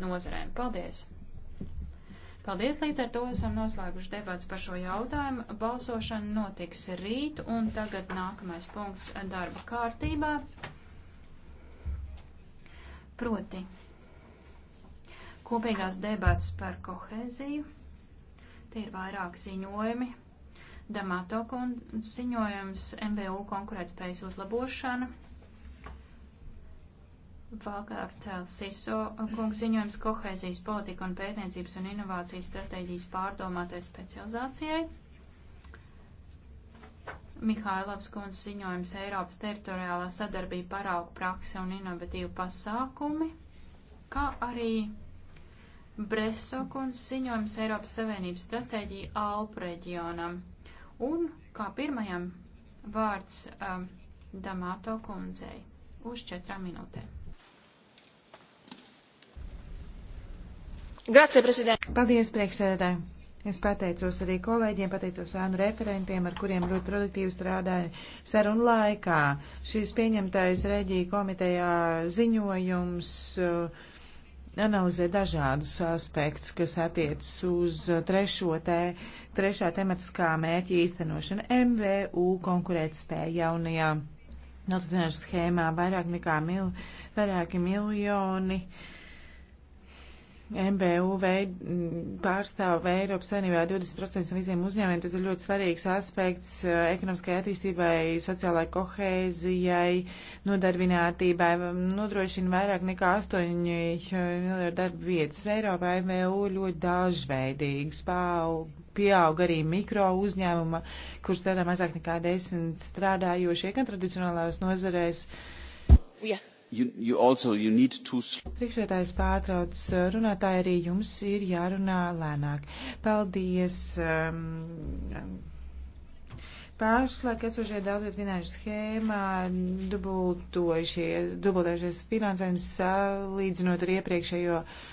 nozarēm. Paldies! Paldies, līdz ar to esam noslēguši debats par šo jautājumu. Balsošana notiks rīt, un tagad nākamais punkts darba kārtībā. Proti, kopīgās debats par kohēziju. Tie ir vairāki ziņojumi. Damato ziņojums MBU konkurētspējas uzlabošana. Valkārt Siso kungs ziņojums kohēzijas politika un pētniecības un inovācijas stratēģijas pārdomātai specializācijai. Mihailovs kundz ziņojums Eiropas teritoriālā sadarbība parauga prakse un inovatīvu pasākumi, kā arī Breso kundz ziņojums Eiropas Savienības stratēģija Alpu reģionam. Un kā pirmajam vārds um, Damato kundzei uz četrām minūtēm. Grazie, prezident. Paldies, priekšsēdētāji. Es pateicos arī kolēģiem, pateicos ēnu referentiem, ar kuriem ļoti produktīvi strādāju sarunu laikā. Šis pieņemtais reģija komitejā ziņojums uh, analizē dažādus aspektus, kas attiecas uz trešo tē, trešā tematiskā mērķa īstenošanu MVU konkurētspēja jaunajā nacionālajā schēmā vairāk nekā mil, vairāki miljoni. Uh, MBU veid, mm, pārstāv Eiropas Savienībā 20% no visiem uzņēmumiem. Tas ir ļoti svarīgs aspekts uh, ekonomiskajai attīstībai, sociālajai kohēzijai, nodarbinātībai. Mm, nodrošina vairāk nekā 8 uh, miljardu darba vietas. Eiropā MBU ļoti daužveidīgs. Pieaug arī mikro uzņēmuma, kur strādā mazāk nekā 10 strādājošie, gan tradicionālās nozarēs. Yeah You, you also, you to... Priekšētājs pārtrauc uh, runātāji, arī jums ir jārunā lēnāk. Paldies. Um, um Pārslēg esošie daudzviet finanšu schēmā dubultojušies, dubultojušies finansējums salīdzinot ar iepriekšējo uh,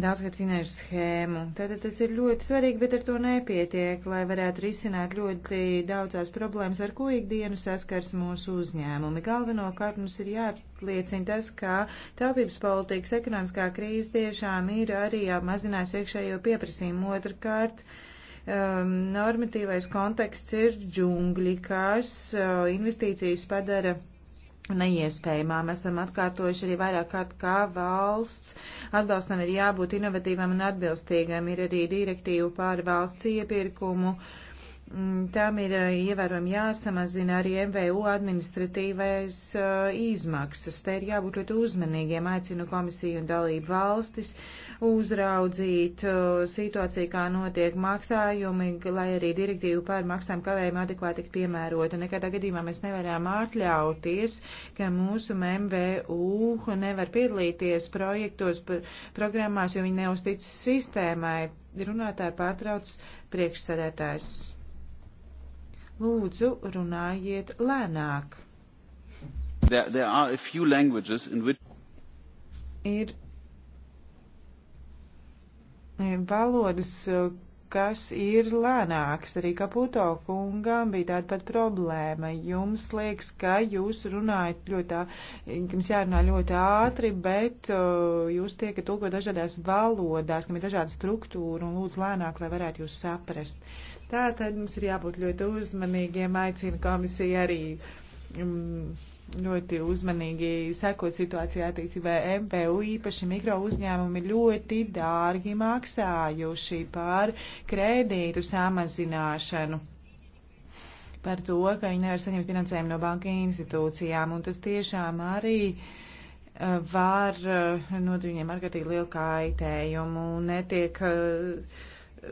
daudzgad finanšu schēmu. Tātad tas ir ļoti svarīgi, bet ar to nepietiek, lai varētu risināt ļoti daudzās problēmas, ar ko ikdienu saskars mūsu uzņēmumi. Galvenokārt mums ir jāpliecina tas, ka taupības politikas ekonomiskā krīze tiešām ir arī mazinājis iekšējo pieprasījumu. Otrkārt, um, normatīvais konteksts ir džungļi, kas uh, investīcijas padara neiespējamām. Esam atkārtojuši arī vairāk kārt, kā valsts atbalstam ir jābūt inovatīvam un atbilstīgam. Ir arī direktīva pār valsts iepirkumu. Mm, tam ir eh, ievērojami jāsamazina arī MVU administratīvais uh, izmaksas. Te ir jābūt ļoti uzmanīgiem. Aicinu komisiju un dalību valstis. Uh, uzraudzīt uh, situāciju, kā notiek maksājumi, lai arī direktīva par maksājumu kavējumu adekvāti tik piemērota. Nekādā gadījumā mēs nevaram atļauties, ka mūsu MVU nevar piedalīties projektos, programmās, jo viņi neuztic sistēmai. Runātāji pārtrauc priekšsēdētājs. Lūdzu, runājiet lēnāk. There, there which... Ir valodas, eh, kas ir lēnāks. Arī Kaputo kungām bija tāda pat problēma. Jums liekas, ka jūs runājat ļoti, jums jārunā ļoti ātri, bet eh, jūs tiekat tulko dažādās valodās, kam ir dažāda struktūra un lūdzu lēnāk, lai varētu jūs saprast. Tā tad mums ir jābūt ļoti uzmanīgiem, aicina komisija arī. Mm, ļoti uzmanīgi sekot situācijā attiecībā MPU, īpaši mikro uzņēmumi ļoti dārgi maksājuši pār kredītu samazināšanu par to, ka viņi nevar saņemt finansējumu no banka institūcijām, un tas tiešām arī uh, var eh, nodarīt viņiem ārkārtīgi lielu kaitējumu, netiek eh,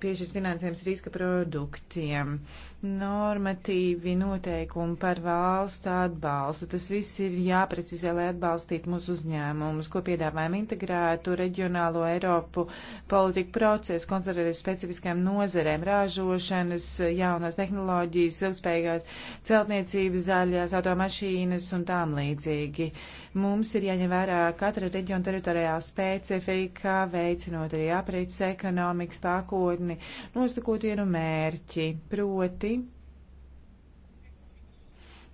piešķirts finansējums riska produktiem. Uh, normatīvi noteikumi par valstu atbalstu. Tas viss ir jāprecizē, lai atbalstītu mūsu uzņēmumus, ko piedāvājam integrētu reģionālo Eiropu politiku procesu, koncentrēt uz specifiskām nozerēm, ražošanas, jaunās tehnoloģijas, ilgspējīgās celtniecības, zaļās automašīnas un tām līdzīgi. Mums ir jāņem vērā katra reģiona teritorijā specifika, veicinot arī aprīces ekonomikas pakotni, nostakot vienu mērķi, proti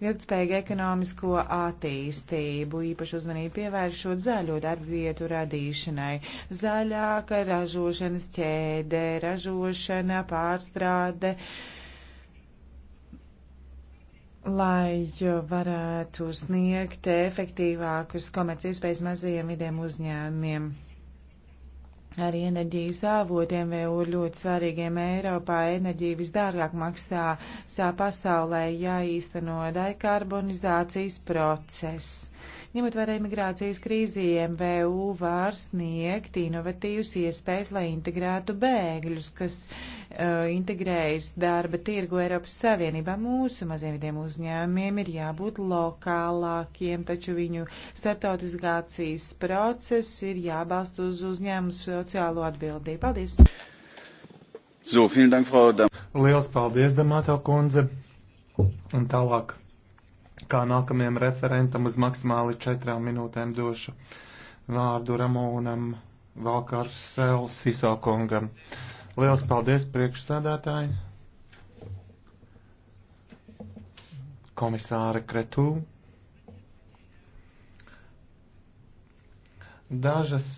ilgtspējīgu ekonomisko attīstību, īpaši uzmanību pievēršot zaļo darbu vietu radīšanai, zaļāka ražošanas ķēde, ražošana, pārstrāde, lai varētu sniegt efektīvākus komerciespējas mazajiem vidiem uzņēmumiem arī enerģijas avotiem vēl ir ļoti svarīgiem. Eiropā enerģija visdārgāk maksā visā pasaulē, ja īsteno dekarbonizācijas process. Ņemot vērā imigrācijas krīzi, MVU var sniegt inovatīvas iespējas, lai integrētu bēgļus, kas uh, integrējas darba tirgu Eiropas Savienībā. Mūsu maziem vidiem uzņēmumiem ir jābūt lokālākiem, taču viņu startautizācijas process ir jābalst uz uzņēmumu sociālo atbildību. Paldies! So, vielen Dank, Frau Dam. Liels paldies, Damato kundze. Un tālāk kā nākamajam referentam uz maksimāli četrām minūtēm došu vārdu Ramūnam Valkarsel Sisokungam. Liels paldies priekšsēdētāji! Komisāra Kretū. Dažas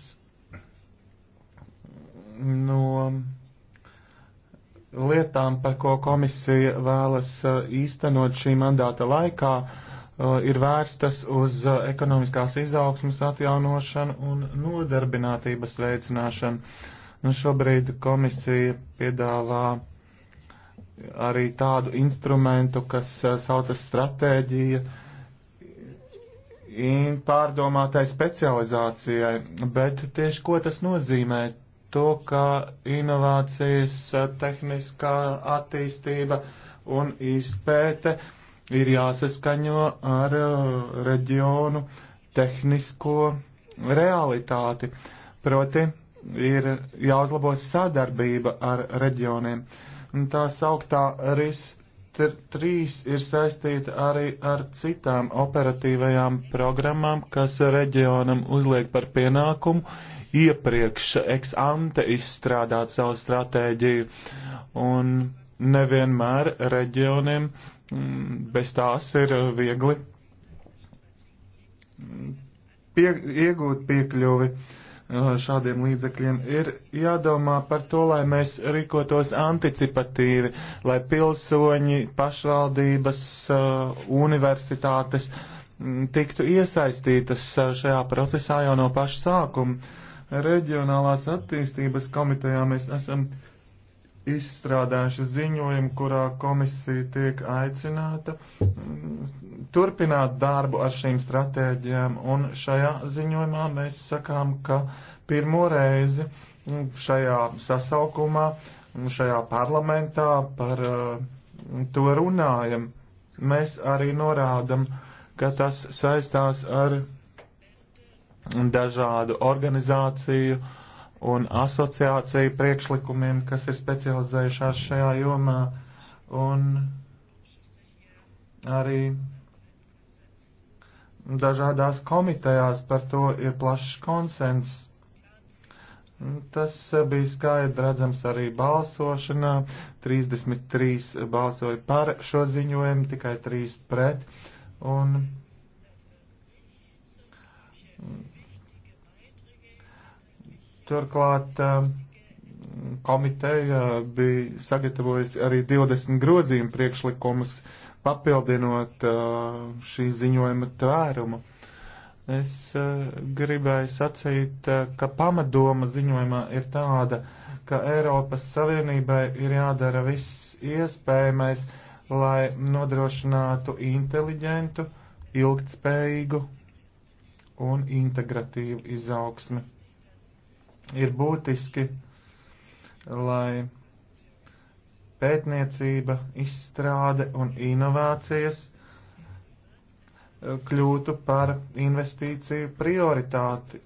no lietām, par ko komisija vēlas uh, īstenot šī mandāta laikā, uh, ir vērstas uz uh, ekonomiskās izaugsmas atjaunošanu un nodarbinātības veicināšanu. Nu, šobrīd komisija piedāvā arī tādu instrumentu, kas saucas stratēģija pārdomātai specializācijai, bet tieši ko tas nozīmē, to, ka inovācijas, tehniskā attīstība un izpēte ir jāsaskaņo ar uh, reģionu tehnisko realitāti. Proti, ir jāuzlabo sadarbība ar reģioniem. Un tā sauktā RIS 3 ir saistīta arī ar citām operatīvajām programmām, kas reģionam uzliek par pienākumu iepriekš ex ante izstrādāt savu stratēģiju, un nevienmēr reģioniem mm, bez tās ir uh, viegli mm, pie, iegūt piekļuvi uh, šādiem līdzekļiem. Ir jādomā par to, lai mēs rīkotos anticipatīvi, lai pilsoņi, pašvaldības, uh, universitātes mm, tiktu iesaistītas šajā procesā jau no paša sākuma Reģionālās attīstības komitejā mēs esam izstrādājuši ziņojumu, kurā komisija tiek aicināta mm, turpināt darbu ar šīm stratēģijām, un šajā ziņojumā mēs sakām, ka pirmo reizi mm, šajā sasaukumā, mm, šajā parlamentā par to runājam. Mēs arī norādam, ka tas saistās ar dažādu organizāciju un asociāciju priekšlikumiem, kas ir specializējušās šajā jomā, un arī dažādās komitejās par to ir plašs konsens. Tas bija skaidri redzams arī balsošanā. 33 balsoja par šo ziņojumu, tikai 3 pret. Un Turklāt um, komiteja uh, bija sagatavojusi arī 20 grozījumu priekšlikumus, papildinot uh, šī ziņojuma tvērumu. Es uh, gribēju sacīt, ka pamatdoma ziņojumā ir tāda, ka Eiropas Savienībai ir jādara viss iespējamais, lai nodrošinātu inteliģentu, ilgtspējīgu un integratīvu izaugsmi ir būtiski, lai pētniecība, izstrāde un inovācijas eh, kļūtu par investīciju prioritāti.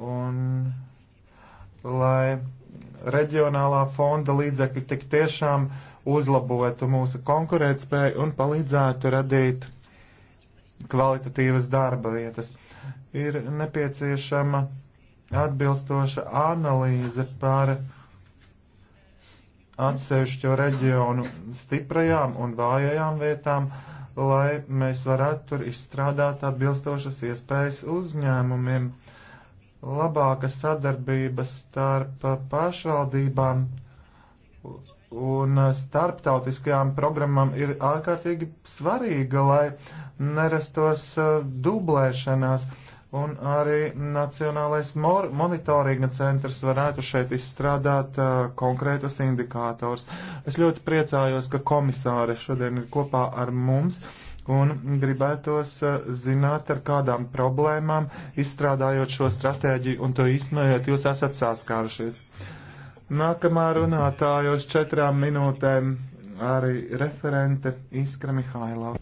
Un lai reģionālā fonda līdzekļi tik tiešām uzlabotu mūsu konkurētspēju un palīdzētu radīt kvalitatīvas darba vietas ir nepieciešama atbilstoša analīze par atsevišķo reģionu stiprajām un vājajām vietām, lai mēs varētu tur izstrādāt atbilstošas iespējas uzņēmumiem, labāka sadarbība starp pašvaldībām un starptautiskajām programmām ir ārkārtīgi svarīga, lai nerastos dublēšanās. Uh, Un arī Nacionālais monitoringa centrs varētu šeit izstrādāt uh, konkrētus indikātors. Es ļoti priecājos, ka komisāre šodien ir kopā ar mums un gribētos uh, zināt, ar kādām problēmām izstrādājot šo stratēģiju un to īstenojot jūs esat saskārušies. Nākamā runātājos četrām minūtēm arī referente Iskra Mihailova.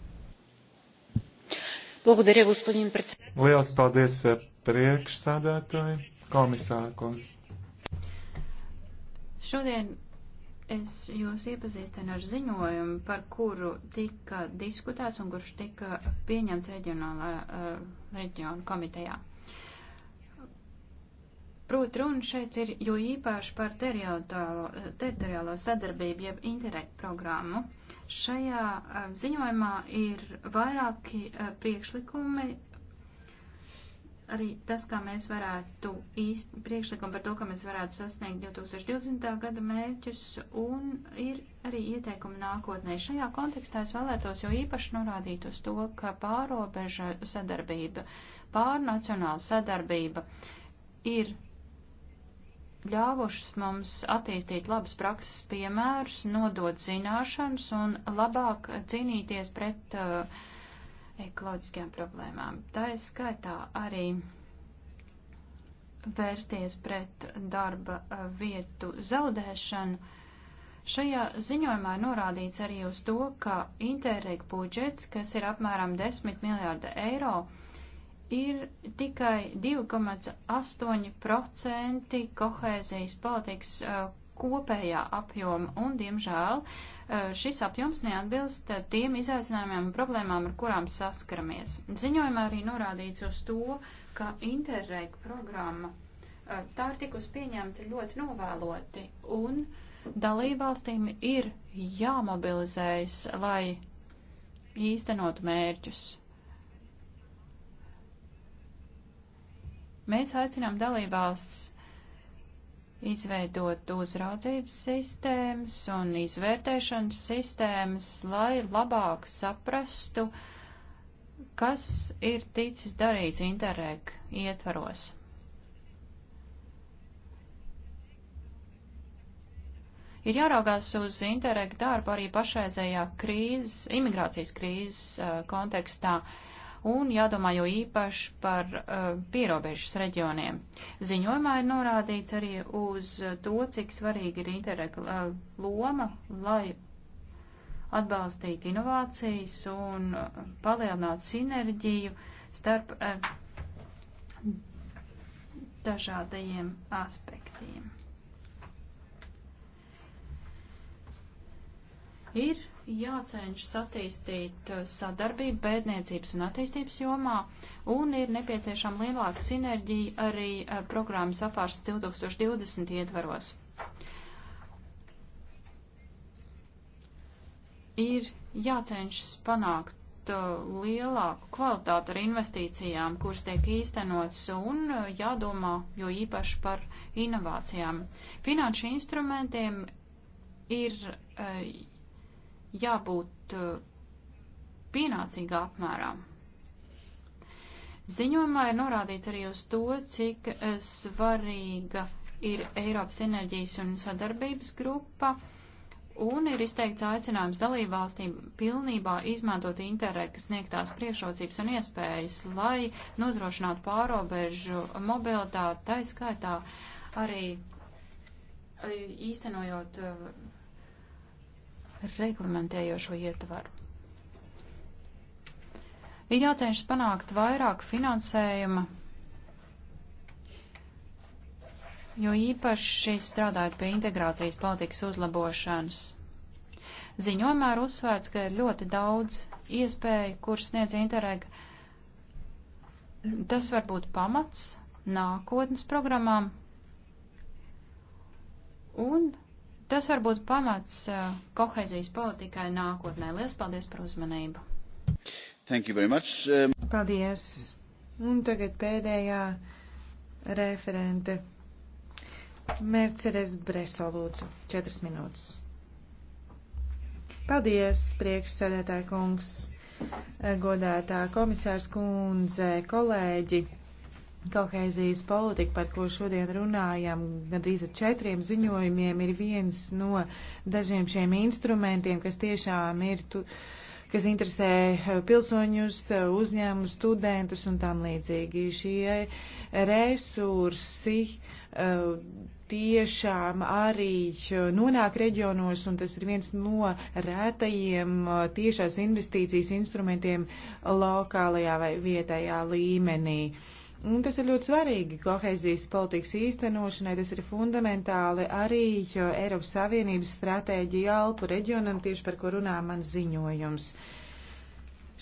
Благодаря, господин председател. Lielas paldies eh, priekšsādātāji, komisāra kungs. Šodien es jūs iepazīstinu ar ziņojumu, par kuru tika diskutēts un kurš tika pieņemts reģionālā uh, eh, reģiona komitejā. Proti runa šeit ir jo īpaši par teritoriālo, eh, teritoriālo sadarbību jeb interreg programmu. Šajā um, ziņojumā ir vairāki uh, priekšlikumi, arī tas, kā mēs varētu īst, priekšlikumu par to, kā mēs varētu sasniegt 2020. gada mērķus, un ir arī ieteikumi nākotnē. Šajā kontekstā es vēlētos jau īpaši norādīt uz to, ka pārobeža sadarbība, pārnacionāla sadarbība ir ļāvušas mums attīstīt labas prakses piemērus, nodot zināšanas un labāk cīnīties pret uh, ekoloģiskajām problēmām. Tā ir skaitā arī vērsties pret darba uh, vietu zaudēšanu. Šajā ziņojumā ir norādīts arī uz to, ka interreg budžets, kas ir apmēram 10 miljārda eiro, uh, ir tikai 2,8% kohēzijas politikas kopējā apjoma, un, diemžēl, šis apjoms neatbilst tiem izaicinājumiem un problēmām, ar kurām saskaramies. Ziņojumā arī norādīts uz to, ka Interreg programma tā ir tikusi pieņemta ļoti novēloti, un dalībvalstīm ir jāmobilizējas, lai īstenotu mērķus. Mēs aicinām dalībvalsts izveidot uzraudzības sistēmas un izvērtēšanas sistēmas, lai labāk saprastu, kas ir ticis darīts Interreg ietvaros. ir jāraugās uz interreg darbu arī pašreizējā krīzes, imigrācijas krīzes uh, kontekstā. Uh, un jādomā jo īpaši par uh, pierobežas reģioniem. Ziņojumā ir norādīts arī uz to, cik svarīgi ir interregla uh, eh, loma, lai atbalstītu inovācijas un uh, palielinātu sinerģiju starp uh, dažādajiem aspektiem. Ir jācenšas attīstīt uh, sadarbību pētniecības un attīstības jomā, un ir nepieciešama lielāka sinerģija arī uh, programmas apārs 2020 ietvaros. Ir jācenšas panākt uh, lielāku kvalitāti ar investīcijām, kuras tiek īstenotas, un jādomā jo īpaši par inovācijām. Finanšu instrumentiem ir jābūt uh, pienācīgā apmērā. Ziņojumā ir norādīts arī uz to, cik uh, svarīga ir Eiropas enerģijas un sadarbības grupa, un ir izteikts aicinājums dalībvalstīm pilnībā izmantot interreg sniegtās priekšrocības un iespējas, lai nodrošinātu pārobežu mobilitāti, taiskaitā arī uh, īstenojot reglamentējošo ietvaru. Ir jācenšas panākt vairāk finansējuma, jo īpaši strādājot pie integrācijas politikas uzlabošanas. Ziņojumā ir uzsvērts, ka ir ļoti daudz iespēju, kuras sniedz Interreg. Tas var būt pamats nākotnes programmām un Tas var būt pamats eh, kohezijas politikai nākotnē. Lielas paldies par uzmanību. Thank you very much. Um... Paldies. Un tagad pēdējā referente. Mercedes Breso lūdzu. Četras minūtes. Paldies, priekšsēdētāja kungs, eh, godētā komisārs kundze, kolēģi. Kaukaizijas politika, par ko šodien runājam, gandrīz ar četriem ziņojumiem, ir viens no dažiem šiem instrumentiem, kas tiešām ir, tu, kas interesē eh, pilsoņus, uzņēmumus, studentus un tam līdzīgi. Šie resursi eh, tiešām arī eh, nonāk reģionos, un tas ir viens no rētajiem tiešās investīcijas instrumentiem lokālajā vai vietējā līmenī. Uh, Un tas ir ļoti svarīgi kohēzijas politikas īstenošanai, tas ir fundamentāli arī Eiropas Savienības stratēģija Alpu reģionam, tieši par ko runā mans ziņojums.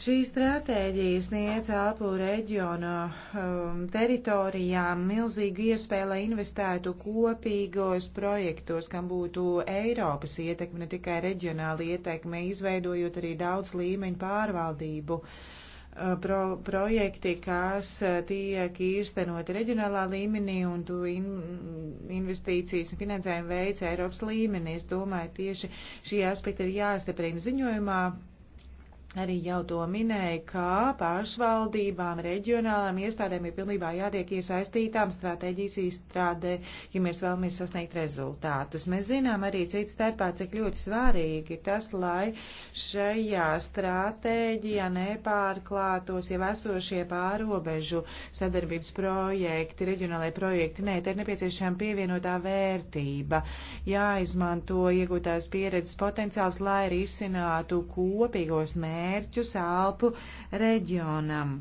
Šī stratēģija sniedz Alpu reģionu um, teritorijām milzīgu iespēju, lai investētu kopīgos projektos, kam būtu Eiropas ietekme, ne tikai reģionāla ietekme, izveidojot arī daudz līmeņu pārvaldību. Uh, Uh, pro, projekti, kas uh, tiek īstenoti reģionālā līmenī un tu in, investīcijas un finansējumu veids Eiropas līmenī. Es domāju, tieši šī aspekta ir jāstiprina ziņojumā arī jau to minēja, ka pašvaldībām, reģionālām iestādēm ir pilnībā jātiek iesaistītām stratēģijas izstrādē, ja mēs vēlamies sasniegt rezultātus. Mēs zinām arī cits starpā, cik ļoti svarīgi tas, lai šajā stratēģijā nepārklātos jau esošie pārobežu sadarbības projekti, reģionālai projekti. Nē, te ir nepieciešama pievienotā vērtība. Jāizmanto iegūtās pieredzes potenciāls, lai risinātu kopīgos mērķus mērķus Alpu reģionam.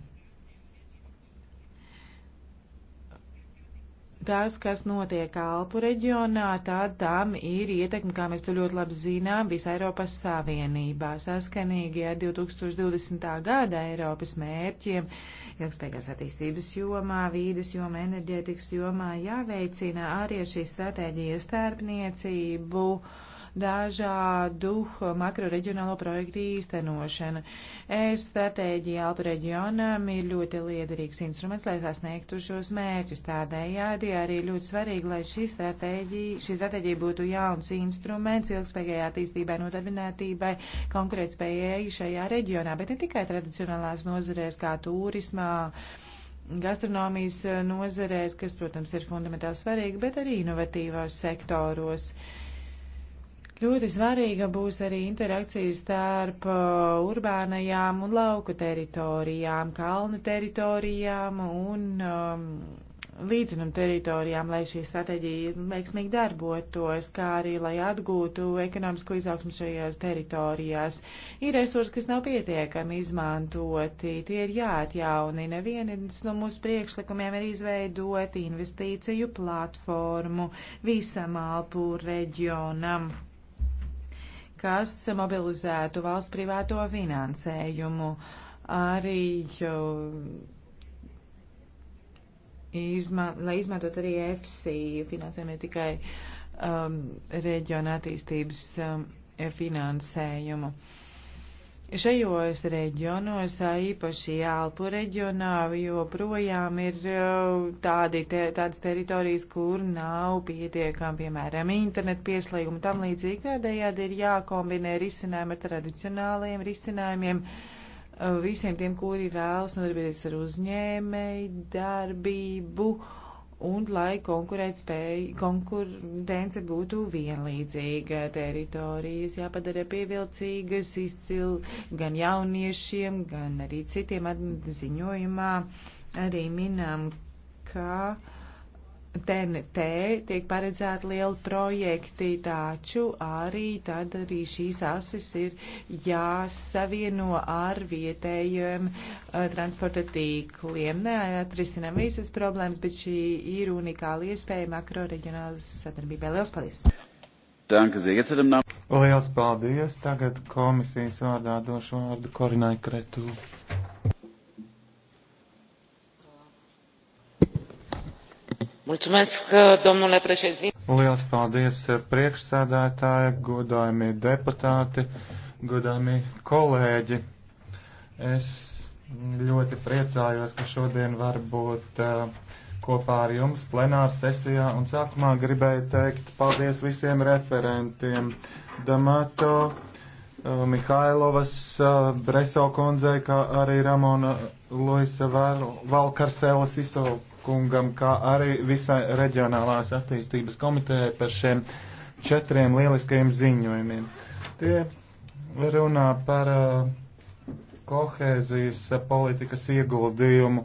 tas, kas notiek Alpu reģionā, tad tam ir ietekme, kā mēs to ļoti labi zinām, visā Eiropas Savienībā. Saskanīgi ar 2020. gada Eiropas mērķiem, ilgspējīgās attīstības jomā, vīdes jomā, enerģētikas jomā jāveicina arī šī stratēģija starpniecību. Uh, dažādu eh, makroreģionālo projektu īstenošana. Es stratēģija Alpu reģionam ir ļoti liederīgs instruments, lai sasniegtu šos mērķus. Tādējādi arī ļoti svarīgi, lai šī stratēģija, šī stratēģija būtu jauns instruments ilgspējai attīstībai, nodarbinātībai, konkurētspējai šajā reģionā, bet ne tikai tradicionālās nozarēs kā turismā gastronomijas eh, nozerēs, kas, protams, ir fundamentāli svarīgi, bet arī inovatīvos sektoros. Uh, Ļoti svarīga būs arī interakcija starp uh, urbānajām un lauku teritorijām, kalnu teritorijām un um, līdzinam teritorijām, lai šī strateģija veiksmīgi darbotos, kā arī lai atgūtu ekonomisko izaugsmu šajās teritorijās. Ir resursi, kas nav pietiekami izmantoti, tie ir jāatjauni. Neviens no mūsu priekšlikumiem ir izveidot investīciju platformu visam Alpu reģionam kas mobilizētu valsts privāto finansējumu. Arī izma, lai izmantot arī FC finansējumu, ne tikai um, reģiona attīstības um, finansējumu. Uh, Šajos reģionos, īpaši Alpu reģionā, joprojām ir uh, tādi, te, tādas teritorijas, kur nav pietiekami, piemēram, internetu pieslēgumu tam līdzīgi. Tādējādi ir jākombinē risinājumi ar tradicionāliem risinājumiem uh, visiem tiem, kuri vēlas nodarbīties ar uzņēmēju darbību. Uh, un lai konkurētspēja, konkurence būtu vienlīdzīga, teritorijas jāpadara pievilcīgas, izcili gan jauniešiem, gan arī citiem ziņojumā. Arī minām, ka TNT tiek paredzēti lieli projekti, taču arī tad arī šīs asis ir jāsavieno ar vietējiem eh, transporta tīkliem. Neatrisinām visas problēmas, bet šī ir unikāla iespēja makroreģionālas sadarbībai. Liels paldies! Er Liels paldies! Tagad komisijas vārdā došu vārdu Korinai Kretu. domnule președinte. Lielas paldies eh, priekšsēdētāji, godājumie deputāti, godājumie kolēģi. Es ļoti priecājos, ka šodien var būt eh, kopā ar jums plenāra sesijā un sākumā gribēju teikt paldies visiem referentiem. Damato, eh, Mihailovas, Breso kundzei, kā arī Ramona Luisa Valkarsēlas izsaukumu kungam, kā arī visai reģionālās attīstības komitejai par šiem četriem lieliskajiem ziņojumiem. Tie runā par uh, kohēzijas politikas ieguldījumu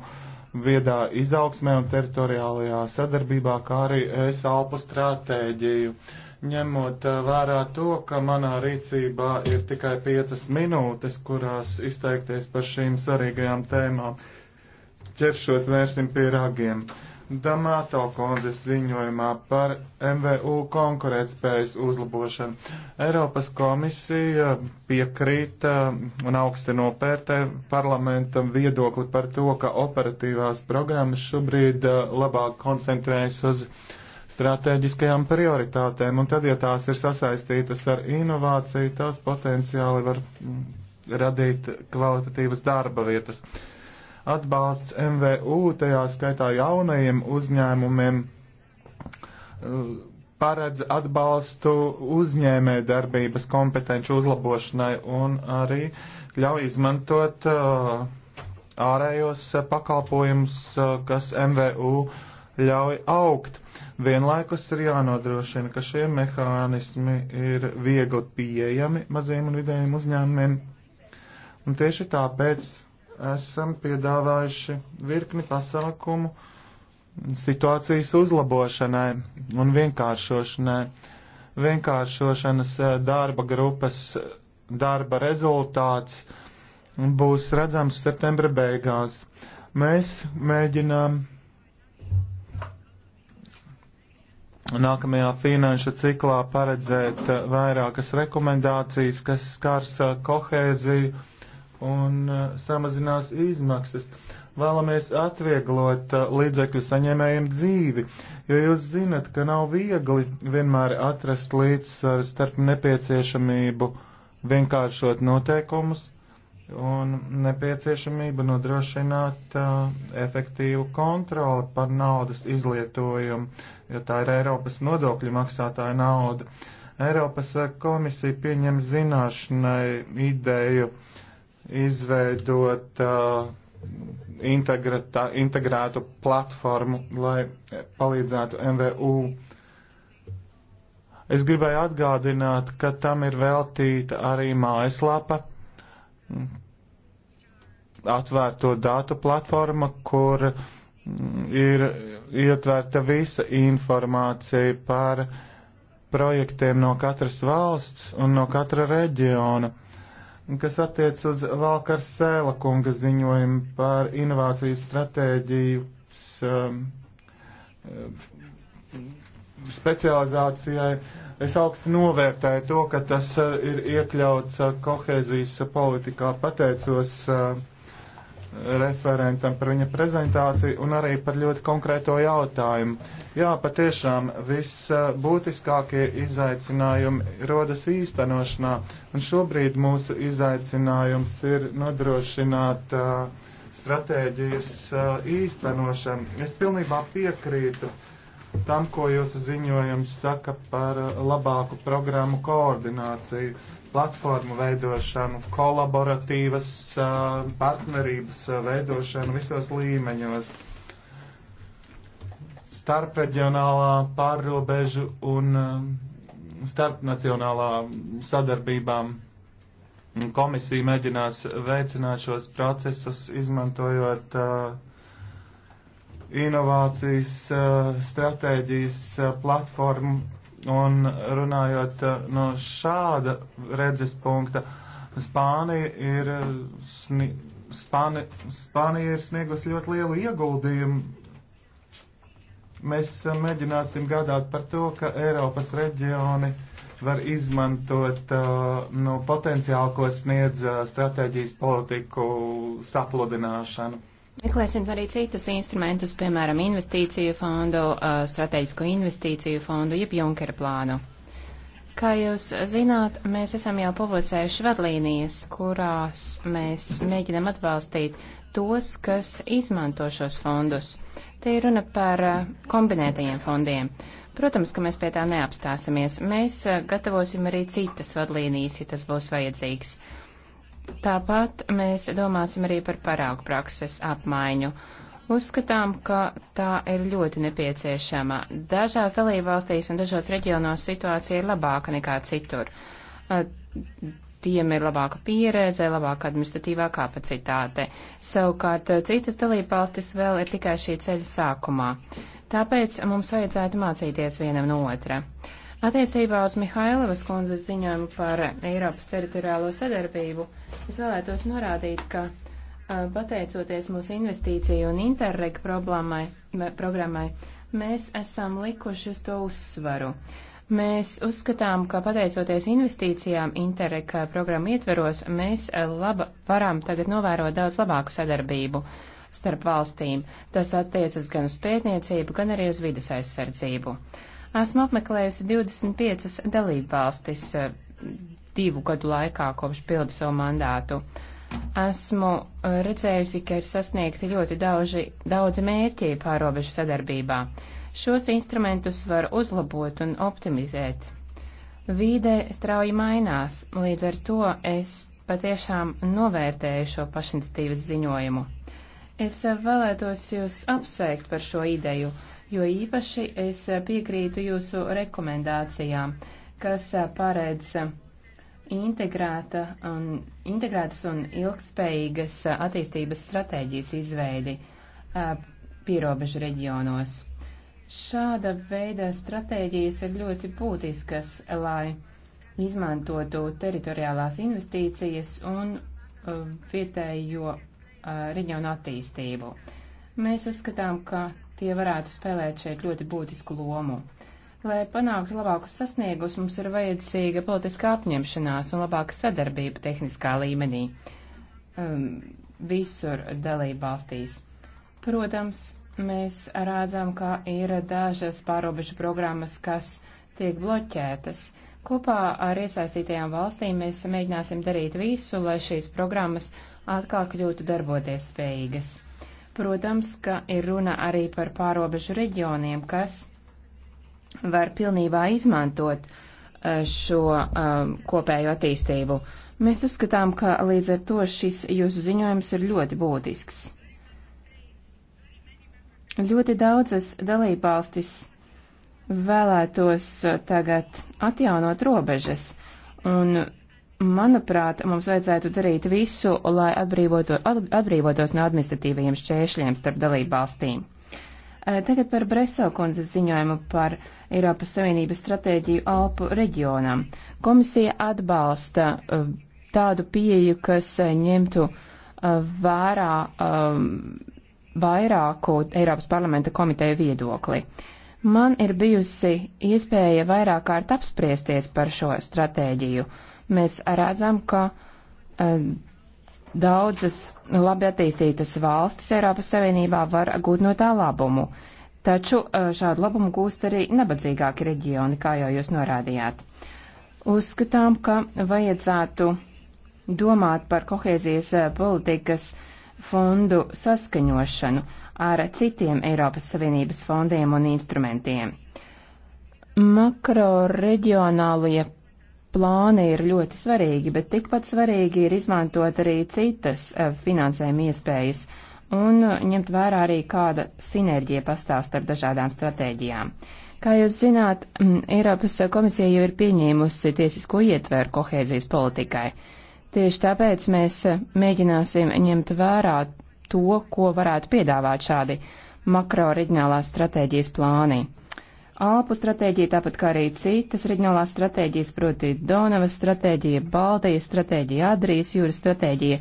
viedā izaugsmē un teritoriālajā sadarbībā, kā arī es alpu stratēģiju ņemot uh, vērā to, ka manā rīcībā ir tikai piecas minūtes, kurās izteikties par šīm svarīgajām tēmām ķeršos vērsim pie ragiem. Damāto konzes ziņojumā par MVU konkurētspējas uzlabošanu. Eiropas komisija piekrīt uh, un augsti nopērtē parlamentam viedokli par to, ka operatīvās programmas šobrīd uh, labāk koncentrējas uz stratēģiskajām prioritātēm, un tad, ja tās ir sasaistītas ar inovāciju, tās potenciāli var mm, radīt kvalitatīvas darba vietas. Uh, atbalsts MVU, tajā skaitā jaunajiem uzņēmumiem, uh, paredz atbalstu uzņēmē darbības kompetenci uzlabošanai un arī ļauj izmantot uh, ārējos uh, pakalpojumus, kas MVU ļauj augt. Vienlaikus ir jānodrošina, ka šie mehānismi ir viegli pieejami maziem un vidējiem uzņēmumiem. Un tieši tāpēc esam piedāvājuši virkni pasākumu situācijas uzlabošanai un vienkāršošanai. Vienkāršošanas eh, darba grupas eh, darba rezultāts būs redzams septembra beigās. Mēs mēģinām nākamajā finanšu ciklā paredzēt eh, vairākas rekomendācijas, kas skars kohēziju un uh, samazinās izmaksas. Vēlamies atvieglot uh, līdzekļu saņēmējiem dzīvi, jo jūs zinat, ka nav viegli vienmēr atrast līdzsvaru starp nepieciešamību vienkāršot noteikumus un nepieciešamību nodrošināt uh, efektīvu kontroli par naudas izlietojumu, jo tā ir Eiropas nodokļu maksātāja nauda. Eiropas uh, komisija pieņem zināšanai ideju uh, izveidot uh, integrētu platformu, lai palīdzētu MVU. Es gribēju atgādināt, ka tam ir veltīta arī mājaslapa, atvērto datu platforma, kur mm, ir ietverta visa informācija par projektiem no katras valsts un no katra reģiona kas attiec uz Valkars Sēla kunga ziņojumu par inovācijas stratēģijas um, specializācijai. Es augstu novērtēju to, ka tas uh, ir iekļauts uh, kohēzijas politikā. Pateicos uh, referentam par viņa prezentāciju un arī par ļoti konkrēto jautājumu. Jā, patiešām visbūtiskākie eh, izaicinājumi rodas īstenošanā, un šobrīd mūsu izaicinājums ir nodrošināt uh, stratēģijas uh, īstenošanu. Es pilnībā piekrītu tam, ko jūsu ziņojums saka par labāku programmu koordināciju platformu veidošanu, kolaboratīvas partnerības veidošanu visos līmeņos. Starpreģionālā pārrobežu un starpnacionālā sadarbībām komisija mēģinās veicināt šos procesus, izmantojot uh, inovācijas uh, stratēģijas uh, platformu Un runājot uh, no šāda redzes punkta, Spānija ir, uh, sni, Spāni, Spānija ir sniegusi ļoti lielu ieguldījumu. Mēs uh, mēģināsim gādāt par to, ka Eiropas reģioni var izmantot nu, potenciālu, ko sniedz stratēģijas politiku sapludināšanu. Meklēsim arī citus instrumentus, piemēram, investīciju fondu, strateģisko investīciju fondu, jeb Junkera plānu. Kā jūs zināt, mēs esam jau publicējuši vadlīnijas, kurās mēs mēģinam atbalstīt tos, kas izmanto šos fondus. Te ir runa par kombinētajiem fondiem. Protams, ka mēs pie tā neapstāsimies. Mēs gatavosim arī citas vadlīnijas, ja tas būs vajadzīgs. Uh, Tāpat mēs domāsim arī par paraugu prakses apmaiņu. Uzskatām, ka tā ir ļoti nepieciešama. Dažās dalībvalstīs un dažos reģionos situācija ir labāka nekā citur. Tiem ir labāka pieredze, labāka administratīvā kapacitāte. Savukārt citas dalībvalstis vēl ir tikai šī ceļa sākumā. Tāpēc mums vajadzētu mācīties vienam no otra. Uh, Attiecībā uz Mihailovas kundzes ziņojumu par Eiropas teritoriālo sadarbību, es vēlētos norādīt, ka pateicoties mūsu investīciju un interreg programmai, mēs esam likuši uz to uzsvaru. Mēs uzskatām, ka pateicoties investīcijām Interreg programmu ietveros, mēs laba, varam tagad novērot daudz labāku sadarbību starp valstīm. Tas attiecas gan uz pētniecību, gan arī uz vidas aizsardzību. Uh, Esmu apmeklējusi 25 dalību valstis eh, divu gadu laikā kopš pildu savu mandātu. Esmu eh, redzējusi, ka ir sasniegti ļoti daudzi, daudzi mērķi pārobežu sadarbībā. Šos instrumentus var uzlabot un optimizēt. Vīde strauji mainās, līdz ar to es patiešām novērtēju šo pašinstīvas ziņojumu. Es eh, vēlētos jūs apsveikt par šo ideju jo īpaši es piekrītu jūsu rekomendācijām, kas paredz integrēta un, integrētas un ilgspējīgas attīstības stratēģijas izveidi pierobežu reģionos. Šāda veida stratēģijas ir ļoti būtiskas, lai izmantotu teritoriālās investīcijas un vietējo reģionu attīstību. Mēs uzskatām, ka tie varētu spēlēt šeit ļoti būtisku lomu. Lai panāktu labākus sasniegus, mums ir vajadzīga politiskā apņemšanās un labāka sadarbība tehniskā līmenī um, visur dalībvalstīs. Protams, mēs rādzām, ka ir dažas pārobežu programmas, kas tiek bloķētas. Kopā ar iesaistītajām valstīm mēs mēģināsim darīt visu, lai šīs programmas atkal kļūtu darboties spējīgas. Protams, ka ir runa arī par pārobežu reģioniem, kas var pilnībā izmantot eh, šo um, kopējo attīstību. Mēs uzskatām, ka līdz ar to šis jūsu ziņojums ir ļoti būtisks. Ļoti daudzas dalībvalstis vēlētos eh, tagad atjaunot robežas, un Manuprāt, mums vajadzētu darīt visu, lai atbrīvoto, atbrīvotos no administratīvajiem šķēršļiem starp dalību valstīm. Eh, tagad par Breso kundzes ziņojumu par Eiropas Savienības stratēģiju Alpu reģionam. Komisija atbalsta eh, tādu pieeju, kas eh, ņemtu vērā ehm, vairāku Eiropas parlamenta komiteju viedokli. Man ir bijusi iespēja vairāk kārt apspriesties par šo stratēģiju mēs redzam, ka e, daudzas labi attīstītas valstis Eiropas Savienībā var gūt no tā labumu. Taču e, šādu labumu gūst arī nabadzīgāki reģioni, kā jau jūs norādījāt. Uzskatām, ka vajadzētu domāt par kohēzijas e, politikas fondu saskaņošanu ar citiem Eiropas Savienības fondiem un instrumentiem. Makro reģionālie plāni ir ļoti svarīgi, bet tikpat svarīgi ir izmantot arī citas e, finansējuma iespējas un ņemt vērā arī, kāda sinerģija pastāv starp dažādām stratēģijām. Kā jūs zināt, Eiropas komisija jau ir pieņēmusi tiesisko ietveru kohēzijas politikai. Tieši tāpēc mēs e, mēģināsim ņemt vērā to, ko varētu piedāvāt šādi makro reģionālās stratēģijas plāni. Alpu stratēģija, tāpat kā arī citas reģionālās stratēģijas, proti Donavas stratēģija, Baltijas stratēģija, Adrijas jūras stratēģija,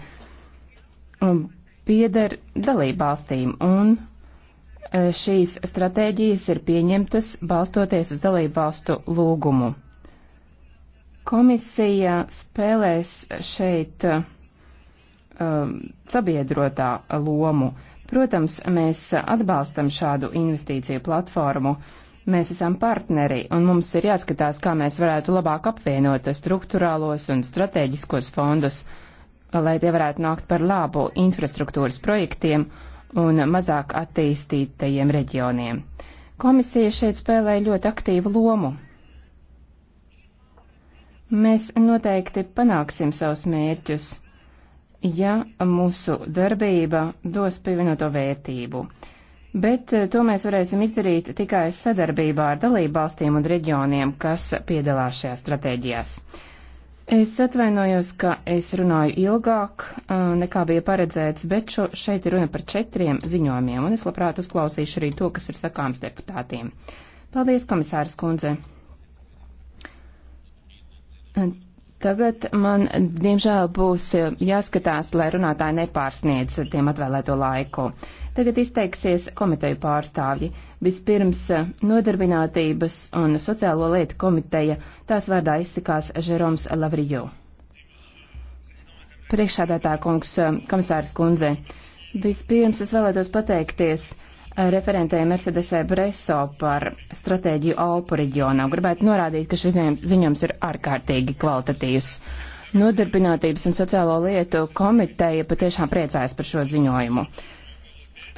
pieder dalībvalstīm, un e, šīs stratēģijas ir pieņemtas balstoties uz dalībvalstu lūgumu. Komisija spēlēs šeit um, sabiedrotā lomu. Protams, mēs atbalstam šādu investīciju platformu. Uh, Mēs esam partneri, un mums ir jāskatās, kā mēs varētu labāk apvienot struktūrālos un strateģiskos fondus, lai tie varētu nākt par labu infrastruktūras projektiem un mazāk attīstītajiem reģioniem. Komisija šeit spēlēja ļoti aktīvu lomu. Mēs noteikti panāksim savus mērķus, ja mūsu darbība dos pievienoto vērtību bet eh, to mēs varēsim izdarīt tikai sadarbībā ar dalību valstīm un reģioniem, kas piedalās šajā stratēģijās. Es atvainojos, ka es runāju ilgāk eh, nekā bija paredzēts, bet šo, šeit ir runa par četriem ziņojumiem, un es labprāt uzklausīšu arī to, kas ir sakāms deputātiem. Paldies, komisārs kundze. Tagad man, diemžēl, būs eh, jāskatās, lai runātāji nepārsniedz tiem atvēlēto laiku. Uh, Tagad izteiksies komiteju pārstāvji. Vispirms eh, nodarbinātības un sociālo lietu komiteja tās vārdā izsakās Žeroms Lavrijo. Priekšādātā kungs, eh, komisārs kundze, vispirms es vēlētos pateikties eh, referentēja Mercedesē Breso par stratēģiju Alpu reģionam. Gribētu norādīt, ka šis ziņojums ir ārkārtīgi kvalitatīvs. Nodarbinātības un sociālo lietu komiteja patiešām priecājas par šo ziņojumu.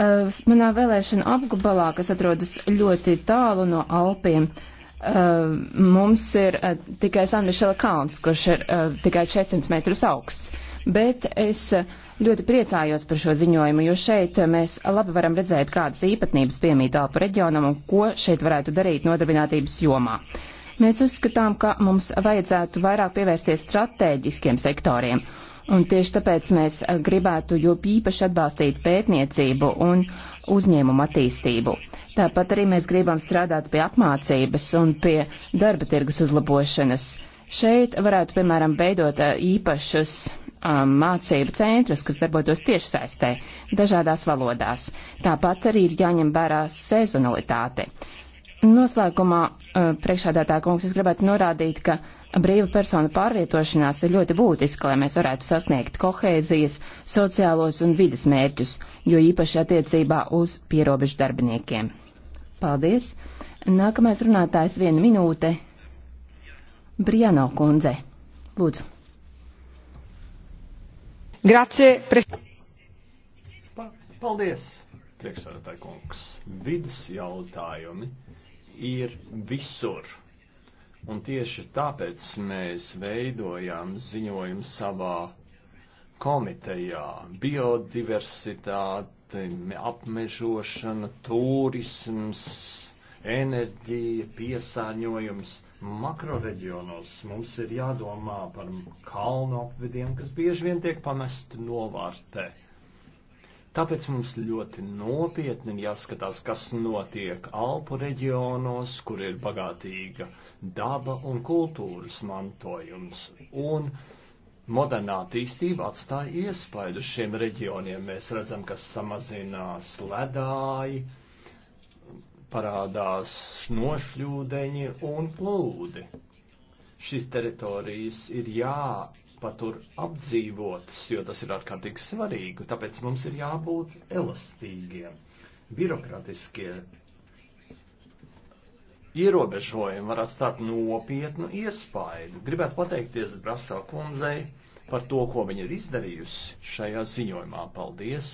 Uh, manā vēlēšana apgabalā, kas atrodas ļoti tālu no Alpiem, uh, mums ir uh, tikai San Mišela kalns, kurš ir tikai 400 metrus augsts. Bet es ļoti priecājos par šo ziņojumu, jo šeit mēs labi varam redzēt, kādas īpatnības piemīt Alpu reģionam un ko šeit varētu darīt nodarbinātības jomā. Mēs uzskatām, ka mums vajadzētu vairāk pievērsties stratēģiskiem sektoriem Un tieši tāpēc mēs eh, gribētu jo īpaši atbalstīt pētniecību un uzņēmumu attīstību. Tāpat arī mēs gribam strādāt pie apmācības un pie darba tirgus uzlabošanas. Šeit varētu, piemēram, veidot eh, īpašus um, mācību centrus, kas darbotos tieši saistē dažādās valodās. Tāpat arī ir jāņem vērā sezonalitāte. Noslēgumā, uh, priekšādātā kungs, es gribētu norādīt, ka uh, Brīva persona pārvietošanās ir ļoti būtiska, lai mēs varētu sasniegt kohēzijas, sociālos un vidas mērķus, jo īpaši attiecībā uz pierobežu darbiniekiem. Paldies! Nākamais runātājs viena minūte. Briano kundze, lūdzu. Grazie, pres... Pa, paldies, priekšsādātāji kungs. Vidas jautājumi ir visur Un tieši tāpēc mēs veidojam ziņojumu savā komitejā - biodiversitāte, apmežošana, turisms, enerģija, piesārņojums. Makroreģionos mums ir jādomā par kalnu apvidiem, kas bieži vien tiek pamesti novārtē. Tāpēc mums ļoti nopietni ir jāskatās, kas notiek Alpu reģionos, kur ir bagātīga daba un kultūras mantojums. Un modernā attīstība atstāja iespaidu uz šiem reģioniem. Mēs redzam, ka samazinās ledāji, parādās nošļūdeņi un plūdi. Šīs teritorijas ir jā jāpatur apdzīvotas, jo tas ir ārkārtīgi svarīgi, tāpēc mums ir jābūt elastīgiem. Birokratiskie ierobežojumi var atstāt nopietnu iespaidu. Gribētu pateikties Brasā kundzei par to, ko viņa ir izdarījusi šajā ziņojumā. Paldies!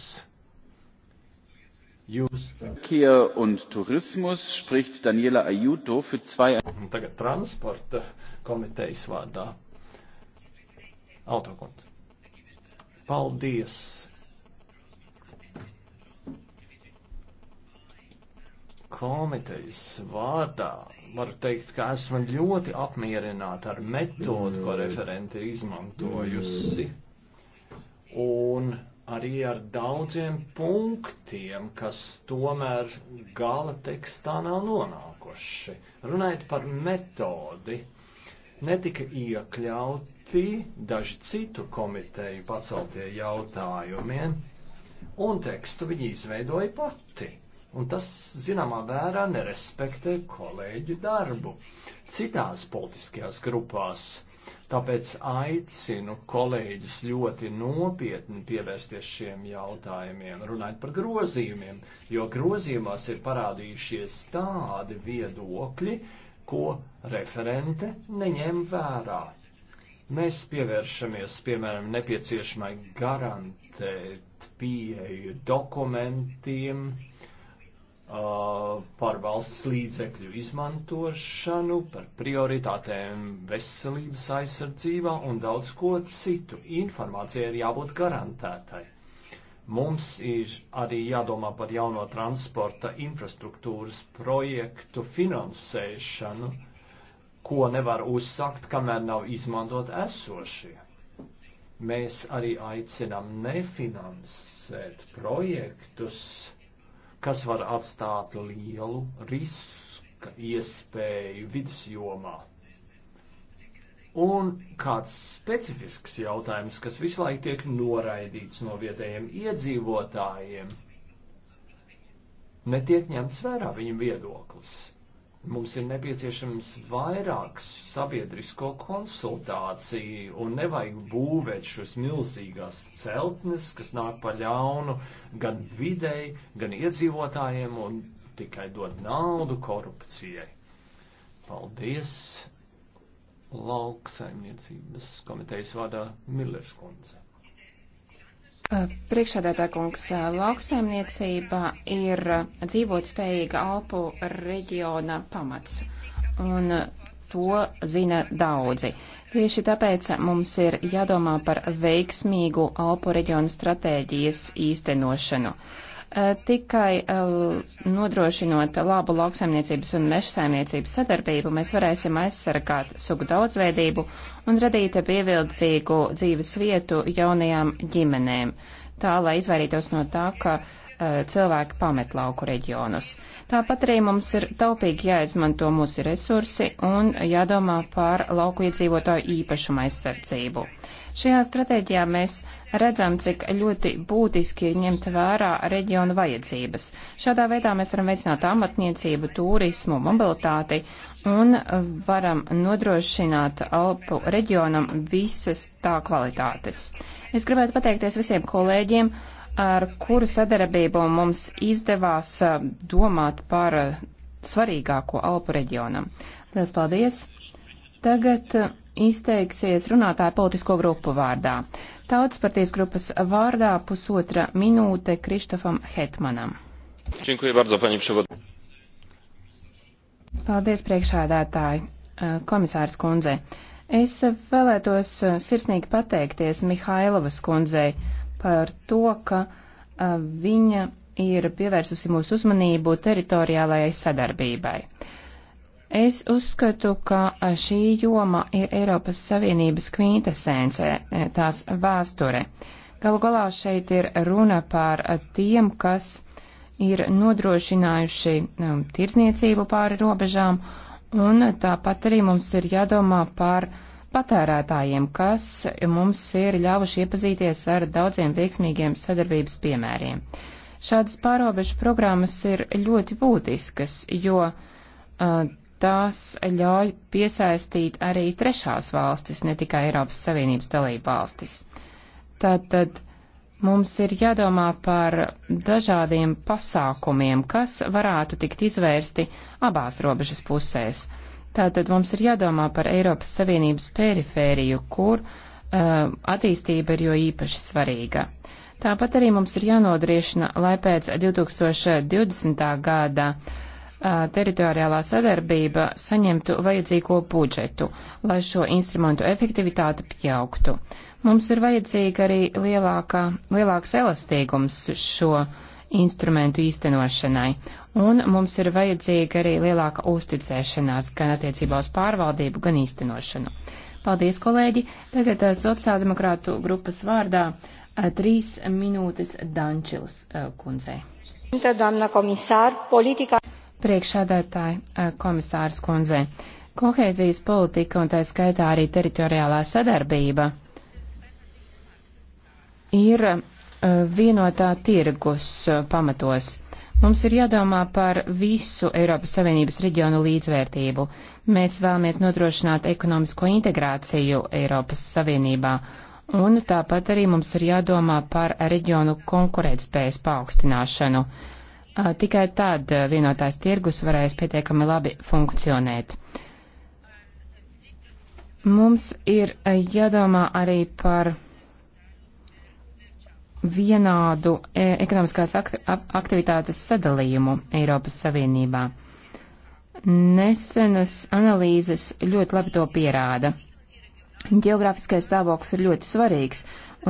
Jūs. Verkehr und Tourismus spricht Daniela Ayuto für zwei. Tagad transporta komitejas vārdā Autokont. Paldies! Komitejas vārdā varu teikt, ka esmu ļoti apmierināta ar metodu, ko referenti ir izmantojusi. Un arī ar daudziem punktiem, kas tomēr gala tekstā nav nonākuši. Runājot par metodi, netika iekļaut citi, daži citu komiteju paceltie jautājumiem, un tekstu viņi izveidoja pati. Un tas, zināmā mērā, nerespektē kolēģu darbu citās politiskajās grupās. Tāpēc aicinu kolēģus ļoti nopietni pievērsties šiem jautājumiem, runājot par grozījumiem, jo grozījumās ir parādījušies tādi viedokļi, ko referente neņem vērā. Mēs pievēršamies, piemēram, nepieciešamai garantēt pieeju dokumentiem uh, par valsts līdzekļu izmantošanu, par prioritātēm veselības aizsardzībā un daudz ko citu. Informācija ir jābūt garantētai. Mums ir arī jādomā par jauno transporta infrastruktūras projektu finansēšanu. Uh, ko nevar uzsākt, kamēr nav izmantot esošie. Mēs arī aicinām nefinansēt projektus, kas var atstāt lielu riska iespēju vidas jomā. Un kāds specifisks jautājums, kas visu laiku tiek noraidīts no vietējiem iedzīvotājiem, netiek ņemts vērā viņa viedoklis. Mums ir nepieciešams vairāk sabiedrisko konsultāciju un nevajag būvēt šos milzīgās celtnes, kas nāk pa ļaunu gan videi, gan iedzīvotājiem un tikai dod naudu korupcijai. Paldies! Lauksaimniecības komitejas vārdā Millers kundze. Eh, Priekšādātā kungs, eh, lauksaimniecība ir dzīvotspējīga Alpu reģiona pamats, un eh, to zina daudzi. Tieši tāpēc mums ir jādomā par veiksmīgu Alpu reģiona stratēģijas īstenošanu. Uh, Eh, tikai eh, nodrošinot labu lauksaimniecības un meža saimniecības sadarbību, mēs varēsim aizsargāt sugu daudzveidību un radīt pievilcīgu dzīves vietu jaunajām ģimenēm, tā lai izvairītos no tā, ka eh, cilvēki pamet lauku reģionus. Tāpat arī mums ir taupīgi jāizmanto mūsu resursi un jādomā par lauku iedzīvotāju īpašuma aizsardzību. Šajā stratēģijā mēs redzam, cik ļoti būtiski ir ņemt vērā reģionu vajadzības. Šādā veidā mēs varam veicināt amatniecību, turismu, mobilitāti un varam nodrošināt Alpu reģionam visas tā kvalitātes. Es gribētu pateikties visiem kolēģiem, ar kuru sadarbību mums izdevās domāt par svarīgāko Alpu reģionam. Lielas paldies! Tagad izteiksies runātāja politisko grupu vārdā. Tautas partijas grupas vārdā pusotra minūte Kristofam Hetmanam. Bardzo, Paldies, priekšādātāji, komisārs kundze. Es vēlētos eh, sirsnīgi pateikties Mihailovas kundzei par to, ka eh, viņa ir pievērsusi mūsu uzmanību teritoriālajai sadarbībai. Uh, Es uzskatu, ka eh, šī joma ir Eiropas Savienības kvintesence, eh, tās vēsture. Galu galā šeit ir runa par eh, tiem, kas ir nodrošinājuši tirzniecību pāri robežām, un tāpat arī mums ir jādomā par patērētājiem, kas mums ir ļāvuši iepazīties ar daudziem veiksmīgiem sadarbības piemēriem. Šādas pārobežu programmas ir ļoti būtiskas, jo uh, tās ļauj piesaistīt arī trešās valstis, ne tikai Eiropas Savienības dalību valstis. Tātad mums ir jādomā par dažādiem pasākumiem, kas varētu tikt izvērsti abās robežas pusēs. Tātad mums ir jādomā par Eiropas Savienības perifēriju, kur uh, attīstība ir jo īpaši svarīga. Tāpat arī mums ir jānodriešina, lai pēc 2020. gada uh, teritoriālā sadarbība saņemtu vajadzīgo budžetu, lai šo instrumentu efektivitāte pieaugtu. Mums ir vajadzīga arī lielāka, lielāks elastīgums šo instrumentu īstenošanai, un mums ir vajadzīga arī lielāka uzticēšanās gan attiecībā uz pārvaldību, gan īstenošanu. Paldies, kolēģi! Tagad sociāldemokrātu grupas vārdā trīs minūtes Dančils kundzei. Doamna comisar, politica Priekšādētāji eh, komisārs kundze, kohēzijas politika un tā skaitā arī teritoriālā sadarbība ir eh, vienotā tirgus eh, pamatos. Mums ir jādomā par visu Eiropas Savienības reģionu līdzvērtību. Mēs vēlamies nodrošināt ekonomisko integrāciju Eiropas Savienībā, un tāpat arī mums ir jādomā par reģionu konkurētspējas paaugstināšanu. Tikai tad vienotājs tirgus varēs pietiekami labi funkcionēt. Mums ir jādomā arī par vienādu ekonomiskās aktivitātes sadalījumu Eiropas Savienībā. Nesenas analīzes ļoti labi to pierāda. Geogrāfiskais stāvoklis ir ļoti svarīgs,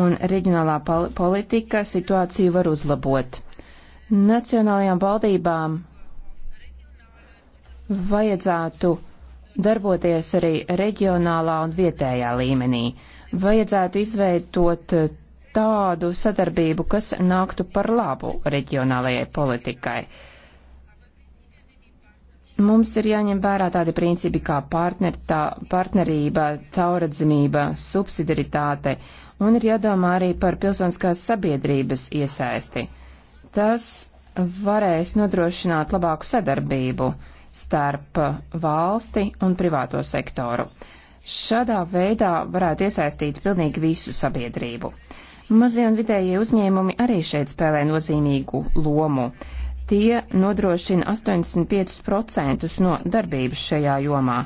un reģionālā politika situāciju var uzlabot. Nacionālajām valdībām vajadzētu darboties arī reģionālā un vietējā līmenī. Vajadzētu izveidot eh, tādu sadarbību, kas nāktu par labu reģionālajai politikai. Mums ir jāņem vērā tādi principi kā partner, tā, partnerība, cauradzimība, subsidiaritāte, un ir jādomā arī par pilsoniskās sabiedrības iesaisti. Tas varēs nodrošināt labāku sadarbību starp valsti un privāto sektoru. Šādā veidā varētu iesaistīt pilnīgi visu sabiedrību. Mazie un vidējie uzņēmumi arī šeit spēlē nozīmīgu lomu. Tie nodrošina 85% no darbības šajā jomā.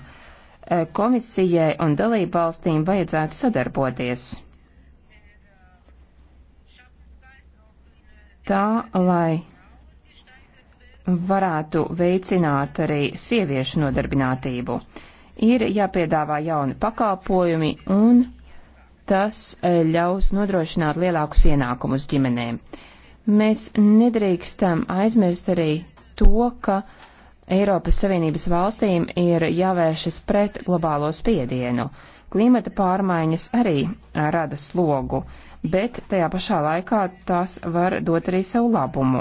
Komisijai un dalību valstīm vajadzētu sadarboties. tā, lai varētu veicināt arī sieviešu nodarbinātību. Ir jāpiedāvā jauni pakalpojumi un tas eh, ļaus nodrošināt lielākus ienākumus ģimenēm. Mēs nedrīkstam aizmirst arī to, ka Eiropas Savienības valstīm ir jāvēršas pret globālo spiedienu. Klimata pārmaiņas arī rada slogu, bet tajā pašā laikā tās var dot arī savu labumu.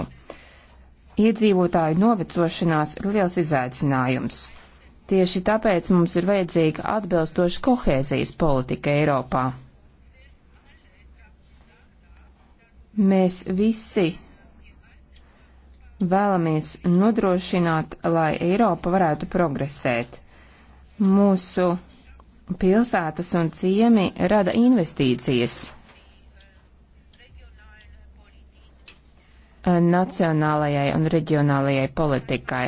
Iedzīvotāju novecošanās ir liels izaicinājums. Tieši tāpēc mums ir vajadzīga atbilstoša kohēzijas politika Eiropā. Mēs visi vēlamies nodrošināt, lai Eiropa varētu progresēt. Mūsu pilsētas un ciemi rada investīcijas. Eh, nacionālajai un reģionālajai politikai,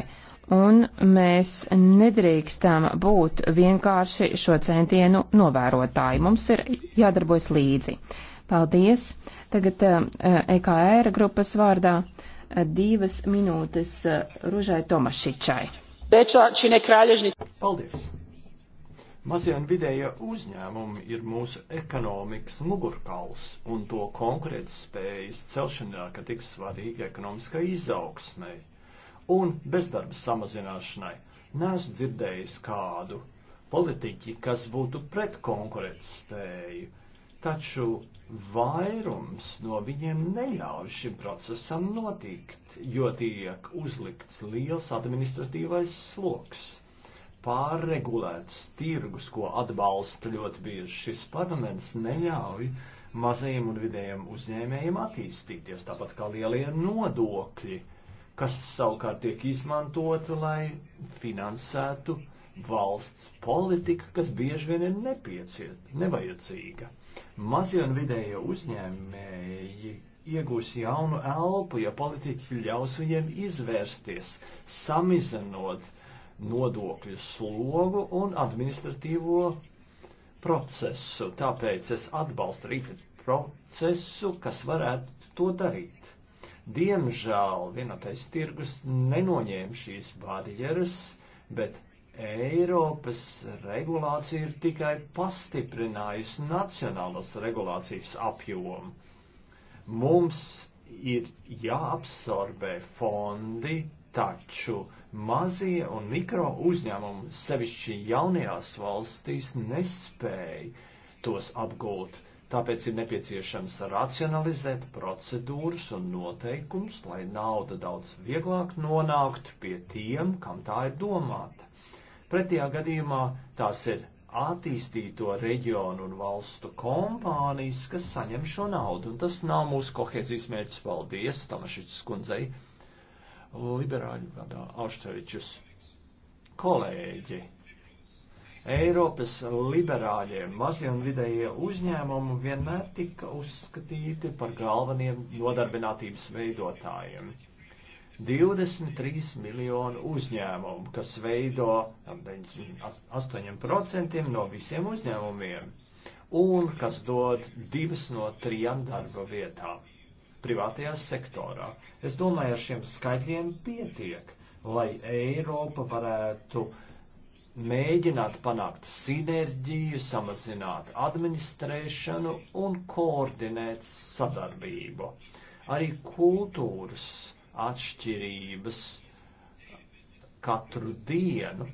un mēs nedrīkstam būt vienkārši šo centienu novērotāji. Mums ir jādarbojas līdzi. Paldies! Tagad EKR eh, e grupas vārdā eh, divas minūtes Ružai Tomašičai. Paldies! Mazie un vidējie uzņēmumi ir mūsu ekonomikas mugurkauls, un to konkurētspējas celšanā, ka tik svarīga ekonomiskā izaugsmai un bezdarba samazināšanai, neesmu dzirdējis kādu politiķi, kas būtu pret konkurētspēju, taču vairums no viņiem neļauj šim procesam notikt, jo tiek uzlikts liels administratīvais sloks pārregulēts tirgus, ko atbalsta ļoti bieži šis parlaments, neļauj mazajiem un vidējiem uzņēmējiem attīstīties, tāpat kā lielie nodokļi, kas savukārt tiek izmantoti, lai finansētu valsts politika, kas bieži vien ir nepieciet, nevajadzīga. Mazie un vidējie uzņēmēji iegūs jaunu elpu, ja politiķi ļaus viņiem izvērsties, samizinot uh, nodokļu slogu un administratīvo procesu. Tāpēc es atbalstu rīfit procesu, kas varētu to darīt. Diemžēl vienotais tirgus nenoņēma šīs barjeras, bet Eiropas regulācija ir tikai pastiprinājusi nacionālas regulācijas apjomu. Mums ir jāabsorbē fondi, taču mazie un mikro uzņēmumi, sevišķi jaunajās valstīs, nespēja tos apgūt. Tāpēc ir nepieciešams racionalizēt procedūras un noteikums, lai nauda daudz vieglāk nonāktu pie tiem, kam tā ir domāta. Pretējā gadījumā tās ir attīstīto reģionu un valstu kompānijas, kas saņem šo naudu, un tas nav mūsu kohēzijas mērķis. Paldies, Tamašits skundzei! liberāļu gadā Auštevičus. Kolēģi, Eiropas liberāļiem mazie un vidējie uzņēmumi vienmēr tika uzskatīti par galveniem nodarbinātības veidotājiem. 23 miljonu uzņēmumu, kas veido 8% no visiem uzņēmumiem un kas dod divas no trijām darba vietām privātajā sektorā. Es domāju, ar šiem skaitļiem pietiek, lai Eiropa varētu mēģināt panākt sinerģiju, samazināt administrēšanu un koordinēt sadarbību. Arī kultūras atšķirības katru dienu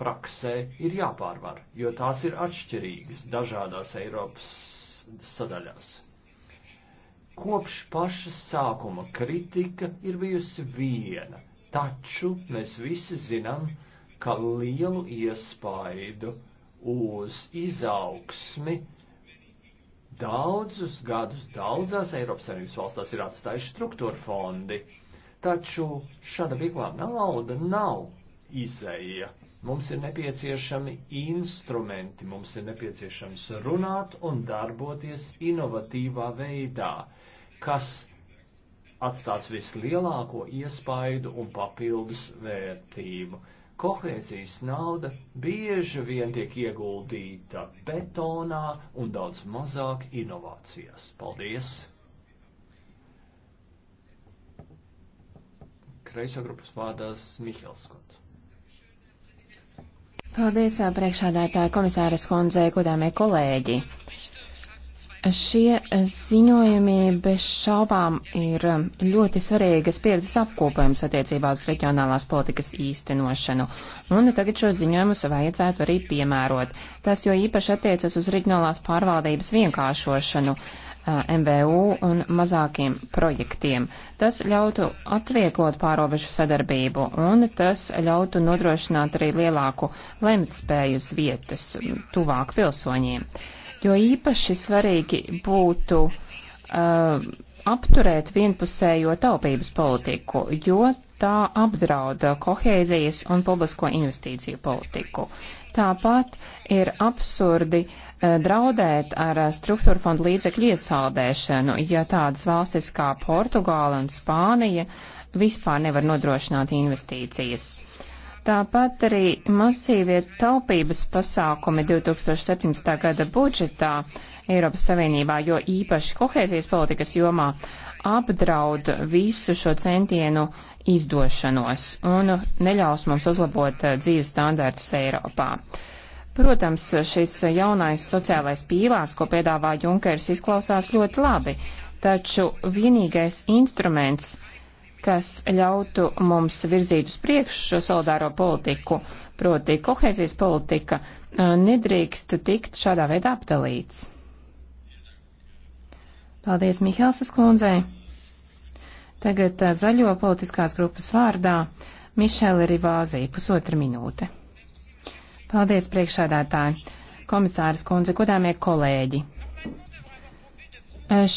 praksē ir jāpārvar, jo tās ir atšķirīgas dažādās Eiropas sadaļās. Kopš paša sākuma kritika ir bijusi viena, taču mēs visi zinām, ka lielu iespaidu uz izaugsmi daudzus gadus daudzās Eiropas Savienības valstās ir atstājuši struktūra fondi. Taču šāda vieglā nauda nav izēja. Mums ir nepieciešami instrumenti, mums ir nepieciešams runāt un darboties inovatīvā veidā, kas atstās vislielāko iespaidu un papildus vērtību. Kohēzijas nauda bieži vien tiek ieguldīta betonā un daudz mazāk inovācijās. Paldies! Kreiso grupas vārdās Mihelskunds. Paldies, priekšādātāja komisāras kundze, godāmie kolēģi. Šie ziņojumi bez šaubām ir ļoti svarīgas pieredzes apkopojums attiecībā uz reģionālās politikas īstenošanu. Un tagad šo ziņojumus vajadzētu arī piemērot. Tas jo īpaši attiecas uz reģionālās pārvaldības vienkāršošanu. Uh, MVU un mazākiem projektiem. Tas ļautu atvieglot pārobežu sadarbību un tas ļautu nodrošināt arī lielāku lemtspējus vietas tuvāk pilsoņiem. Jo īpaši svarīgi būtu uh, apturēt vienpusējo taupības politiku, jo tā apdrauda kohēzijas un publisko investīciju politiku. Tāpat ir absurdi eh, draudēt ar eh, struktūra fondu līdzekļu iesaldēšanu, ja tādas valstis kā Portugāla un Spānija vispār nevar nodrošināt investīcijas. Tāpat arī masīvie taupības pasākumi 2017. gada budžetā Eiropas Savienībā, jo īpaši kohēzijas politikas jomā apdraud visu šo centienu izdošanos un neļaus mums uzlabot eh, dzīves standārtus Eiropā. Protams, šis jaunais sociālais pīlārs, ko piedāvā Junkers, izklausās ļoti labi, taču vienīgais instruments, kas ļautu mums virzīt uz priekšu šo solidāro politiku, proti kohēzijas politika, eh, nedrīkst tikt šādā veidā apdalīts. Paldies Mihelsas kundzei! Tagad zaļo politiskās grupas vārdā Mišela Rivāzī, pusotra minūte. Paldies, priekšādātāji, komisāras kundze, godāmie kolēģi.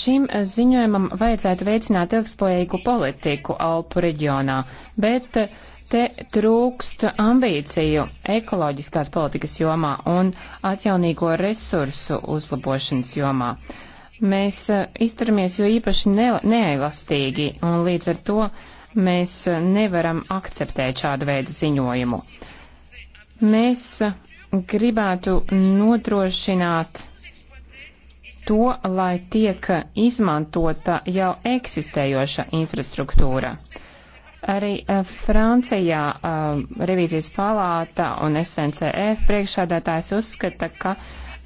Šim ziņojumam vajadzētu veicināt ilgspējīgu politiku Alpu reģionā, bet te trūkst ambīciju ekoloģiskās politikas jomā un atjaunīgo resursu uzlabošanas jomā. Uh, Mēs e, izturamies jo īpaši ne, neailastīgi, un līdz ar to mēs e, nevaram akceptēt šādu veidu ziņojumu. Mēs e, gribētu nodrošināt to, lai tiek izmantota jau eksistējoša infrastruktūra. Arī Francijā revīzijas palāta un SNCF priekšādātājs uzskata, ka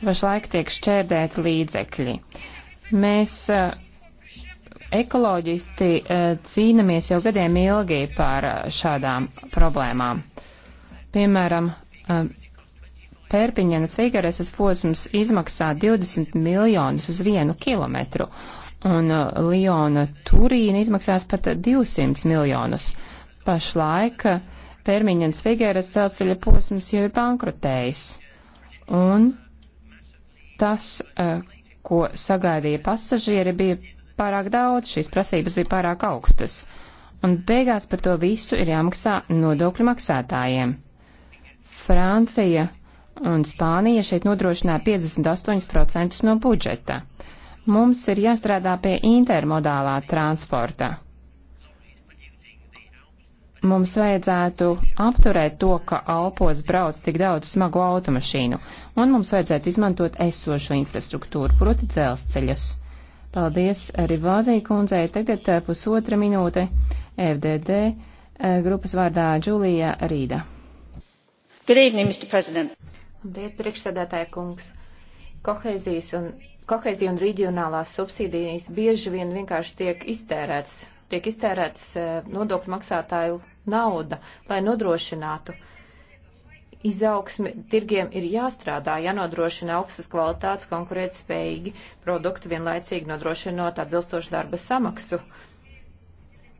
pašlaik tiek šķērdēti līdzekļi. Uh, Mēs eh, ekoloģisti eh, cīnamies jau gadiem ilgi par eh, šādām problēmām. Piemēram, Pērpiņenas Figareses posms izmaksā 20 miljonus uz vienu kilometru, un Liona Turīna izmaksās pat 200 miljonus. Pašlaik Pērmiņenas Figares celceļa posms jau ir bankrotējis, un tas, ko sagaidīja pasažieri, bija pārāk daudz, šīs prasības bija pārāk augstas, un beigās par to visu ir jāmaksā nodokļu maksātājiem. Francija un Spānija šeit nodrošināja 58% no budžeta. Mums ir jāstrādā pie intermodālā transporta mums vajadzētu apturēt to, ka Alpos brauc tik daudz smagu automašīnu, un mums vajadzētu izmantot esošo infrastruktūru, proti dzelzceļus. Paldies arī Vāzija kundzei. Tagad eh, pusotra minūte FDD eh, grupas vārdā Džulija Rīda. Good evening, Mr. President. Diet priekšsēdētāja kungs. Kohēzijas un, kohēzija un reģionālās subsīdijas bieži vien vienkārši tiek iztērētas tiek iztērēts eh, nodokļu maksātāju nauda, lai nodrošinātu izaugsmi. Tirgiem ir jāstrādā, jānodrošina augstas kvalitātes, konkurētspējīgi produkti, vienlaicīgi nodrošinot atbilstošu darba samaksu.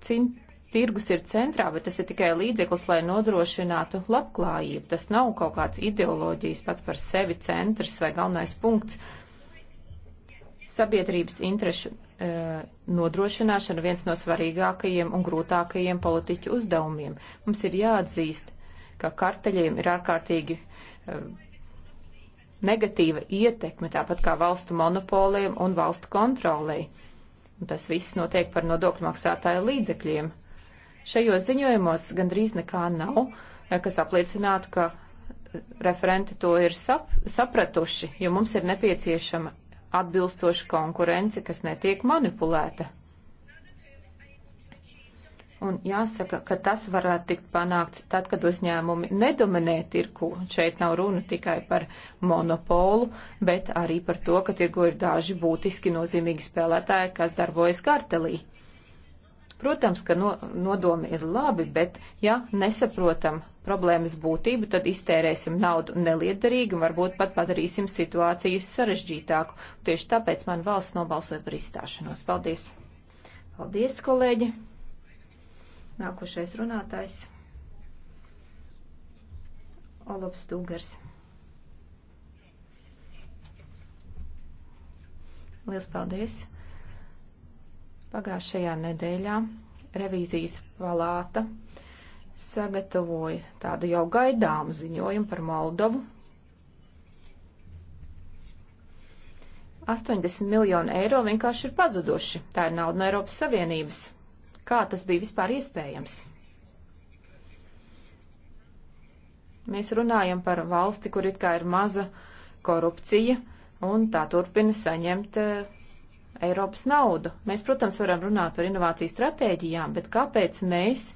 Cin Tirgus ir centrā, bet tas ir tikai līdzeklis, lai nodrošinātu labklājību. Tas nav kaut kāds ideoloģijas pats par sevi centrs vai galvenais punkts sabiedrības interešu E, nodrošināšana viens no svarīgākajiem un grūtākajiem politiķu uzdevumiem. Mums ir jāatzīst, ka karteļiem ir ārkārtīgi e, negatīva ietekme, tāpat kā valstu monopoliem un valstu kontrolei. Un tas viss notiek par nodokļu maksātāju līdzekļiem. Šajos ziņojumos gandrīz nekā nav, e, kas apliecinātu, ka referenti to ir sap, sapratuši, jo mums ir nepieciešama atbilstoša konkurence, kas netiek manipulēta. Un jāsaka, ka tas varētu tikt panākts tad, kad uzņēmumi nedominē tirku. Šeit nav runa tikai par monopolu, bet arī par to, ka tirgo ir daži būtiski nozīmīgi spēlētāji, kas darbojas kartelī. Protams, ka no, nodomi ir labi, bet ja nesaprotam, problēmas būtību, tad iztērēsim naudu neliederīgi un varbūt pat padarīsim situāciju sarežģītāku. Tieši tāpēc man valsts nobalsoja par izstāšanos. Paldies! Paldies, kolēģi! Nākošais runātājs - Olofs Dūgars. Liels paldies! Pagājušajā nedēļā revīzijas palāta uh, sagatavoja tādu jau gaidāmu ziņojumu par Moldovu. 80 miljoni eiro vienkārši ir pazuduši. Tā ir nauda no Eiropas Savienības. Kā tas bija vispār iespējams? Mēs runājam par valsti, kur it kā ir maza korupcija, un tā turpina saņemt eh, Eiropas naudu. Mēs, protams, varam runāt par inovāciju stratēģijām, bet kāpēc mēs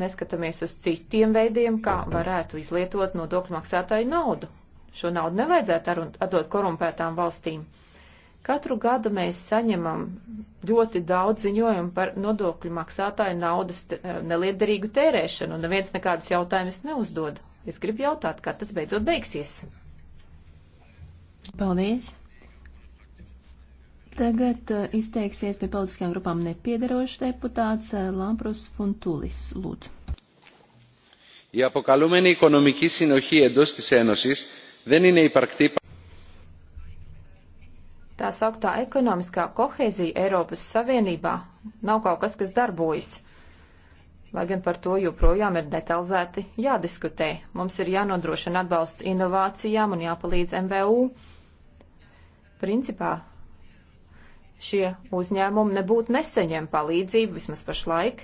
neskatāmies uz citiem veidiem, kā varētu izlietot nodokļu maksātāju naudu. Šo naudu nevajadzētu atdot korumpētām valstīm. Katru gadu mēs saņemam ļoti daudz ziņojumu par nodokļu maksātāju naudas eh, neliederīgu tērēšanu, un neviens nekādus jautājumus neuzdod. Es gribu jautāt, kā tas beidzot beigsies. Paldies! Tagad eh, izteiksies pie politiskajām grupām nepiedarošs deputāts eh, Lampros Funtulis. Lūdzu. Η αποκαλούμενη οικονομική συνοχή εντός της Ένωσης δεν είναι υπαρκτή. Tā sauktā ekonomiskā kohēzija Eiropas Savienībā nav kaut kas, kas darbojas. Lai gan par to joprojām ir detalizēti jādiskutē. Mums ir jānodrošina atbalsts inovācijām un jāpalīdz MVU. Principā šie uzņēmumi nebūtu neseņem palīdzību, vismaz pašlaik.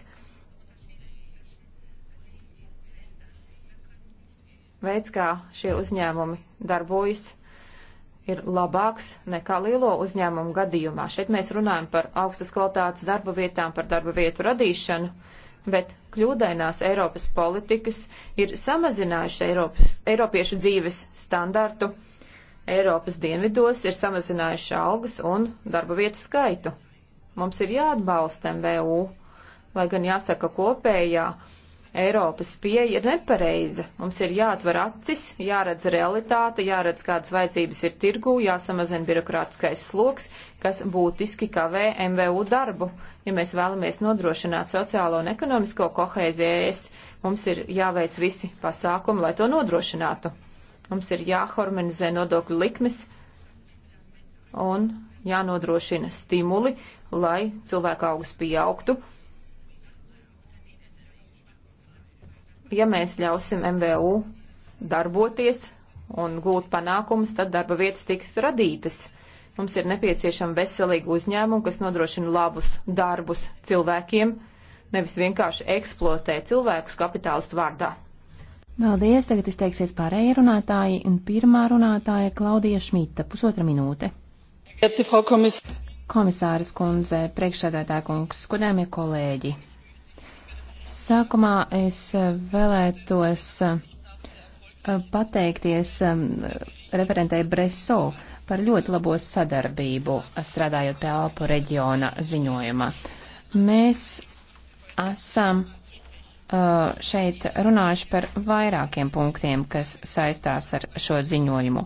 Veids, kā šie uzņēmumi darbojas, ir labāks nekā lielo uzņēmumu gadījumā. Šeit mēs runājam par augstas kvalitātes darba vietām, par darba vietu radīšanu, bet kļūdainās Eiropas politikas ir samazinājuši Eiropas, Eiropiešu dzīves standartu Eiropas dienvidos ir samazinājuši algas un darba vietu skaitu. Mums ir jāatbalsta MVU, lai gan jāsaka kopējā Eiropas pieeja ir nepareiza. Mums ir jāatver acis, jāredz realitāte, jāredz, kādas vajadzības ir tirgū, jāsamazina birokrātiskais sloks, kas būtiski kavē MVU darbu. Ja mēs vēlamies nodrošināt sociālo un ekonomisko kohēzijas, e mums ir jāveic visi pasākumi, lai to nodrošinātu. Mums ir jāharmonizē nodokļu likmes un jānodrošina stimuli, lai cilvēku augus pieaugtu. Ja mēs ļausim MVU darboties un gūt panākumus, tad darba vietas tiks radītas. Mums ir nepieciešama veselīga uzņēmuma, kas nodrošina labus darbus cilvēkiem, nevis vienkārši eksploatē cilvēkus kapitālistu vārdā. Paldies, tagad izteiksies pārējie runātāji, un pirmā runātāja Klaudija Šmita, pusotra minūte. Komisāras kundze, priekšsēdētāja kungs, godāmie kolēģi. Sākumā es vēlētos eh, pateikties eh, referentei Breso par ļoti labo sadarbību, strādājot pie Alpu reģiona ziņojuma. Mēs esam Uh, šeit runājuši par vairākiem punktiem, kas saistās ar šo ziņojumu.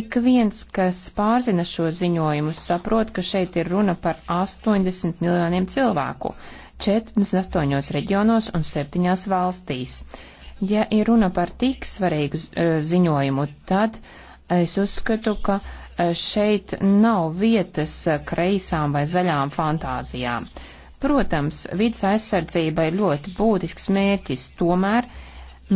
Ik viens, kas pārzina šo ziņojumu, saprot, ka šeit ir runa par 80 miljoniem cilvēku 48 reģionos un 7 valstīs. Ja ir runa par tik svarīgu uh, ziņojumu, tad es uzskatu, ka uh, šeit nav vietas kreisām vai zaļām fantāzijām. Uh, Protams, vidas aizsardzība ir ļoti būtisks mērķis, tomēr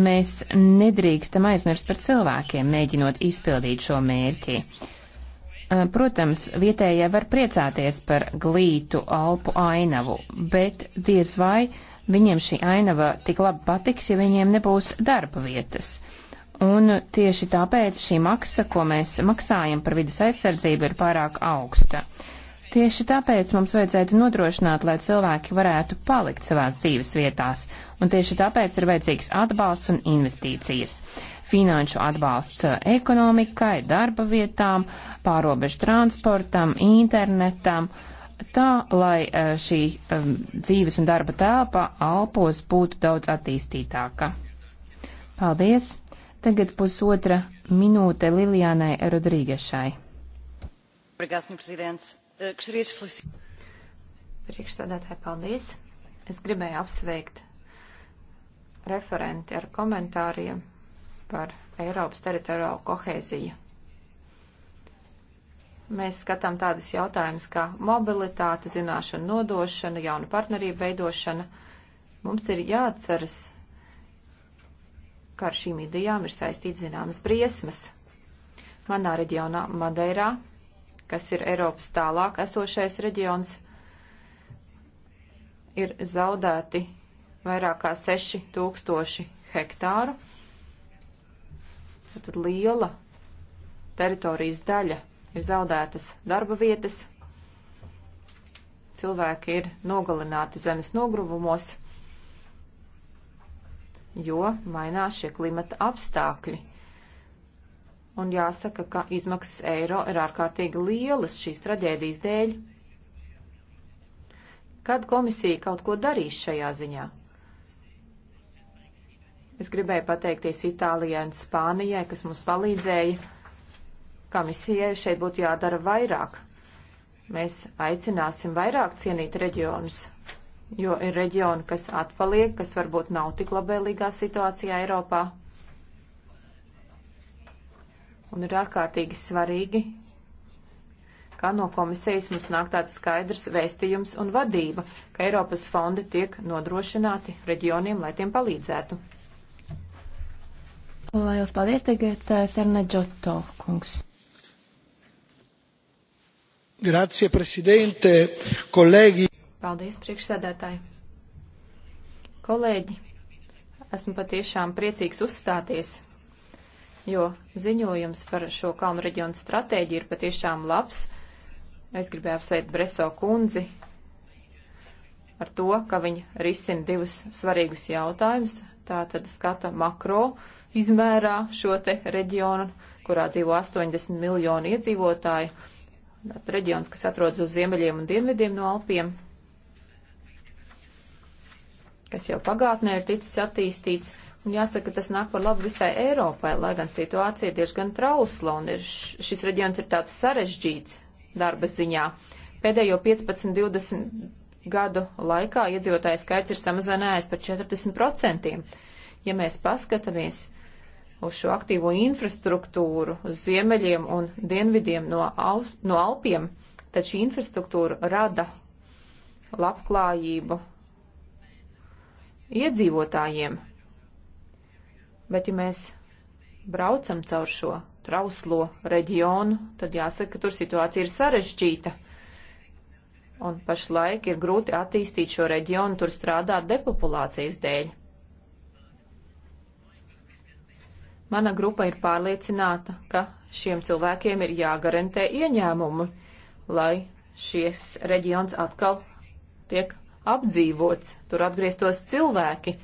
mēs nedrīkstam aizmirst par cilvēkiem, mēģinot izpildīt šo mērķi. Eh, protams, vietējie var priecāties par glītu alpu ainavu, bet diez vai viņiem šī ainava tik labi patiks, ja viņiem nebūs darba vietas. Un tieši tāpēc šī maksa, ko mēs maksājam par vidas aizsardzību, ir pārāk augsta. Uh, Tieši tāpēc mums vajadzētu nodrošināt, lai cilvēki varētu palikt savās dzīves vietās, un tieši tāpēc ir vajadzīgs atbalsts un investīcijas. Finanšu atbalsts eh, ekonomikai, darba vietām, pārobežu transportam, internetam, tā, lai eh, šī um, dzīves un darba telpa Alpos būtu daudz attīstītāka. Paldies! Tagad pusotra minūte Lilijanai Rodrīgešai. Obrigado, Sr. Presidente. Eh, Priekšstādātāji, paldies. Es gribēju apsveikt referenti ar komentāriem par Eiropas teritoriālo kohēziju. Mēs skatām tādus jautājumus kā mobilitāte, zināšana nodošana, jauna partnerība veidošana. Mums ir jāatceras, ka ar šīm idejām ir saistīts zināmas briesmas. Manā reģionā Madeirā kas ir Eiropas tālāk esošais reģions, ir zaudēti vairāk kā 6000 hektāru. Tad liela teritorijas daļa ir zaudētas darba vietas, cilvēki ir nogalināti zemes nogruvumos, jo mainās šie klimata apstākļi un jāsaka, ka izmaksas eiro ir ārkārtīgi lielas šīs traģēdijas dēļ. Kad komisija kaut ko darīs šajā ziņā? Es gribēju pateikties Itālijai un Spānijai, kas mums palīdzēja. Komisijai šeit būtu jādara vairāk. Mēs aicināsim vairāk cienīt reģionus, jo ir reģioni, kas atpaliek, kas varbūt nav tik labvēlīgā situācijā Eiropā. Un ir ārkārtīgi svarīgi, kā no komisijas mums nāk tāds skaidrs vēstījums un vadība, ka Eiropas fondi tiek nodrošināti reģioniem, lai tiem palīdzētu. Lai jūs paldies tagad, eh, Serne Džoto kungs. Grazie, prezidente, kolēģi. Paldies, priekšsēdētāji. Kolēģi, esmu patiešām priecīgs uzstāties jo ziņojums par šo kalnu reģionu stratēģiju ir patiešām labs. Es gribēju apsveikt Breso kundzi ar to, ka viņa risina divus svarīgus jautājumus. Tā tad skata makro izmērā šo te reģionu, kurā dzīvo 80 miljoni iedzīvotāju. Tātad reģions, kas atrodas uz ziemeļiem un dienvidiem no Alpiem, kas jau pagātnē ir ticis attīstīts Un jāsaka, tas nāk par labu visai Eiropai, lai gan situācija ir diezgan trausla un ir, šis reģions ir tāds sarežģīts darba ziņā. Pēdējo 15-20 gadu laikā iedzīvotāju skaits ir samazinājies par 40%. Ja mēs paskatāmies uz šo aktīvo infrastruktūru, uz ziemeļiem un dienvidiem no, Alp, no Alpiem, tad šī infrastruktūra rada labklājību iedzīvotājiem, Bet, ja mēs braucam caur šo trauslo reģionu, tad jāsaka, ka tur situācija ir sarežģīta. Un pašlaik ir grūti attīstīt šo reģionu, tur strādāt depopulācijas dēļ. Mana grupa ir pārliecināta, ka šiem cilvēkiem ir jāgarantē ieņēmumi, lai šies reģions atkal tiek apdzīvots, tur atgrieztos cilvēki.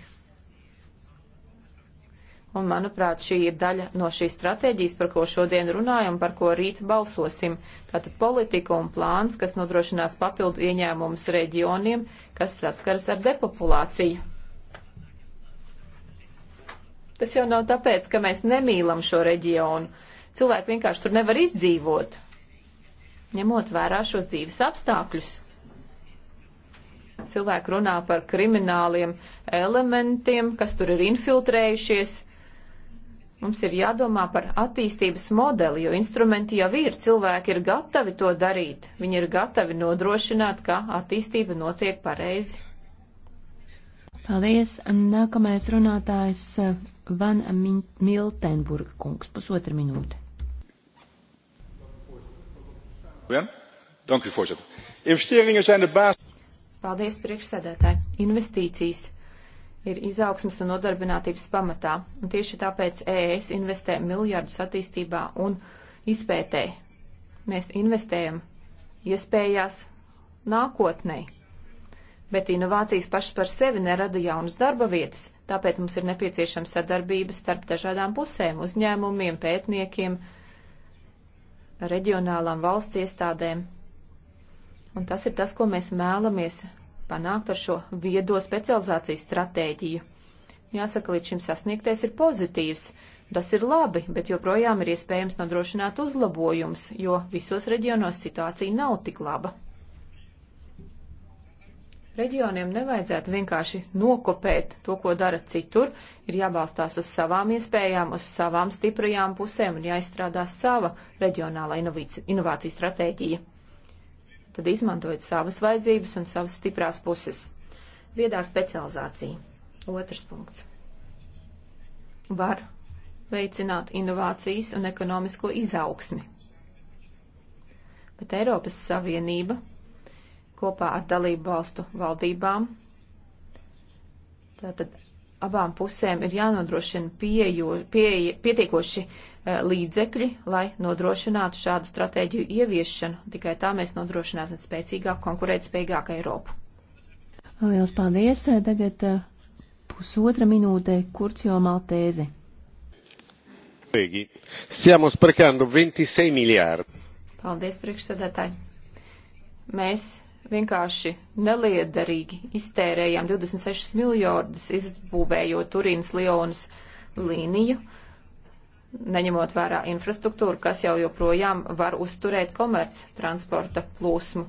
Un, manuprāt, šī ir daļa no šīs stratēģijas, par ko šodien runājam, par ko rīt balsosim. Tātad politika un plāns, kas nodrošinās papildu ieņēmumus reģioniem, kas saskaras ar depopulāciju. Tas jau nav tāpēc, ka mēs nemīlam šo reģionu. Cilvēki vienkārši tur nevar izdzīvot, ņemot vērā šos dzīves apstākļus cilvēki runā par krimināliem elementiem, kas tur ir infiltrējušies. Mums ir jādomā par attīstības modeli, jo instrumenti jau ir, cilvēki ir gatavi to darīt. Viņi ir gatavi nodrošināt, ka attīstība notiek pareizi. Paldies. Nākamais runātājs eh, Van Miltenburga kungs, pusotra minūte. Vien? Dank u, voorzitter. Investeringen zijn de basis. Paldies, priekšsēdētāji. Investīcijas ir izaugsmas un nodarbinātības pamatā, un tieši tāpēc ES investē miljardus attīstībā un izpētē. Mēs investējam iespējās nākotnē, bet inovācijas pašas par sevi nerada jaunas darba vietas, tāpēc mums ir nepieciešama sadarbība starp dažādām pusēm - uzņēmumiem, pētniekiem, reģionālām valsts iestādēm. Un tas ir tas, ko mēs mēlamies panākt ar šo viedo specializācijas stratēģiju. Jāsaka, līdz šim sasniegtais ir pozitīvs. Tas ir labi, bet joprojām ir iespējams nodrošināt uzlabojums, jo visos reģionos situācija nav tik laba. Reģioniem nevajadzētu vienkārši nokopēt to, ko dara citur, ir jābalstās uz savām iespējām, uz savām stiprajām pusēm un jāizstrādā sava reģionāla inovācija stratēģija tad izmantojiet savas vajadzības un savas stiprās puses. Viedā specializācija. Otrs punkts. Var veicināt inovācijas un ekonomisko izaugsmi. Bet Eiropas Savienība kopā ar dalību valstu valdībām, tātad abām pusēm ir jānodrošina piejo, pie, pietiekoši Eh, līdzekļi, lai nodrošinātu šādu stratēģiju ieviešanu. Tikai tā mēs nodrošināsim spēcīgāku, konkurētspējīgāku Eiropu. Lielas paldies! Eh, tagad eh, pusotra minūte Kurcio Maltēzi. Stiamo sprecando 26 miliardi. Paldies, priekšsēdētāji. Mēs vienkārši neliederīgi iztērējām 26 miljardus, izbūvējot Turīnas Lionas līniju. Uh, neņemot vērā infrastruktūru, kas jau joprojām var uzturēt komerc transporta plūsmu.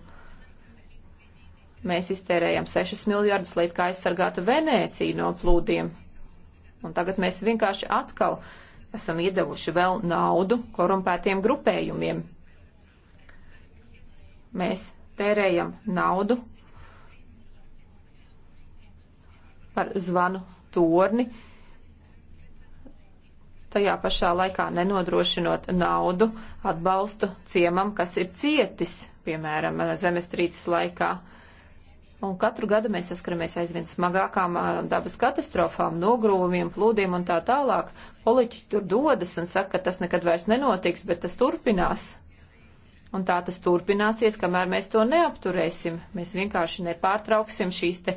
Mēs iztērējam 6 miljardus, lai kā aizsargātu Venēciju no plūdiem. Un tagad mēs vienkārši atkal esam iedevuši vēl naudu korumpētiem grupējumiem. Mēs tērējam naudu par zvanu torni, uh, tajā pašā laikā nenodrošinot naudu, atbalstu ciemam, kas ir cietis, piemēram, zemestrīces laikā. Un katru gadu mēs saskaramies aizvien smagākām dabas katastrofām, nogrūmiem, plūdiem un tā tālāk. Poliķi tur dodas un saka, ka tas nekad vairs nenotiks, bet tas turpinās. Un tā tas turpināsies, kamēr mēs to neapturēsim. Mēs vienkārši nepārtrauksim šīs te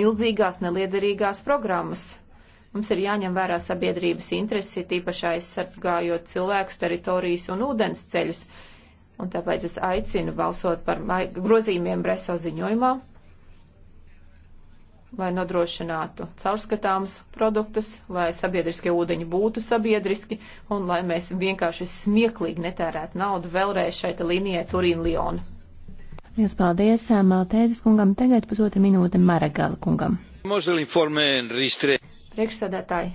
milzīgās neliederīgās programmas. Mums ir jāņem vērā sabiedrības interesi, tīpaši aizsargājot cilvēkus, teritorijas un ūdens ceļus. Un tāpēc es aicinu balsot par grozījumiem Breso ziņojumā, lai nodrošinātu caurskatāmus produktus, lai sabiedriskie ūdeņi būtu sabiedriski un lai mēs vienkārši smieklīgi netērētu naudu vēlreiz šai līnijai Turīna Lionu. Liels paldies Maltēzes kungam, tagad pusotra minūte Maragala kungam. Možda li informe enregistre Priekšsēdētāji,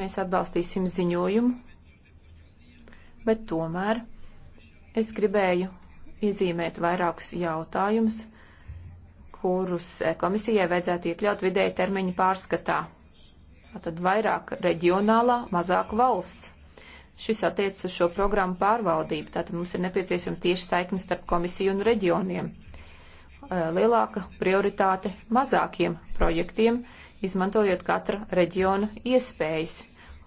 mēs atbalstīsim ziņojumu, bet tomēr es gribēju iezīmēt vairākus jautājumus, kurus eh, komisijai vajadzētu iekļaut vidēja termiņa pārskatā. Tad vairāk reģionālā, mazāk valsts. Šis attiec uz šo programmu pārvaldību, tātad mums ir nepieciešama tieši saikne starp komisiju un reģioniem. Eh, lielāka prioritāte mazākiem projektiem, izmantojot katra reģiona iespējas.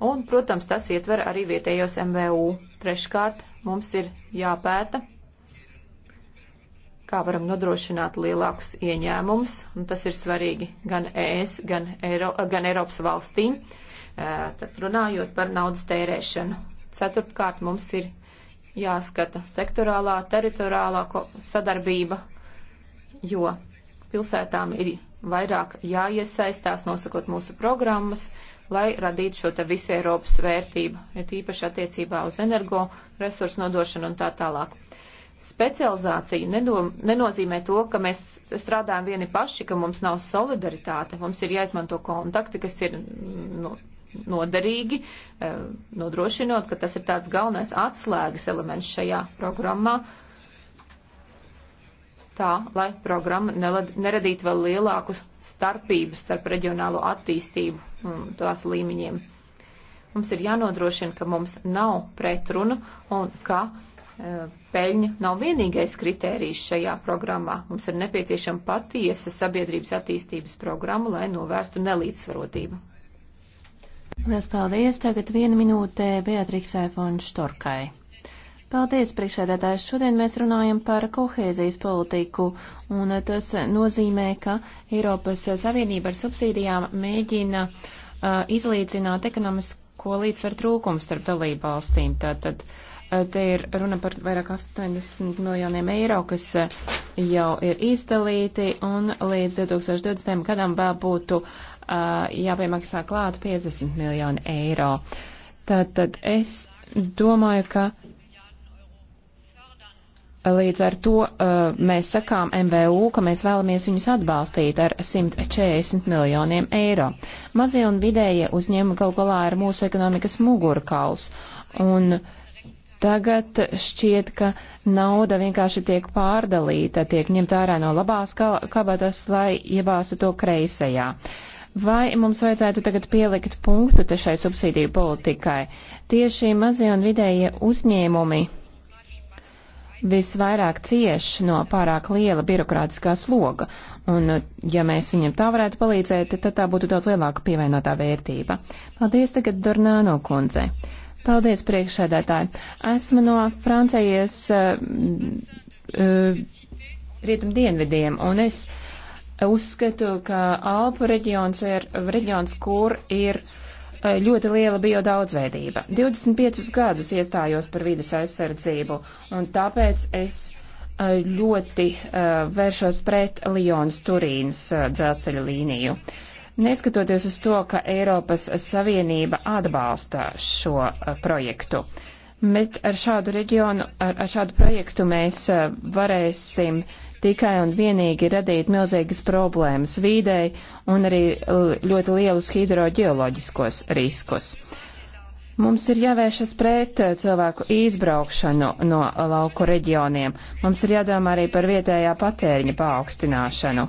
Un, protams, tas ietver arī vietējos MVU. Treškārt, mums ir jāpēta, kā varam nodrošināt lielākus ieņēmumus, un tas ir svarīgi gan ES, gan, Eiro, gan Eiropas valstīm, tad runājot par naudas tērēšanu. Ceturtkārt, mums ir jāskata sektorālā, teritoriālā sadarbība, jo pilsētām ir vairāk jāiesaistās, nosakot mūsu programmas, lai radītu šo te visu Eiropas vērtību, ja tīpaši attiecībā uz energo resursu nodošanu un tā tālāk. Specializācija nedom, nenozīmē to, ka mēs strādājam vieni paši, ka mums nav solidaritāte, mums ir jāizmanto kontakti, kas ir nu, noderīgi, eh, nodrošinot, ka tas ir tāds galvenais atslēgas elements šajā programmā, tā, lai programma neradītu vēl lielāku starpību starp reģionālo attīstību un mm, tās līmeņiem. Mums ir jānodrošina, ka mums nav pretrunu un ka e, peļņa nav vienīgais kritērijs šajā programmā. Mums ir nepieciešama patiesa sabiedrības attīstības programma, lai novērstu nelīdzsvarotību. Lielas paldies! Tagad viena minūte Beatriksai Fonštorkai. Paldies, priekšēdētājs. Šodien mēs runājam par kohēzijas politiku, un tas nozīmē, ka Eiropas Savienība ar subsīdijām mēģina uh, izlīdzināt ekonomisko līdzsvaru trūkumu starp dalību valstīm. Tātad uh, te ir runa par vairāk 80 miljoniem eiro, kas uh, jau ir izdalīti, un līdz 2020. gadam vēl būtu uh, jāpiemaksā klāt 50 miljoni eiro. Tātad es domāju, ka Līdz ar to uh, mēs sakām MVU, ka mēs vēlamies viņus atbalstīt ar 140 miljoniem eiro. Mazie un vidējie uzņēmumi gal galā ir mūsu ekonomikas mugurkauls. Un tagad šķiet, ka nauda vienkārši tiek pārdalīta, tiek ņemta ārā no labās kabatas, lai iebāstu to kreisajā. Vai mums vajadzētu tagad pielikt punktu te šai subsīdiju politikai? Tieši mazie un vidējie uzņēmumi visvairāk cieš no pārāk liela birokrātiskā sloga, un ja mēs viņam tā varētu palīdzēt, tad tā būtu daudz lielāka pievienotā vērtība. Paldies tagad Dornāno kundzei. Paldies priekšsēdētāji. Esmu no Francijas uh, uh, rietum dienvidiem, un es uzskatu, ka Alpu reģions ir reģions, kur ir uh, Eh, ļoti liela biodaudzveidība. 25 gadus iestājos par vides aizsardzību, un tāpēc es eh, ļoti eh, vēršos pret Lionas Turīnas dzelzceļa līniju. Neskatoties uz to, ka Eiropas Savienība atbalsta šo projektu, bet ar šādu reģionu, ar, ar šādu projektu mēs varēsim uh, tikai un vienīgi radīt milzīgas problēmas vīdei un arī ļoti lielus hidroģeoloģiskos riskus. Mums ir jāvēršas pret eh, cilvēku izbraukšanu no lauku reģioniem. Mums ir jādomā arī par vietējā patēriņa paaugstināšanu.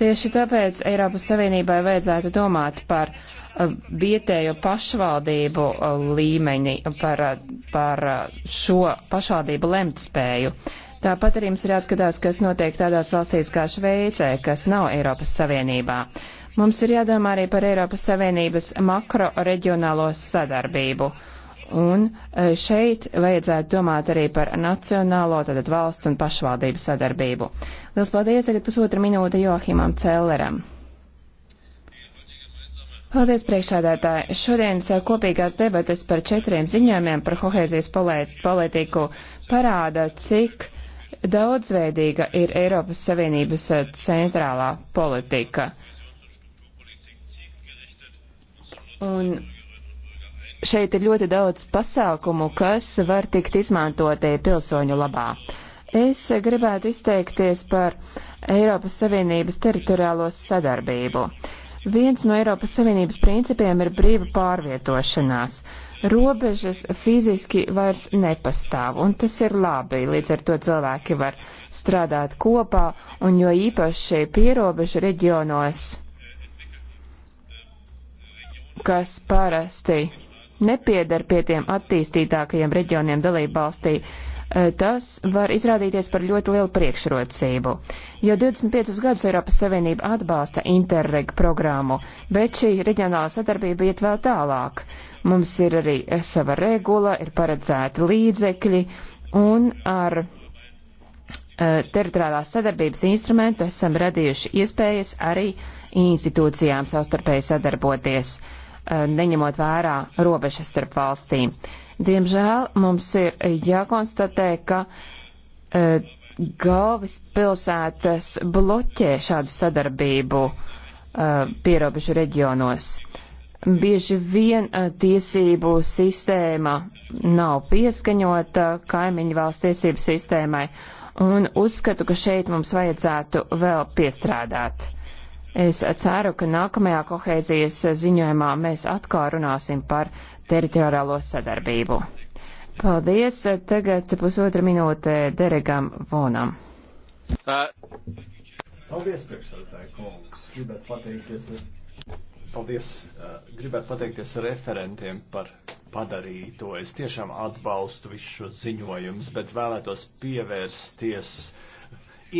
Tieši tāpēc Eiropas Savienībai vajadzētu domāt par eh, vietējo pašvaldību eh, līmeņi, par, par šo pašvaldību lemtspēju. Tāpat arī mums ir jāskatās, kas notiek tādās valstīs kā Šveicē, kas nav Eiropas Savienībā. Mums ir jādomā arī par Eiropas Savienības makro reģionālo sadarbību. Un e, šeit vajadzētu domāt arī par nacionālo, tātad valsts un pašvaldību sadarbību. Lielas paldies, tagad pusotra minūte Johimam Celleram. Paldies, priekšādētāji. Šodienas e, kopīgās debates par četriem ziņojumiem par kohēzijas politiku parāda, cik Cik daudzveidīga ir Eiropas Savienības eh, centrālā politika? Un šeit ir ļoti daudz pasākumu, kas var tikt izmantoti pilsoņu labā. Es gribētu izteikties par Eiropas Savienības teritoriālo sadarbību. Viens no Eiropas Savienības principiem ir brīva pārvietošanās. Uh, robežas fiziski vairs nepastāv, un tas ir labi. Līdz ar to cilvēki var strādāt kopā, un jo īpaši pierobežu reģionos, kas parasti nepiedar pie tiem attīstītākajiem reģioniem dalībvalstī, eh, tas var izrādīties par ļoti lielu priekšrocību. Jau 25 gadus Eiropas Savienība atbalsta Interreg programmu, bet šī reģionāla sadarbība iet vēl tālāk. Mums ir arī sava regula, ir paredzēti līdzekļi un ar eh, teritoriālās sadarbības instrumentu esam radījuši iespējas arī institūcijām savstarpēji sadarboties, eh, neņemot vērā robežas starp valstīm. Diemžēl mums ir jākonstatē, ka eh, galvaspilsētas bloķē šādu sadarbību pierobežu reģionos. Bieži vien eh, tiesību sistēma nav pieskaņota kaimiņu valsts tiesību sistēmai, un uzskatu, ka šeit mums vajadzētu vēl piestrādāt. Es ceru, ka nākamajā kohēzijas ziņojumā mēs atkal runāsim par teritoriālo sadarbību. Paldies! Tagad pusotra minūte Deregam Vonam. Uh. Paldies, priekšsēdētāji kungs! Gribētu pateikties Paldies! Eh, gribētu pateikties referentiem par padarīto. Es tiešām atbalstu visus šos ziņojumus, bet vēlētos pievērsties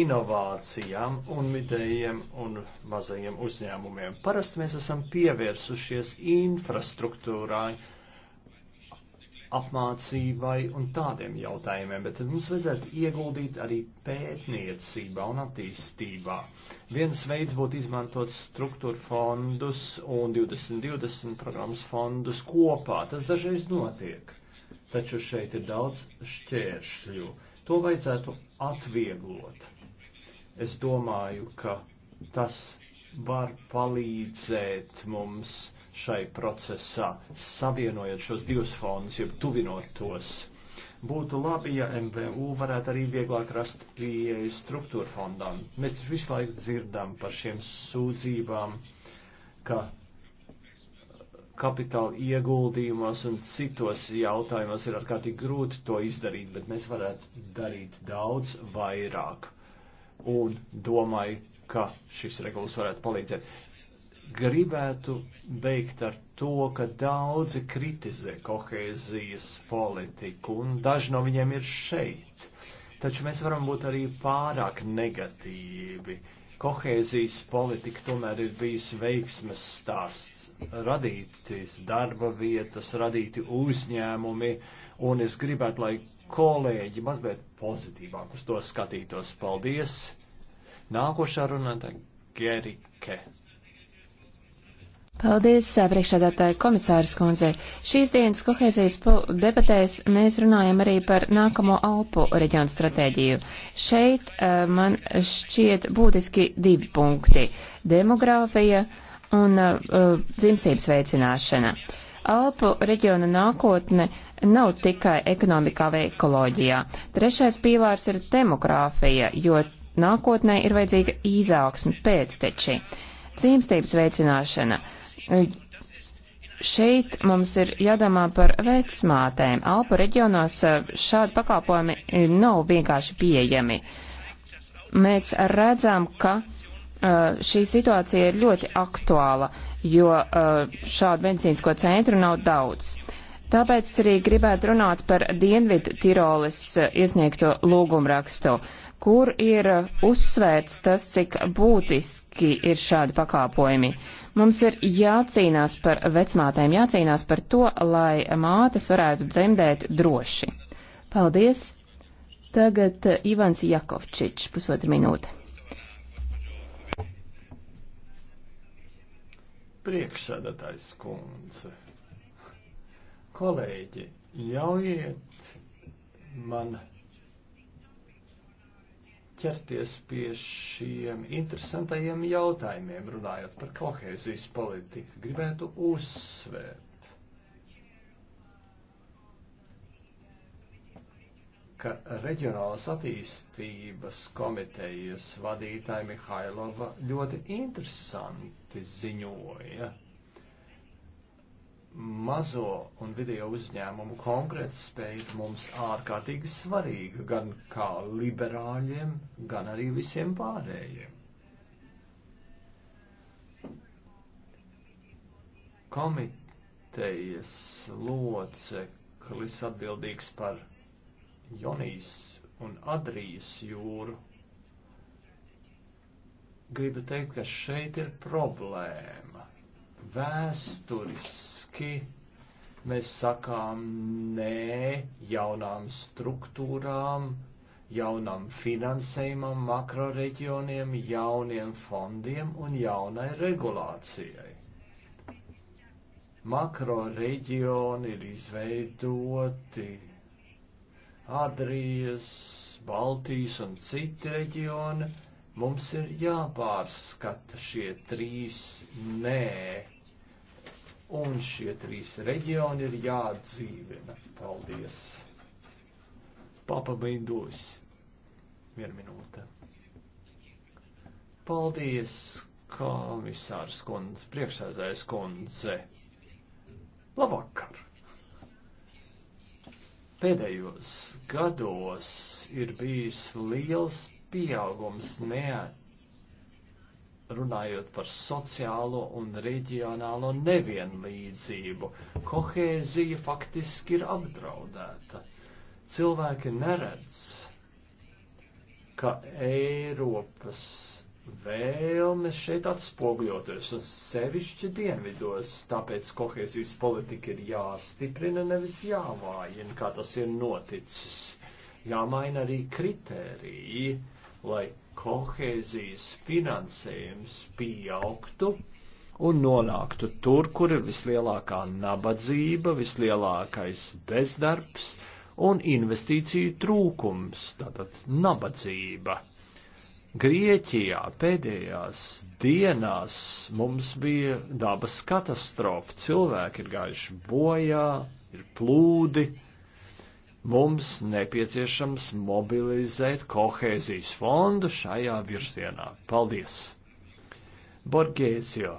inovācijām un vidējiem un mazajiem uzņēmumiem. Parasti mēs esam pievērsušies infrastruktūrai apmācībai un tādiem jautājumiem, bet tad mums vajadzētu ieguldīt arī pētniecībā un attīstībā. Viens veids būtu izmantot struktūra fondus un 2020 programmas fondus kopā. Tas dažreiz notiek, taču šeit ir daudz šķēršļu. To vajadzētu atvieglot. Es domāju, ka tas var palīdzēt mums šai procesā, savienojot šos divus fondus, jeb tuvinot tos. Būtu labi, ja MVU varētu arī vieglāk rast pieeju struktūra fondām. Mēs taču visu laiku dzirdam par šiem sūdzībām, ka kapitāla ieguldījumos un citos jautājumos ir ārkārtīgi grūti to izdarīt, bet mēs varētu darīt daudz vairāk. Un domāju, ka šis regulas varētu palīdzēt. Gribētu beigt ar to, ka daudzi kritizē kohēzijas politiku, un daži no viņiem ir šeit. Taču mēs varam būt arī pārāk negatīvi. Kohēzijas politika tomēr ir bijusi veiksmes stāsts. Radītas darba vietas, radīti uzņēmumi, un es gribētu, lai kolēģi mazliet pozitīvāk uz to skatītos. Paldies! Nākošā runātāja Gerike. Paldies, priekšādātāja komisāras kundze. Šīs dienas kohēzijas debatēs mēs runājam arī par nākamo Alpu reģionu stratēģiju. Šeit uh, man šķiet būtiski divi punkti - demogrāfija un uh, dzimstības veicināšana. Alpu reģiona nākotne nav tikai ekonomikā vai ekoloģijā. Trešais pīlārs ir demogrāfija, jo nākotnē ir vajadzīga izaugsme pēcteči. Dzimstības veicināšana. Uh, Šeit mums ir jādomā par vecmātēm. Alpu reģionos eh, šādi pakalpojumi eh, nav vienkārši pieejami. Mēs redzam, ka eh, šī situācija ir ļoti aktuāla, jo šādu medicīnisko centru nav daudz. Tāpēc arī gribētu runāt par Dienvidu Tirolis iesniegto lūgumrakstu, kur ir uzsvērts tas, cik būtiski ir šādi pakāpojumi. Mums ir jācīnās par vecmātēm, jācīnās par to, lai mātes varētu dzemdēt droši. Paldies! Tagad eh, Ivans Jakovčičs, pusotra minūte. Priekšsēdētājs kundze, kolēģi, ļaujiet man ķerties pie šiem interesantajiem jautājumiem, runājot par kohēzijas politiku. Gribētu uzsvērt, ka reģionālas attīstības komitejas vadītāja Mihailova ļoti interesanti ziņoja. Ja? mazo un video uzņēmumu konkurētspēja mums ārkārtīgi svarīga gan kā liberāļiem, gan arī visiem pārējiem. Komitejas loceklis atbildīgs par Jonijas un Adrijas jūru. Gribu teikt, ka šeit ir problēma Vēsturiski mēs sakām nē jaunām struktūrām, jaunam finansējumam, makroreģioniem, jauniem fondiem un jaunai regulācijai. Makroreģioni ir izveidoti Adrijas, Baltijas un citi reģioni Mums ir jāpārskata šie trīs nē, un šie trīs reģioni ir jādzīvina. Paldies! Papa beidos. Vienu minūte. Paldies, komisārs kundze, priekšsēdājas kundze. Labvakar! Pēdējos gados ir bijis liels pieaugums, ne runājot par sociālo un reģionālo nevienlīdzību. Kohēzija faktiski ir apdraudēta. Cilvēki neredz, ka Eiropas vēlmes šeit atspogļoties, un sevišķi dienvidos, tāpēc kohēzijas politika ir jāstiprina, nevis jāvājina, kā tas ir noticis. Jāmaina arī kritēriji, lai kohēzijas finansējums pieaugtu un nonāktu tur, kur ir vislielākā nabadzība, vislielākais bezdarbs un investīciju trūkums, tātad nabadzība. Grieķijā pēdējās dienās mums bija dabas katastrofa, cilvēki ir gājuši bojā, ir plūdi, Mums nepieciešams mobilizēt kohēzijas fondu šajā virzienā. Paldies! Borgēzio!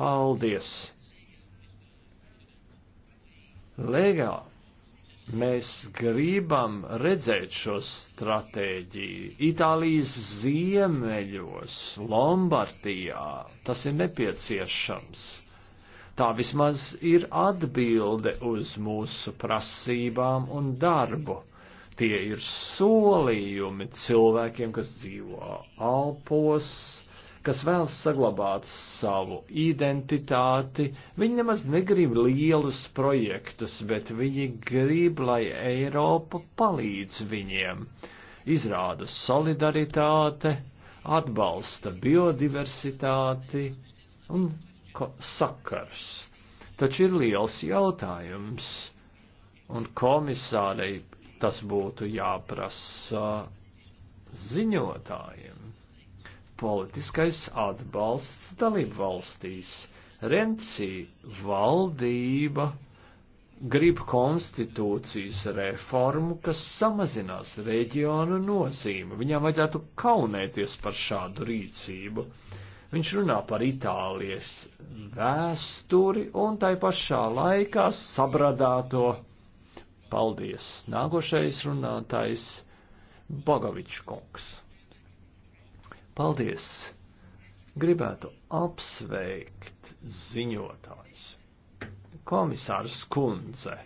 Paldies! Legā! Mēs gribam redzēt šo stratēģiju Itālijas ziemeļos, Lombardijā. Tas ir nepieciešams. Tā vismaz ir atbilde uz mūsu prasībām un darbu. Tie ir solījumi cilvēkiem, kas dzīvo alpos, kas vēlas saglabāt savu identitāti. Viņi nemaz negrib lielus projektus, bet viņi grib, lai Eiropa palīdz viņiem. Izrāda solidaritāte, atbalsta biodiversitāti un sakars. Taču ir liels jautājums, un komisārei tas būtu jāprasa ziņotājiem. Politiskais atbalsts dalību valstīs. Renci valdība grib konstitūcijas reformu, kas samazinās reģionu nozīmi. Viņām vajadzētu kaunēties par šādu rīcību. Uh, Viņš runā par Itālijas vēsturi un tai pašā laikā sabradāto. Paldies! Nākošais runātājs Bogovičs kungs. Paldies! Gribētu apsveikt ziņotājs. Komisārs Kundze,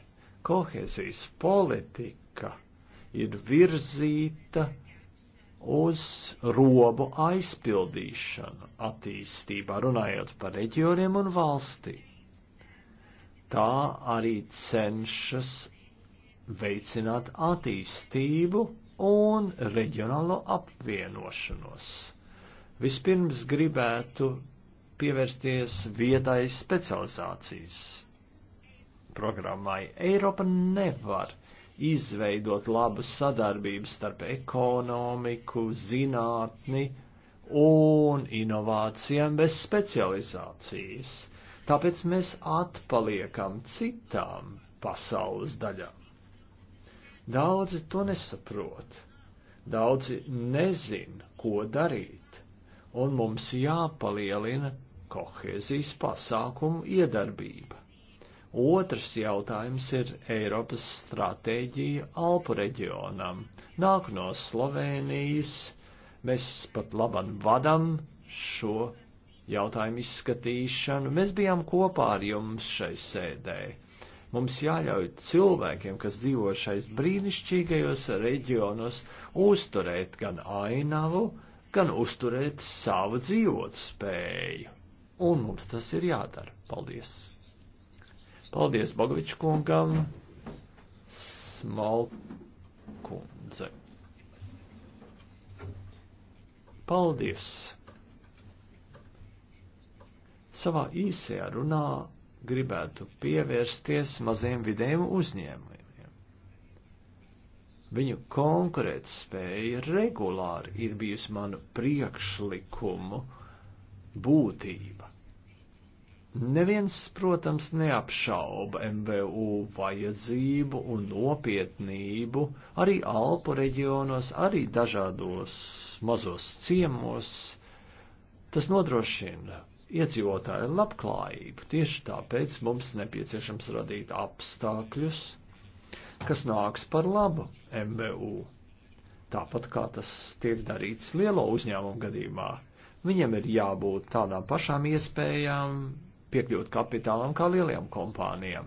kohēzijas politika ir virzīta uz robu aizpildīšanu attīstībā, runājot par reģioniem un valstī. Tā arī cenšas veicināt attīstību un reģionālo apvienošanos. Vispirms gribētu pievērsties vietai specializācijas programmai. Eiropa nevar izveidot labu sadarbību starp ekonomiku, zinātni un inovācijām bez specializācijas. Tāpēc mēs atpaliekam citām pasaules daļām. Daudzi to nesaprot, daudzi nezin, ko darīt, un mums jāpalielina kohēzijas pasākumu iedarbība. Otrs jautājums ir Eiropas stratēģija Alpu reģionam. Nāk no Slovenijas, mēs pat labam vadam šo jautājumu izskatīšanu. Mēs bijām kopā ar jums šai sēdē. Mums jāļauj cilvēkiem, kas dzīvo šais brīnišķīgajos reģionos, uzturēt gan ainavu, gan uzturēt savu dzīvot spēju. Un mums tas ir jādara. Paldies! Paldies Bogoviču kungam. Smalkundze. Paldies! Savā īsajā runā gribētu pievērsties maziem vidējiem uzņēmumiem. Viņu konkurētspēja regulāri ir bijusi manu priekšlikumu būtība. Neviens, protams, neapšauba MVU vajadzību un nopietnību arī Alpu reģionos, arī dažādos mazos ciemos. Tas nodrošina iedzīvotāju labklājību. Tieši tāpēc mums nepieciešams radīt apstākļus, kas nāks par labu MVU. Tāpat kā tas tiek darīts lielo uzņēmumu gadījumā, viņam ir jābūt tādām pašām iespējām, piekļūt kapitālam kā lielajām kompānijām.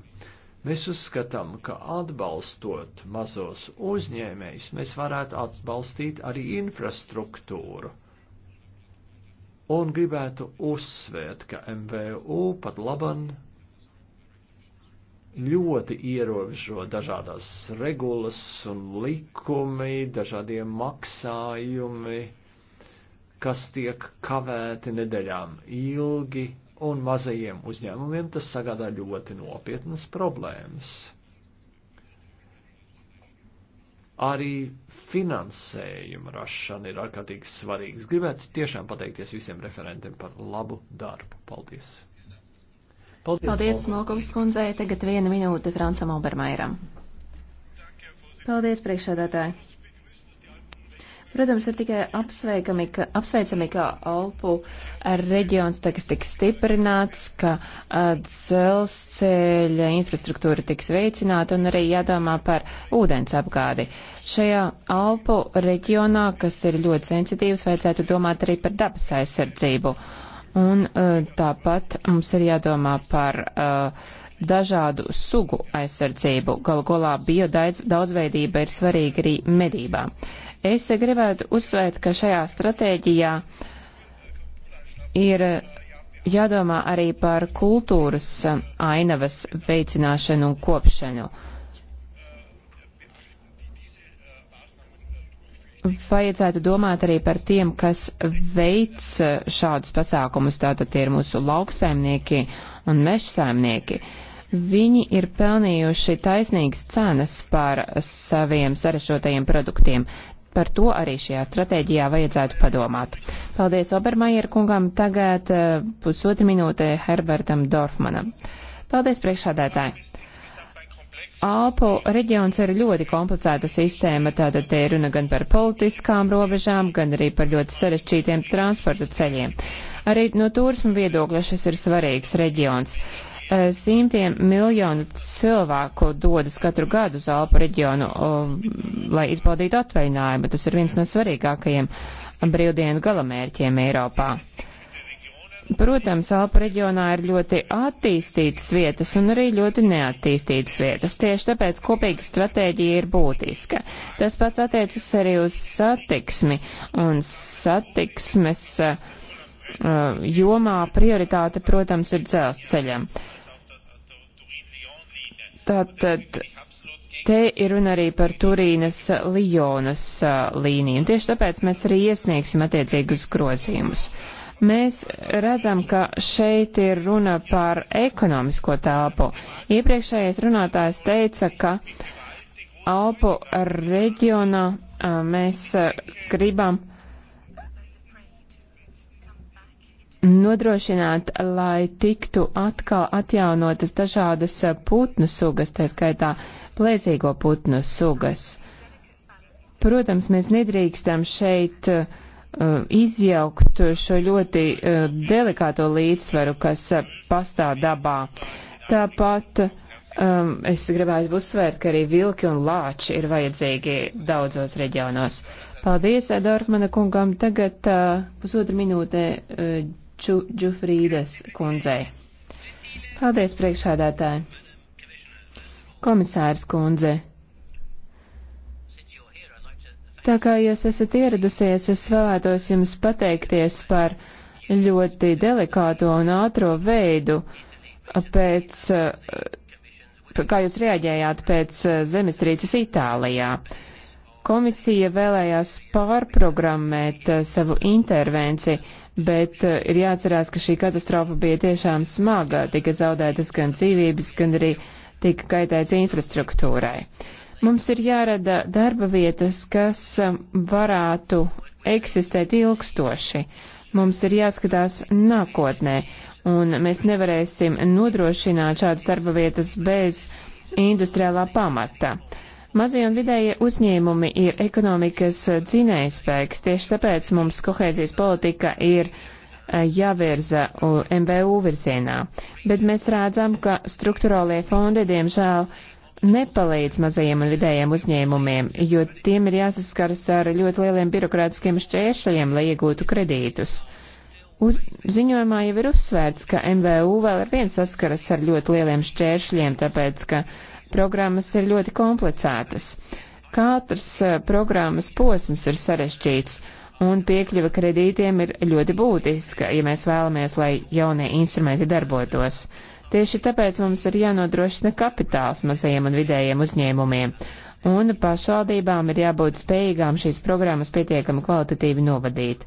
Mēs uzskatām, ka atbalstot mazos uzņēmējus, mēs varētu atbalstīt arī infrastruktūru. Un gribētu uzsvērt, ka MVU pat laban ļoti ierobežo dažādas regulas un likumi, dažādie maksājumi, kas tiek kavēti nedēļām ilgi, un mazajiem uzņēmumiem tas sagādā ļoti nopietnas problēmas. Arī finansējuma rašana ir ārkārtīgi svarīgs. Gribētu tiešām pateikties visiem referentiem par labu darbu. Paldies! Paldies, Paldies Smolkovs kundzei. Tagad viena minūte Francam Obermairam. Paldies, priekšsēdētāji! Protams, ir tikai apsveikami, ka, apsveicami, ka Alpu reģions tagad tiks stiprināts, ka dzelzceļa infrastruktūra tiks veicināta un arī jādomā par ūdens apgādi. Šajā Alpu reģionā, kas ir ļoti sensitīvs, vajadzētu domāt arī par dabas aizsardzību. Un tāpat mums ir jādomā par uh, dažādu sugu aizsardzību. Galu galā biodaudzveidība ir svarīga arī medībām. Es gribētu uzsvērt, ka šajā stratēģijā ir jādomā arī par kultūras um, ainavas veicināšanu un kopšanu. vajadzētu domāt arī par tiem, kas veic uh, šādus pasākumus. Tātad tie ir mūsu lauksaimnieki un mežsaimnieki. Viņi ir pelnījuši taisnīgas cenas par saviem sarešotajiem produktiem. Par to arī šajā stratēģijā vajadzētu padomāt. Paldies Obermajer kungam, tagad eh, pusotru minūte Herbertam Dorfmanam. Paldies priekšādētāji! Alpu reģions ir ļoti komplicēta sistēma, tātad te ir runa gan par politiskām robežām, gan arī par ļoti sarežģītiem transporta ceļiem. Arī no turismu viedokļa šis ir svarīgs reģions. Uh, simtiem miljonu cilvēku dodas katru gadu uz Alpu reģionu, um, lai izbaudītu atvaļinājumu. Tas ir viens no svarīgākajiem brīvdienu galamērķiem Eiropā. Protams, Alpu reģionā ir ļoti attīstītas vietas un arī ļoti neattīstītas vietas. Tieši tāpēc kopīga stratēģija ir būtiska. Tas pats attiecas arī uz satiksmi un satiksmes uh, jomā prioritāte, protams, ir dzelzceļam. Uh, Tātad te ir runa arī par Turīnas Lijonas līniju, un tieši tāpēc mēs arī iesniegsim attiecīgus grozījumus. Mēs redzam, ka šeit ir runa par ekonomisko telpu. Iepriekšējais runātājs teica, ka Alpu reģionā mēs gribam nodrošināt, lai tiktu atkal atjaunotas dažādas eh, putnu sugas, tā skaitā plēzīgo putnu sugas. Protams, mēs nedrīkstam šeit uh, izjaukt šo ļoti uh, delikāto līdzsvaru, kas uh, pastāv dabā. Tāpat um, es gribētu uzsvērt, ka arī vilki un lāči ir vajadzīgi daudzos reģionos. Paldies, Dorfmana kungam. Tagad uh, pusotra minūte uh, Čuģufrīdes kundzei. Paldies, priekšādātāji. Komisārs kundze. Tā kā jūs esat ieradusies, es vēlētos jums pateikties par ļoti delikāto un ātro veidu pēc, eh, kā jūs reaģējāt pēc eh, zemestrīces Itālijā komisija vēlējās pārprogrammēt eh, savu intervenciju, bet eh, ir jāatcerās, ka šī katastrofa bija tiešām smaga, tika zaudētas gan dzīvības, gan arī tika kaitēts infrastruktūrai. Mums ir jārada darba vietas, kas eh, varētu eksistēt ilgstoši. Mums ir jāskatās nākotnē, un mēs nevarēsim nodrošināt šādas darba vietas bez industriālā pamata. Uh, Mazie un vidējie uzņēmumi ir ekonomikas dzinējspēks, tieši tāpēc mums kohēzijas politika ir eh, jāvirza MBU virzienā. Bet mēs redzam, ka struktūrālie fondi, diemžēl, nepalīdz mazajiem un vidējiem uzņēmumiem, jo tiem ir jāsaskaras ar ļoti lieliem birokrātiskiem šķēršļiem, lai iegūtu kredītus. Uz, ziņojumā jau ir uzsvērts, ka MVU vēl ar vienu saskaras ar ļoti lieliem šķēršļiem, tāpēc, ka uh, Programmas ir ļoti komplicētas. Katrs eh, programmas posms ir sarežģīts, un piekļuva kredītiem ir ļoti būtiska, ja mēs vēlamies, lai jaunie instrumenti darbotos. Tieši tāpēc mums ir jānodrošina kapitāls mazajiem un vidējiem uzņēmumiem, un pašvaldībām ir jābūt spējīgām šīs programmas pietiekami kvalitatīvi novadīt.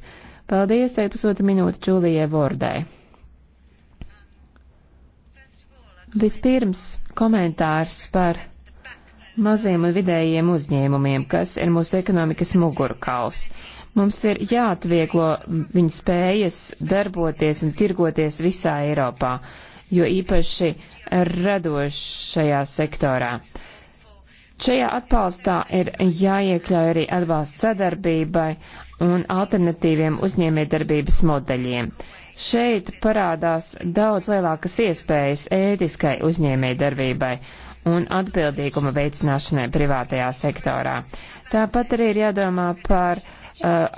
Paldies, teikt pusotru minūti Čūlijai Vordai. Vispirms komentārs par maziem un vidējiem uzņēmumiem, kas ir mūsu ekonomikas mugurkauls. Mums ir jāatvieglo viņu spējas darboties un tirgoties visā Eiropā, jo īpaši radošajā sektorā. Šajā atbalstā ir jāiekļauj arī atbalsts sadarbībai un alternatīviem uzņēmējdarbības modeļiem. Šeit parādās daudz lielākas iespējas ētiskai uzņēmēji darbībai un atbildīguma veicināšanai privātajā sektorā. Tāpat arī ir jādomā par uh,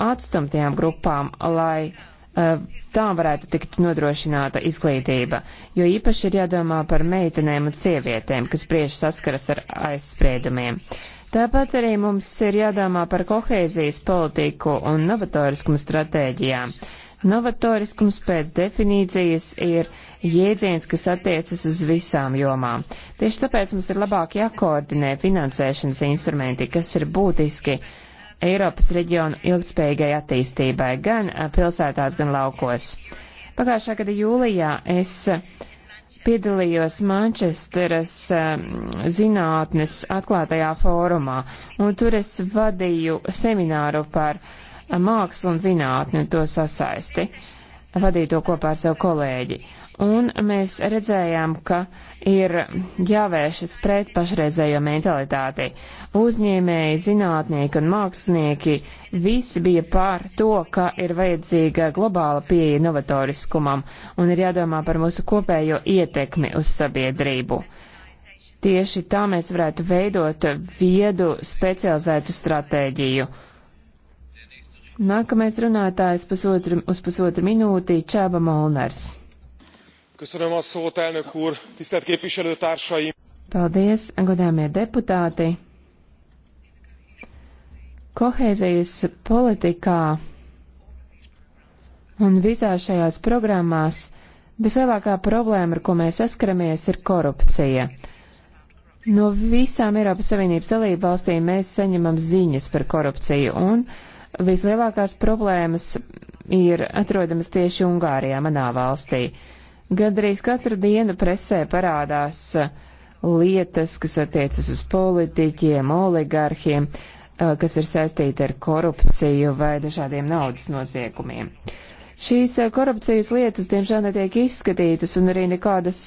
atstumtajām grupām, lai uh, tām varētu tikt nodrošināta izglītība, jo īpaši ir jādomā par meitenēm un sievietēm, kas prieši saskaras ar aizspriedumiem. Tāpat arī mums ir jādomā par kohēzijas politiku un novatoriskumu stratēģijām. Uh, Novatoriskums pēc definīcijas ir jēdziens, kas attiecas uz visām jomām. Tieši tāpēc mums ir labāk jākoordinē finansēšanas instrumenti, kas ir būtiski Eiropas reģionu ilgtspējīgai attīstībai gan pilsētās, gan laukos. Pagājušā gada jūlijā es piedalījos Mančesteras zinātnes atklātajā fórumā, un tur es vadīju semināru par uh, mākslu un zinātni un to sasaisti. Vadīju to kopā ar sev kolēģi. Un mēs redzējām, ka ir jāvēršas pret pašreizējo mentalitāti. Uzņēmēji, zinātnieki un mākslinieki visi bija pār to, ka ir vajadzīga globāla pieeja novatoriskumam un ir jādomā par mūsu kopējo ietekmi uz sabiedrību. Tieši tā mēs varētu veidot viedu specializētu stratēģiju Nākamais runātājs pusotru, uz pusotru minūti - Čāba Molnars. Köszönöm a szót, elnök úr, tisztelt képviselőtársaim! Paldies, godāmie deputāti! Kohēzijas politikā un visā šajās programmās vislielākā problēma, ar ko mēs saskaramies, ir korupcija. No visām Eiropas Savienības dalību valstīm mēs saņemam ziņas par korupciju, un Vislielākās problēmas ir atrodamas tieši Ungārijā, manā valstī. Gadrīz katru dienu presē parādās uh, lietas, kas attiecas uz politiķiem, oligarhiem, uh, kas ir saistīti ar korupciju vai dažādiem naudas noziegumiem. Šīs uh, korupcijas lietas, diemžēl, netiek izskatītas un arī nekādas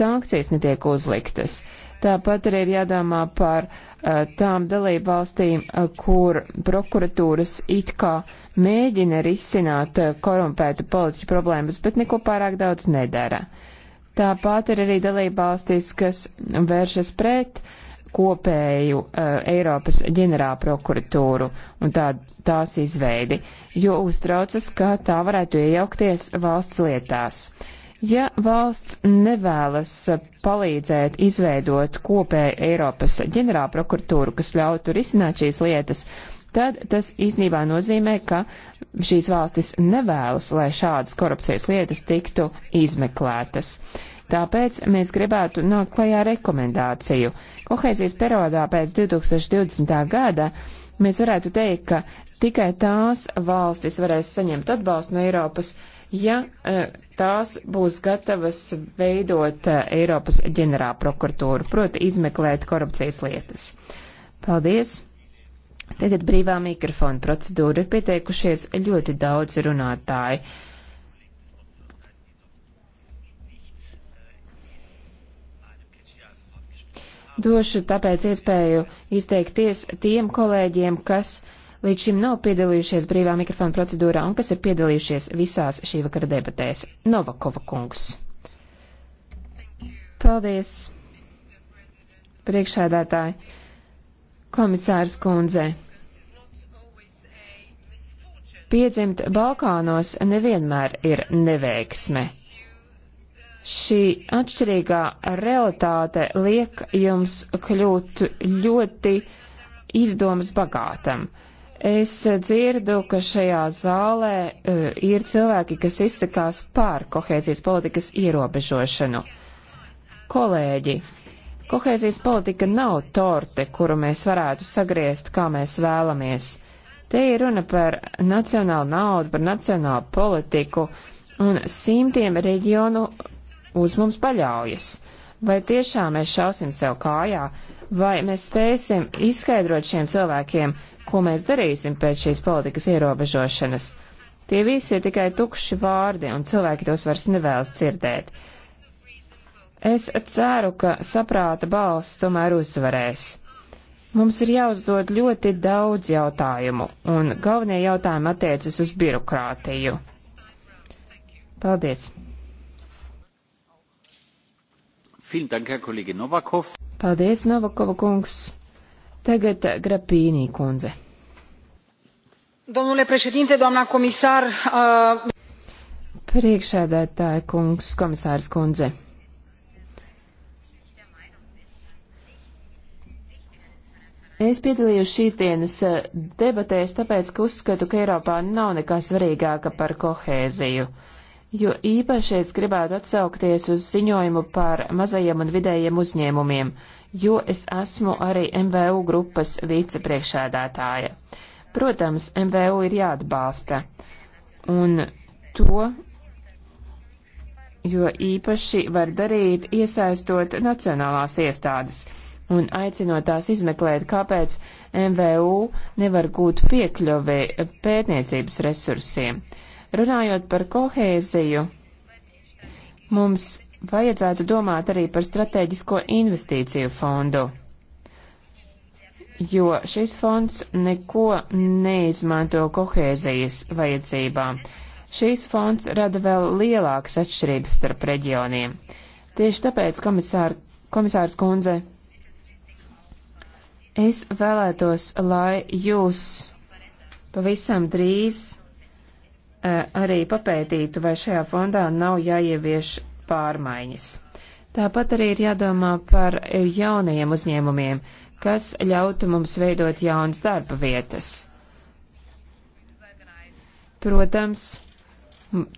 sankcijas netiek uzliktas. Tāpat arī ir jādomā par uh, tām dalību valstīm, uh, kur prokuratūras it kā mēģina risināt uh, korumpētu politiķu problēmas, bet neko pārāk daudz nedara. Tāpat ir arī dalība valstīs, kas vēršas pret kopēju uh, Eiropas ģenerālprokuratūru un tā, tās izveidi, jo uztraucas, ka tā varētu iejaukties valsts lietās. Uh, Ja valsts nevēlas palīdzēt izveidot kopēju Eiropas ģenerālprokuratūru, kas ļautu risināt šīs lietas, tad tas īsnībā nozīmē, ka šīs valstis nevēlas, lai šādas korupcijas lietas tiktu izmeklētas. Tāpēc mēs gribētu nākt klajā rekomendāciju. Kohēzijas periodā pēc 2020. gada mēs varētu teikt, ka tikai tās valstis varēs saņemt atbalstu no Eiropas, ja e, tās būs gatavas veidot e, Eiropas ģenerālprokuratūru, proti izmeklēt korupcijas lietas. Paldies! Tagad brīvā mikrofona procedūra ir pieteikušies ļoti daudz runātāji. Došu tāpēc iespēju izteikties tiem kolēģiem, kas uh, līdz šim nav piedalījušies brīvā mikrofona procedūrā un kas ir piedalījušies visās šī vakara debatēs. Novakova kungs. Paldies, priekšādātāji, komisārs kundze. Piedzimt Balkānos nevienmēr ir neveiksme. Šī atšķirīgā realitāte liek jums kļūt ļoti izdomas bagātam. Uh, Es dzirdu, ka šajā zālē uh, ir cilvēki, kas izsakās pār kohēzijas politikas ierobežošanu. Kolēģi, kohēzijas politika nav torte, kuru mēs varētu sagriezt, kā mēs vēlamies. Te ir runa par nacionālu naudu, par nacionālu politiku, un simtiem reģionu uz mums paļaujas. Vai tiešām mēs šausim sev kājā, vai mēs spēsim izskaidrot šiem cilvēkiem, Ko mēs darīsim pēc šīs politikas ierobežošanas? Tie visi ir tikai tukši vārdi, un cilvēki tos vairs nevēlas dzirdēt. Es ceru, ka saprāta balss tomēr uzvarēs. Mums ir jāuzdod ļoti daudz jautājumu, un galvenie jautājumi attiecas uz birokrātiju. Paldies! Paldies, Novakova kungs! Tagad Grapīnī kundze. Domnule președinte, doamna comisar. Uh... Priekšēdētāja kungs, komisārs kundze. Es piedalījos šīs dienas uh, debatēs, tāpēc, ka uzskatu, ka Eiropā nav nekā svarīgāka par kohēziju. Jo īpaši es gribētu atsaukties uz ziņojumu par mazajiem un vidējiem uzņēmumiem jo es esmu arī MVU grupas vicepriekšēdētāja. Protams, MVU ir jāatbalsta, un to, jo īpaši var darīt iesaistot nacionālās iestādes un aicinot tās izmeklēt, kāpēc MVU nevar gūt piekļuvi pētniecības resursiem. Runājot par kohēziju, mums vajadzētu domāt arī par strateģisko investīciju fondu, jo šis fonds neko neizmanto kohēzijas vajadzībām. Šīs fonds rada vēl lielākas atšķirības starp reģioniem. Tieši tāpēc, komisār, komisārs kundze, es vēlētos, lai jūs pavisam drīz uh, arī papētītu, vai šajā fondā nav jāievieš pārmaiņas. Tāpat arī ir jādomā par jaunajiem uzņēmumiem, kas ļautu mums veidot jaunas darba vietas. Protams,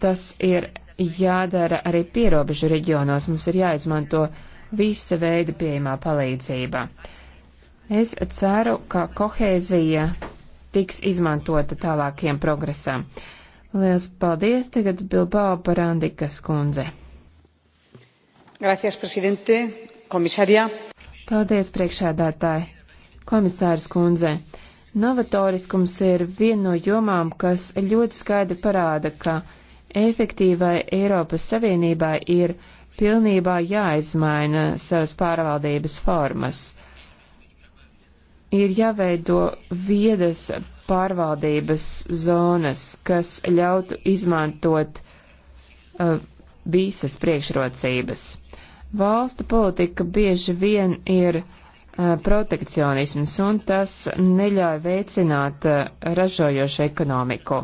tas ir jādara arī pierobežu reģionos, mums ir jāizmanto visa veida pieejamā palīdzība. Es ceru, ka kohēzija tiks izmantota tālākiem progresam. Lielas paldies tagad Bilbao Parandikas kundze. Gracias, prezidente, komisārija. Paldies, priekšēdātāji. Komisārs kundze, novatoriskums ir viena no jomām, kas ļoti skaidri parāda, ka efektīvai Eiropas Savienībai ir pilnībā jāizmaina savas pārvaldības formas. Ir jāveido viedas pārvaldības zonas, kas ļautu izmantot uh, visas priekšrocības. Valstu politika bieži vien ir uh, protekcionisms, un tas neļauj veicināt uh, ražojošu ekonomiku.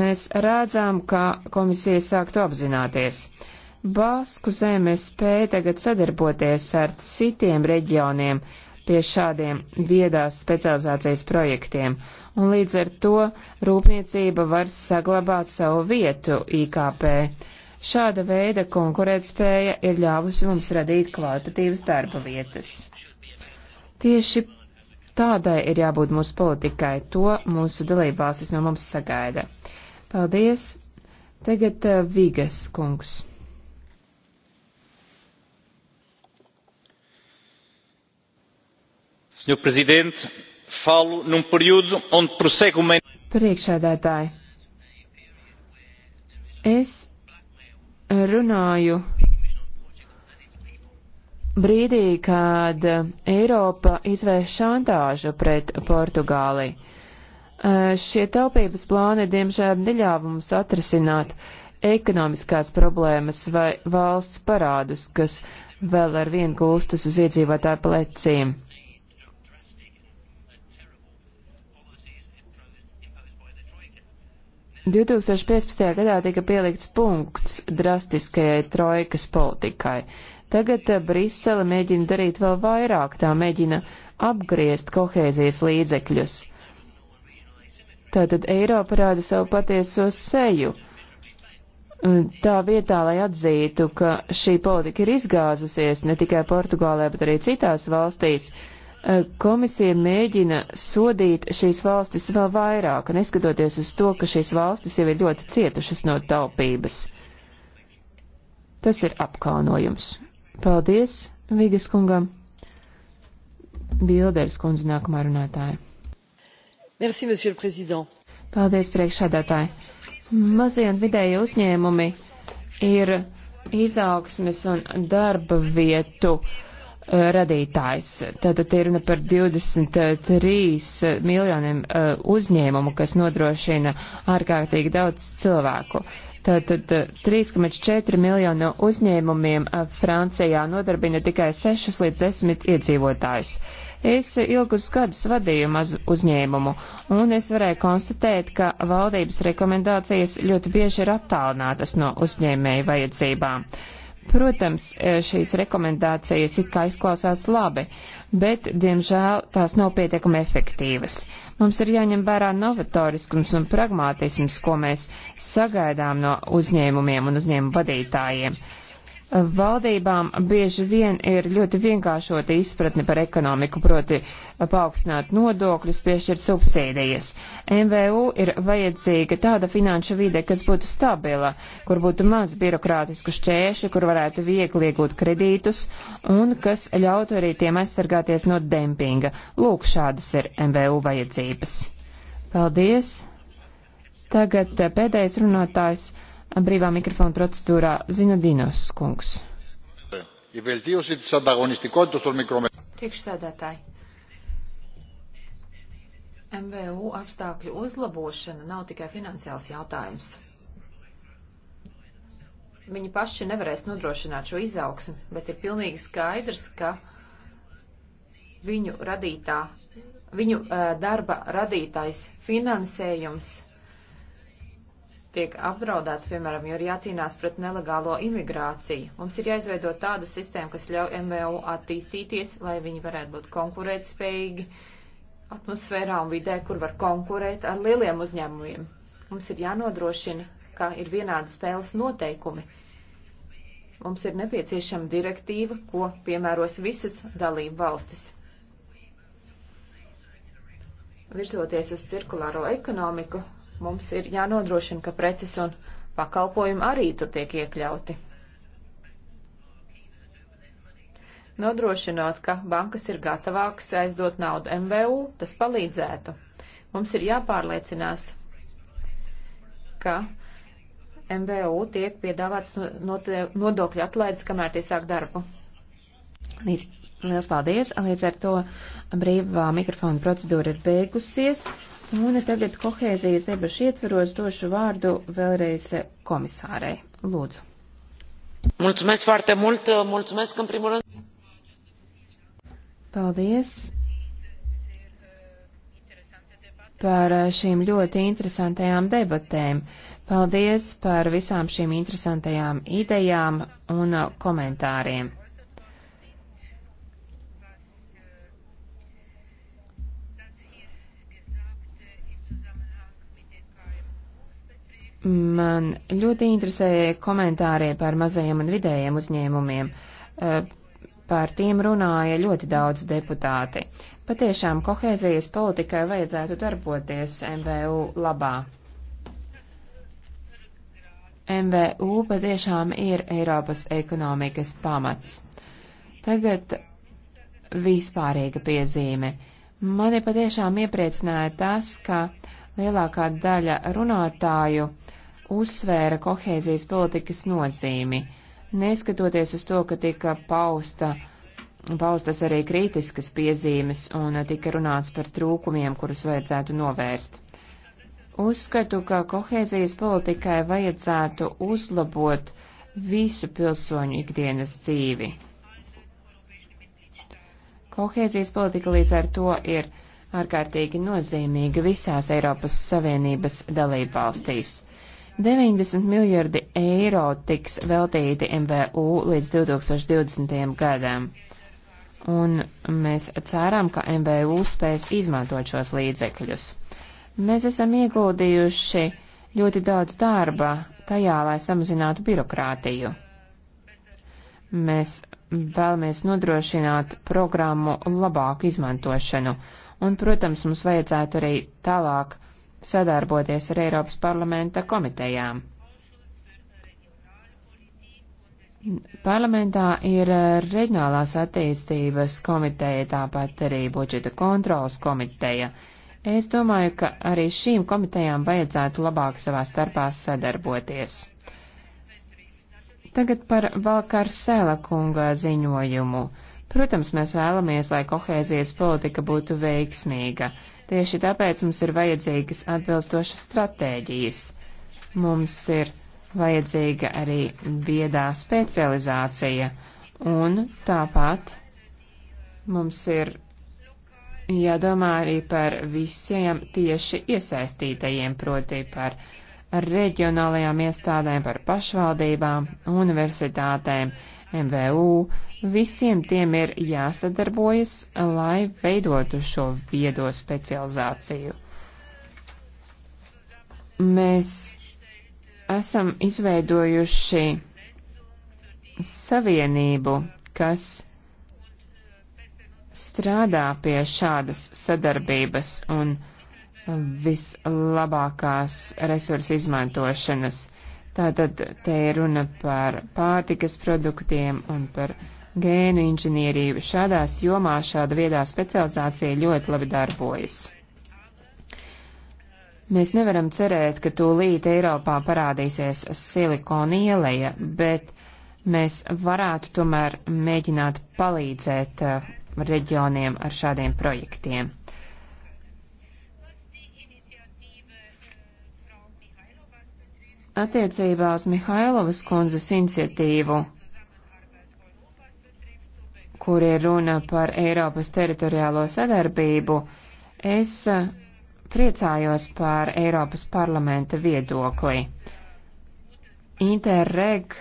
Mēs redzam, ka komisija sāktu apzināties. Basku zeme spēja tagad sadarboties ar citiem reģioniem pie šādiem viedās specializācijas projektiem, un līdz ar to rūpniecība var saglabāt savu vietu IKP. Šāda veida konkurētspēja ir ļāvusi mums radīt kvalitatīvas darba vietas. Tieši tādai ir jābūt mūsu politikai, to mūsu dalībvalstis no mums sagaida. Paldies! Tagad uh, Vigas kungs. Senhor Presidente, falo num período onde prossegue uma. Priekšsēdētāji, es runāju brīdī, kad Eiropa izvērš šantāžu pret Portugāli. Šie taupības plāni, diemžēl, neļāva mums atrasināt ekonomiskās problēmas vai valsts parādus, kas vēl ar vienu gulstas uz iedzīvotāju pleciem. 2015. gadā tika pielikts punkts drastiskajai trojkas politikai. Tagad eh, Brisele mēģina darīt vēl vairāk, tā mēģina apgriezt kohēzijas līdzekļus. Tātad Eiropa rāda savu patieso seju. Tā vietā, lai atzītu, ka šī politika ir izgāzusies ne tikai Portugālē, bet arī citās valstīs, uh, Eh, komisija mēģina sodīt šīs valstis vēl vairāk, neskatoties uz to, ka šīs valstis jau ir ļoti cietušas no taupības. Tas ir apkaunojums. Paldies, Vigas kungam. Bilders kundze nākamā runātāja. Merci, monsieur le président. Paldies, priekšsādātāji. Mazie un vidēji uzņēmumi ir izaugsmes un darba vietu uh, Eh, radītājs. Tātad ir runa par 23 miljoniem eh, uzņēmumu, kas nodrošina ārkārtīgi daudz cilvēku. Tātad 3,4 eh, miljonu no uzņēmumiem Francijā nodarbina tikai 6 līdz 10 iedzīvotājus. Es ilgus gadus vadīju mazu uzņēmumu, un es varēju konstatēt, ka valdības rekomendācijas ļoti bieži ir attālinātas no uzņēmēju vajadzībām. Uh, Protams, e, šīs rekomendācijas it kā izklausās labi, bet, diemžēl, tās nav pietiekami efektīvas. Mums ir jāņem vērā novatoriskums un pragmātisms, ko mēs sagaidām no uzņēmumiem un uzņēmumu vadītājiem. Uh, Valdībām bieži vien ir ļoti vienkāršota izpratne par ekonomiku, proti paaugstināt nodokļus, piešķirt subsīdijas. MVU ir vajadzīga tāda finanšu vide, kas būtu stabila, kur būtu maz birokrātisku šķēršu, kur varētu viegli iegūt kredītus un kas ļautu arī tiem aizsargāties no dempinga. Lūk, šādas ir MVU vajadzības. Paldies! Tagad eh, pēdējais runātājs brīvā mikrofona procedūrā Zinadinos kungs. Priekšsēdētāji. MVU apstākļu uzlabošana nav tikai finansiāls jautājums. Viņi paši nevarēs nodrošināt šo izaugsmu, bet ir pilnīgi skaidrs, ka viņu radītā, viņu uh, darba radītais finansējums tiek apdraudēts, piemēram, jo ir jācīnās pret nelegālo imigrāciju. Mums ir jāizveido tāda sistēma, kas ļauj MVU attīstīties, lai viņi varētu būt konkurētspējīgi atmosfērā un vidē, kur var konkurēt ar lieliem uzņēmumiem. Mums ir jānodrošina, ka ir vienādi spēles noteikumi. Mums ir nepieciešama direktīva, ko piemēros visas dalību valstis. Virzoties uz cirkulāro ekonomiku, mums ir jānodrošina, ka preces un pakalpojumi arī tur tiek iekļauti. Nodrošinot, ka bankas ir gatavākas aizdot naudu MVU, tas palīdzētu. Mums ir jāpārliecinās, ka MVU tiek piedāvāts nodokļu atlaides, kamēr tie sāk darbu. Līdz, liels paldies! Līdz ar to brīvā mikrofona procedūra ir beigusies. Un tagad kohēzijas debašu ietveros došu vārdu vēlreiz komisārei. Lūdzu. Mulțumesc foarte mult, mulțumesc în primul rând. Paldies par šīm ļoti interesantajām debatēm. Paldies par visām šīm interesantajām idejām un komentāriem. Man ļoti interesēja komentārie par mazajiem un vidējiem uzņēmumiem. Eh, par tiem runāja ļoti daudz deputāti. Patiešām kohēzijas politikai vajadzētu darboties MVU labā. MVU patiešām ir Eiropas ekonomikas pamats. Tagad vispārīga piezīme. Mani patiešām iepriecināja tas, ka lielākā daļa runātāju uzsvēra kohēzijas politikas nozīmi, neskatoties uz to, ka tika pausta, paustas arī kritiskas piezīmes un tika runāts par trūkumiem, kurus vajadzētu novērst. Uzskatu, ka kohēzijas politikai vajadzētu uzlabot visu pilsoņu ikdienas dzīvi. Kohēzijas politika līdz ar to ir ārkārtīgi nozīmīga visās Eiropas Savienības dalībvalstīs. 90 miljardi eiro tiks veltīti MVU līdz 2020. gadam. Un mēs ceram, ka MVU spēs izmantot šos līdzekļus. Mēs esam ieguldījuši ļoti daudz darba tajā, lai samazinātu birokrātiju. Mēs vēlamies nodrošināt programmu labāku izmantošanu, un, protams, mums vajadzētu arī tālāk sadarboties ar Eiropas parlamenta komitejām. Parlamentā ir reģionālās attīstības komiteja, tāpat arī budžeta kontrolas komiteja. Es domāju, ka arī šīm komitejām vajadzētu labāk savā starpā sadarboties. Tagad par Valkar Sēla kunga ziņojumu. Protams, mēs vēlamies, lai kohēzijas politika būtu veiksmīga. Tieši tāpēc mums ir vajadzīgas atbilstošas stratēģijas. Mums ir vajadzīga arī viedā specializācija, un tāpat mums ir jādomā arī par visiem tieši iesaistītajiem, proti par reģionālajām iestādēm, par pašvaldībām, universitātēm, MVU, visiem tiem ir jāsadarbojas, lai veidotu šo viedo specializāciju. Mēs esam izveidojuši savienību, kas strādā pie šādas sadarbības un vislabākās resursu izmantošanas. Tātad te ir runa par pārtikas produktiem un par gēnu inženierību. Šādās jomās šāda viedā specializācija ļoti labi darbojas. Mēs nevaram cerēt, ka tūlīt Eiropā parādīsies silikona ieleja, bet mēs varētu tomēr mēģināt palīdzēt eh, reģioniem ar šādiem projektiem. attiecībā uz Mihailovas kundzes iniciatīvu, kur ir runa par Eiropas teritoriālo sadarbību, es priecājos par Eiropas parlamenta viedokli. Interreg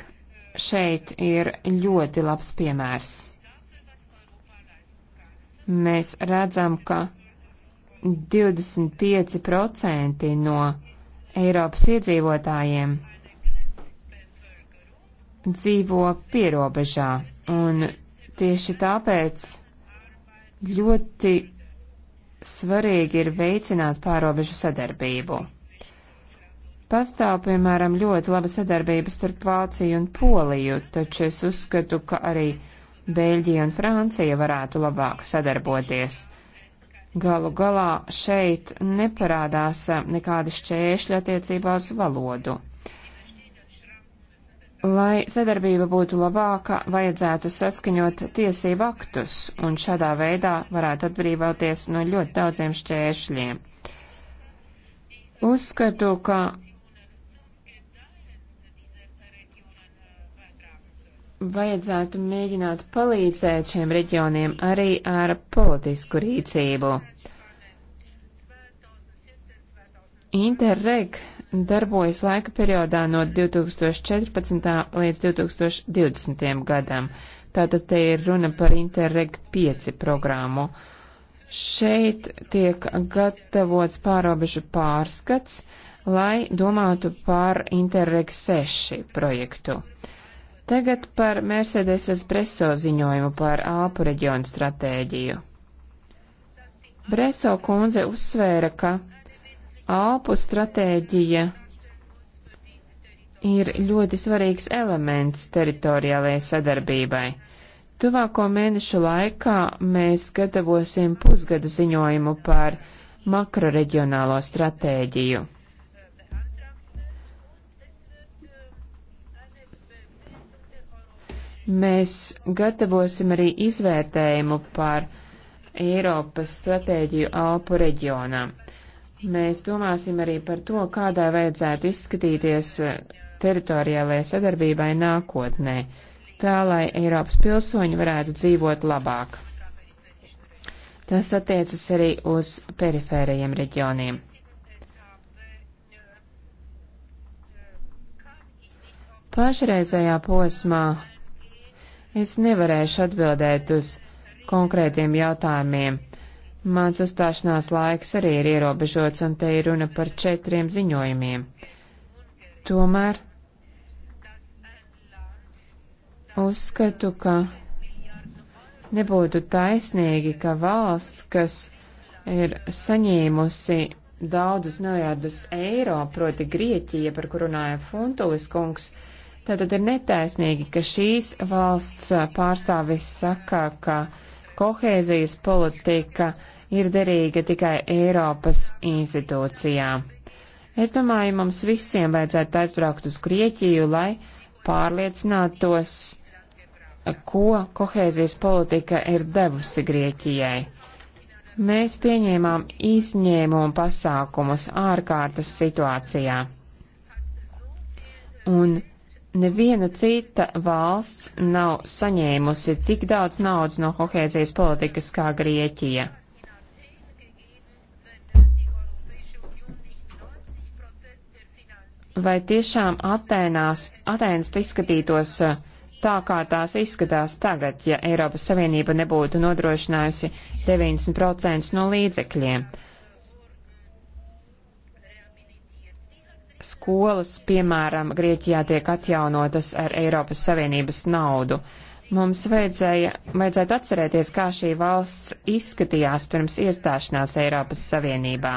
šeit ir ļoti labs piemērs. Mēs redzam, ka 25% no Eiropas iedzīvotājiem dzīvo pierobežā, un tieši tāpēc ļoti svarīgi ir veicināt pārobežu sadarbību. Pastāv, piemēram, ļoti laba sadarbība starp Vāciju un Poliju, taču es uzskatu, ka arī Beļģija un Francija varētu labāk sadarboties. Galu galā šeit neparādās nekāda šķēršļa attiecībā uz valodu. Lai sadarbība būtu labāka, vajadzētu saskaņot tiesību aktus, un šādā veidā varētu atbrīvoties no ļoti daudziem šķēršļiem. Uzskatu, ka vajadzētu mēģināt palīdzēt šiem reģioniem arī ar politisku rīcību. Interreg darbojas laika periodā no 2014. līdz 2020. gadam. Tātad te ir runa par Interreg 5 programmu. Šeit tiek gatavots pārobežu pārskats, lai domātu par Interreg 6 projektu. Uh, Tagad par Mercedeses Breso ziņojumu par Alpu reģionu stratēģiju. Breso kundze uzsvēra, ka Alpu stratēģija ir ļoti svarīgs elements teritoriālajai sadarbībai. Tuvāko mēnešu laikā mēs gatavosim pusgada ziņojumu par makroreģionālo stratēģiju. Mēs gatavosim arī izvērtējumu par Eiropas stratēģiju Alpu reģionā. Mēs domāsim arī par to, kādā vajadzētu izskatīties eh, teritoriālajai sadarbībai nākotnē, tā lai Eiropas pilsoņi varētu dzīvot labāk. Tas attiecas arī uz perifērajiem reģioniem. Pašreizējā posmā Es nevarēšu atbildēt uz konkrētiem jautājumiem. Mans uzstāšanās laiks arī ir ierobežots, un te ir runa par četriem ziņojumiem. Tomēr uzskatu, ka nebūtu taisnīgi, ka valsts, kas ir saņēmusi daudzus miljārdus eiro, proti Grieķija, par kur runāja Funtulis kungs, Tātad ir netaisnīgi, ka šīs valsts pārstāvis saka, ka kohēzijas politika ir derīga tikai Eiropas institūcijām. Es domāju, mums visiem vajadzētu aizbraukt uz Grieķiju, lai pārliecinātos, ko kohēzijas politika ir devusi Grieķijai. Mēs pieņēmām izņēmumu pasākumus ārkārtas situācijā. Un Neviena cita valsts nav saņēmusi tik daudz naudas no kohēzijas politikas kā Grieķija. Vai tiešām Atēnās, Atēnas izskatītos uh, tā, kā tās izskatās tagad, ja Eiropas Savienība nebūtu nodrošinājusi 90% no līdzekļiem? skolas, piemēram, Grieķijā tiek atjaunotas ar Eiropas Savienības naudu. Mums vajadzēja, vajadzētu atcerēties, kā šī valsts izskatījās pirms iestāšanās Eiropas Savienībā.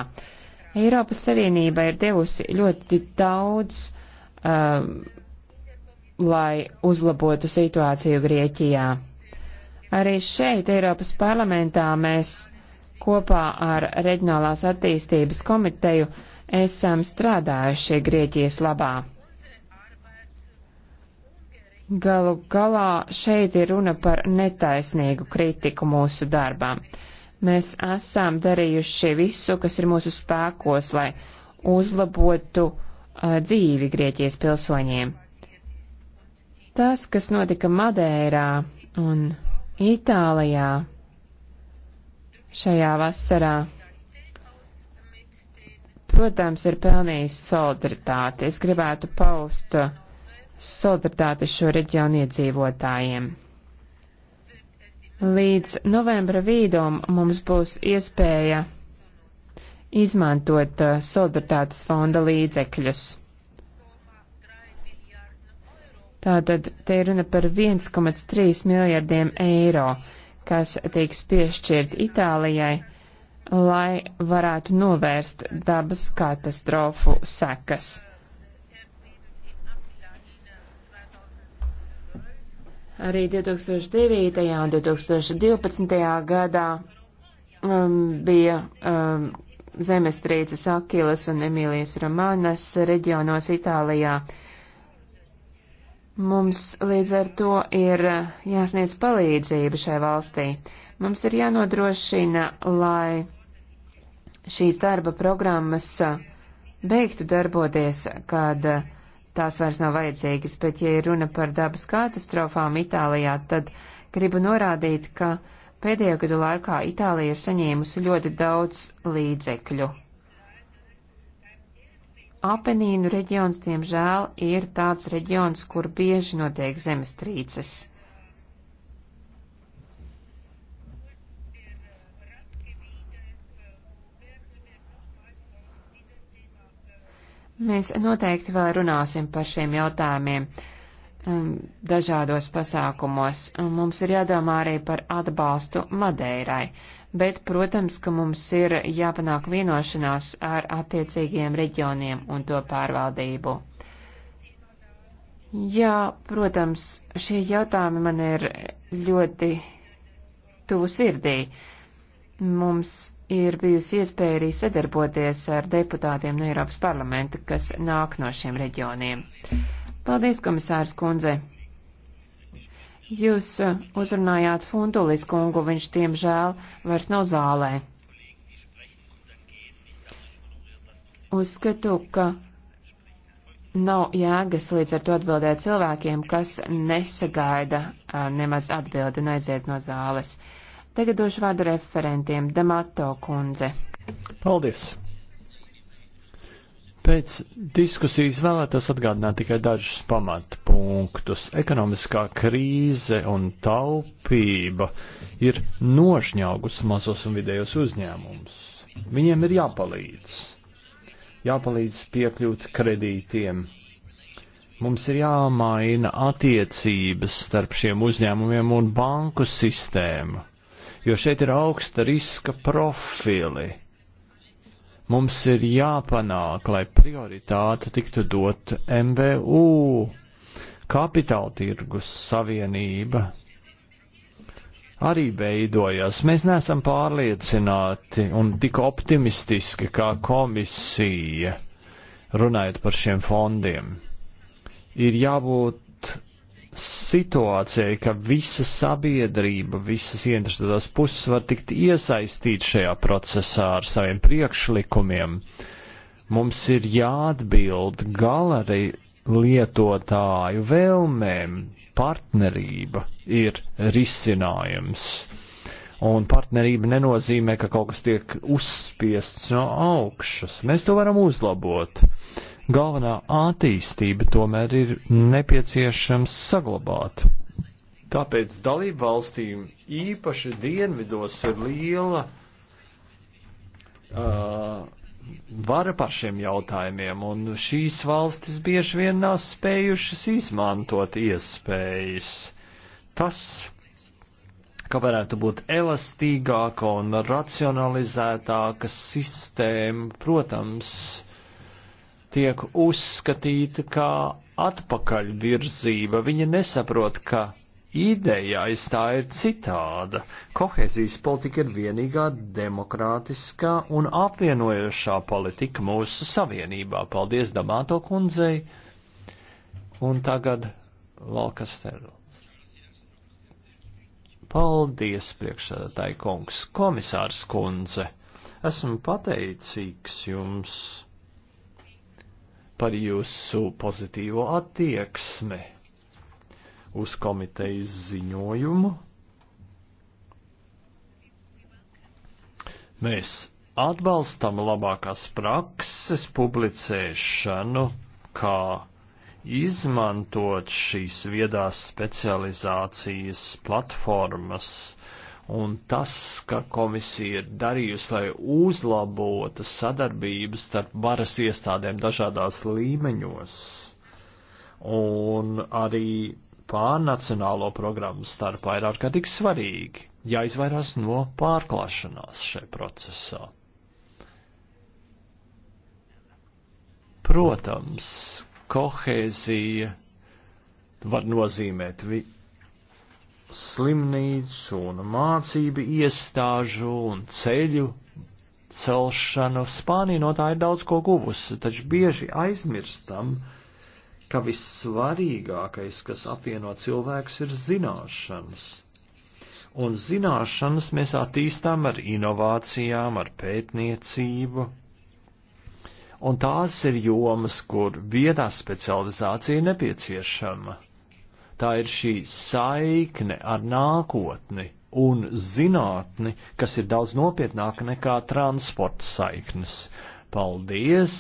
Eiropas Savienība ir devusi ļoti daudz, um, lai uzlabotu situāciju Grieķijā. Arī šeit, Eiropas parlamentā, mēs kopā ar Reģionālās attīstības komiteju uh, esam strādājuši Grieķijas labā. Galu galā šeit ir runa par netaisnīgu kritiku mūsu darbām. Mēs esam darījuši visu, kas ir mūsu spēkos, lai uzlabotu uh, dzīvi Grieķijas pilsoņiem. Tas, kas notika Madeirā un Itālijā šajā vasarā, protams, ir pelnījis solidaritāti. Es gribētu paust solidaritāti šo reģionu iedzīvotājiem. Līdz novembra vīdom mums būs iespēja izmantot uh, solidaritātes fonda līdzekļus. Tātad te ir runa par 1,3 miljardiem eiro, kas tiks piešķirt Itālijai lai varētu novērst dabas katastrofu sekas. Arī 2009. un 2012. gadā um, bija um, zemestrīces Akilas un Emīlijas Romanas reģionos Itālijā. Mums līdz ar to ir uh, jāsniedz palīdzība šai valstī. Mums ir jānodrošina, lai šīs darba programmas beigtu darboties, kad tās vairs nav vajadzīgas, bet ja ir runa par dabas katastrofām Itālijā, tad gribu norādīt, ka pēdējo gadu laikā Itālija ir saņēmusi ļoti daudz līdzekļu. Apenīnu reģions, diemžēl, ir tāds reģions, kur bieži notiek zemestrīces. Mēs noteikti vēl runāsim par šiem jautājumiem um, dažādos pasākumos. Um, mums ir jādomā arī par atbalstu Madeirai, bet, protams, ka mums ir jāpanāk vienošanās ar attiecīgiem reģioniem un to pārvaldību. Jā, protams, šie jautājumi man ir ļoti tuvu sirdī. Mums ir bijusi iespēja arī sadarboties ar deputātiem no Eiropas parlamenta, kas nāk no šiem reģioniem. Paldies, komisārs kundze! Jūs uh, uzrunājāt Funtulis kungu, viņš tiemžēl vairs nav zālē. Uzskatu, ka nav jēgas līdz ar to atbildēt cilvēkiem, kas nesagaida uh, nemaz atbildi un aiziet no zāles. Uh, Tagad došu vārdu referentiem. Damato kundze. Paldies! Pēc diskusijas vēlētos atgādināt tikai dažus pamatpunktus. Ekonomiskā krīze un taupība ir nošņaugus mazos un vidējos uzņēmumus. Viņiem ir jāpalīdz. Jāpalīdz piekļūt kredītiem. Mums ir jāmaina attiecības starp šiem uzņēmumiem un banku sistēmu jo šeit ir augsta riska profili. Mums ir jāpanāk, lai prioritāte tiktu dot MVU, kapitāla tirgus savienība. Arī veidojas. Mēs neesam pārliecināti un tik optimistiski kā komisija runājot par šiem fondiem. Ir jābūt situācijai, ka visa sabiedrība, visas interesētās puses var tikt iesaistīt šajā procesā ar saviem priekšlikumiem. Mums ir jāatbild galeri lietotāju vēlmēm. Partnerība ir risinājums. Un partnerība nenozīmē, ka kaut kas tiek uzspiests no augšas. Mēs to varam uzlabot galvenā attīstība tomēr ir nepieciešams saglabāt. Tāpēc dalību valstīm īpaši dienvidos ir liela uh, vara par šiem jautājumiem, un šīs valstis bieži vien nav spējušas izmantot iespējas. Tas, ka varētu būt elastīgāka un racionalizētāka sistēma, protams, tiek uzskatīta kā atpakaļvirzība. Viņi nesaprot, ka ideja aiz tā ir citāda. Kohēzijas politika ir vienīgā demokrātiskā un apvienojošā politika mūsu savienībā. Paldies Damāto kundzei. Un tagad Valkas Serls. Paldies, priekšsēdētāji kungs, komisārs kundze. Esmu pateicīgs jums par jūsu pozitīvo attieksmi uz komitejas ziņojumu. Mēs atbalstam labākās prakses publicēšanu, kā izmantot šīs viedās specializācijas platformas Un tas, ka komisija ir darījusi, lai uzlabotu sadarbības starp varas iestādēm dažādās līmeņos un arī pārnacionālo programmu starpā ir ārkārtīgi svarīgi, jāizvairās no pārklāšanās šajā procesā. Protams, kohēzija var nozīmēt vi slimnīcu un mācību iestāžu un ceļu celšanu. Spānija no tā ir daudz ko guvusi, taču bieži aizmirstam, ka vissvarīgākais, kas apvieno cilvēks, ir zināšanas. Un zināšanas mēs attīstām ar inovācijām, ar pētniecību, un tās ir jomas, kur vietā specializācija nepieciešama. Tā ir šī saikne ar nākotni un zinātni, kas ir daudz nopietnāka nekā transporta saiknes. Paldies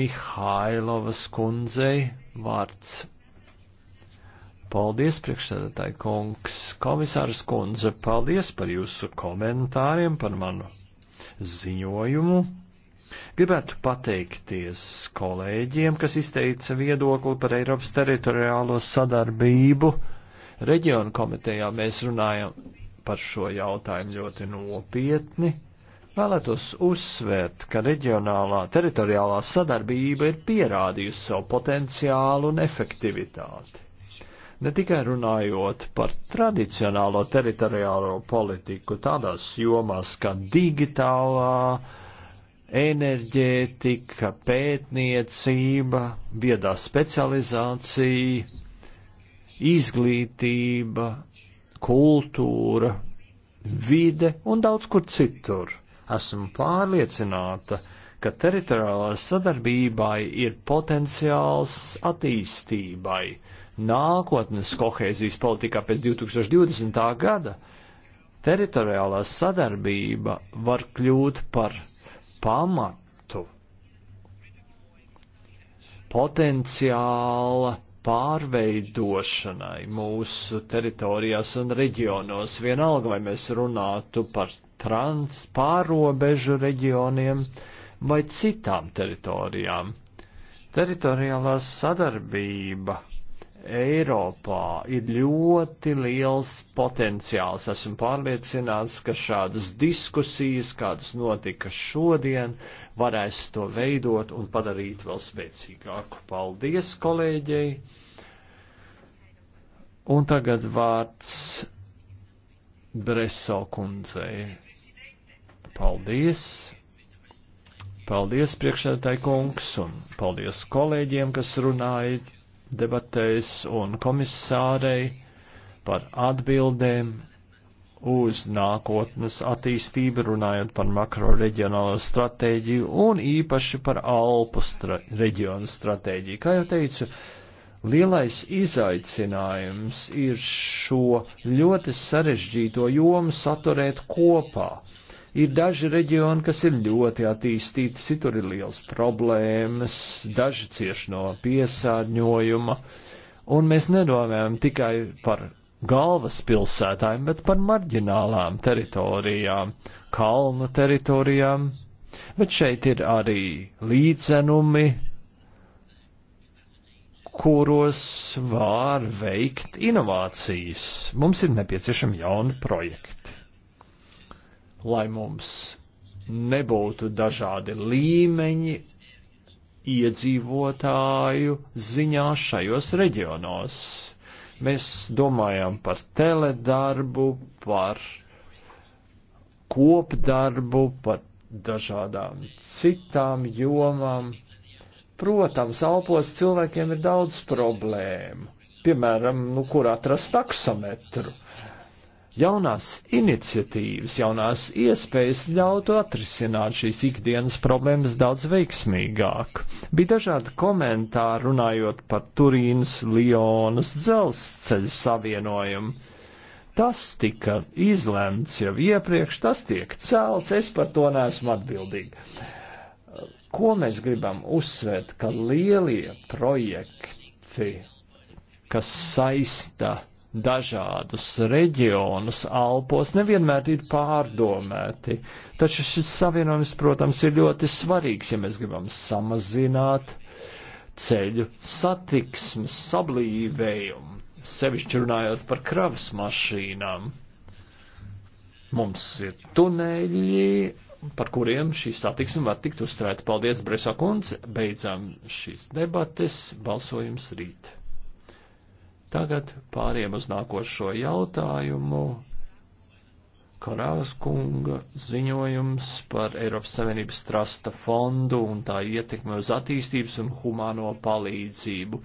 Mihailovas kundzei vārds. Paldies, priekšsēdētāji kungs, komisārs kundze, paldies par jūsu komentāriem, par manu ziņojumu. Gribētu pateikties kolēģiem, kas izteica viedokli par Eiropas teritoriālo sadarbību. Reģionu komitejā mēs runājam par šo jautājumu ļoti nopietni. Vēlētos uzsvērt, ka reģionālā teritoriālā sadarbība ir pierādījusi savu potenciālu un efektivitāti. Ne tikai runājot par tradicionālo teritoriālo politiku tādās jomās kā digitālā, enerģētika, pētniecība, viedā specializācija, izglītība, kultūra, vide un daudz kur citur. Esmu pārliecināta, ka teritoriālās sadarbībai ir potenciāls attīstībai. Nākotnes kohēzijas politikā pēc 2020. gada teritoriālā sadarbība var kļūt par pamatu potenciāla pārveidošanai mūsu teritorijās un reģionos. Vienalga, vai mēs runātu par transpārobežu reģioniem vai citām teritorijām. Teritoriālā sadarbība Eiropā ir ļoti liels potenciāls. Esmu pārliecināts, ka šādas diskusijas, kādas notika šodien, varēs to veidot un padarīt vēl spēcīgāku. Paldies kolēģei! Un tagad vārds Breso kundzei. Paldies! Paldies priekšētāji kungs un paldies kolēģiem, kas runāja debatēs un komisārei par atbildēm uz nākotnes attīstību, runājot par makro reģionālo stratēģiju un īpaši par Alpu stra reģionu stratēģiju. Kā jau teicu, lielais izaicinājums ir šo ļoti sarežģīto jomu saturēt kopā Ir daži reģioni, kas ir ļoti attīstīti, citur ir liels problēmas, daži cieš no piesārņojuma, un mēs nedomājam tikai par galvaspilsētām, bet par marģinālām teritorijām, kalnu teritorijām, bet šeit ir arī līdzenumi, kuros var veikt inovācijas. Mums ir nepieciešami jauni projekti lai mums nebūtu dažādi līmeņi iedzīvotāju ziņā šajos reģionos. Mēs domājam par teledarbu, par kopdarbu, par dažādām citām jomām. Protams, Alpos cilvēkiem ir daudz problēmu. Piemēram, nu, kur atrast taksometru? jaunās iniciatīvas, jaunās iespējas ļautu atrisināt šīs ikdienas problēmas daudz veiksmīgāk. Bija dažādi komentāri runājot par Turīnas Lionas dzelzceļa savienojumu. Tas tika izlemts jau iepriekš, tas tiek celts, es par to neesmu atbildīgi. Ko mēs gribam uzsvērt, ka lielie projekti, kas saista dažādus reģionus Alpos nevienmēr ir pārdomēti, taču šis savienojums, protams, ir ļoti svarīgs, ja mēs gribam samazināt ceļu satiksmes sablīvējumu, sevišķi runājot par kravas mašīnām. Mums ir tuneļi, par kuriem šī satiksme var tikt uzturēta. Paldies, Bresa kundze, beidzam šīs debates, balsojums rīt. Tagad pāriem uz nākošo jautājumu. Korāvas kunga ziņojums par Eiropas Savienības trasta fondu un tā ietekmi uz attīstības un humāno palīdzību.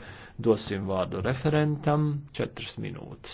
Dosim vārdu referentam četras minūtes.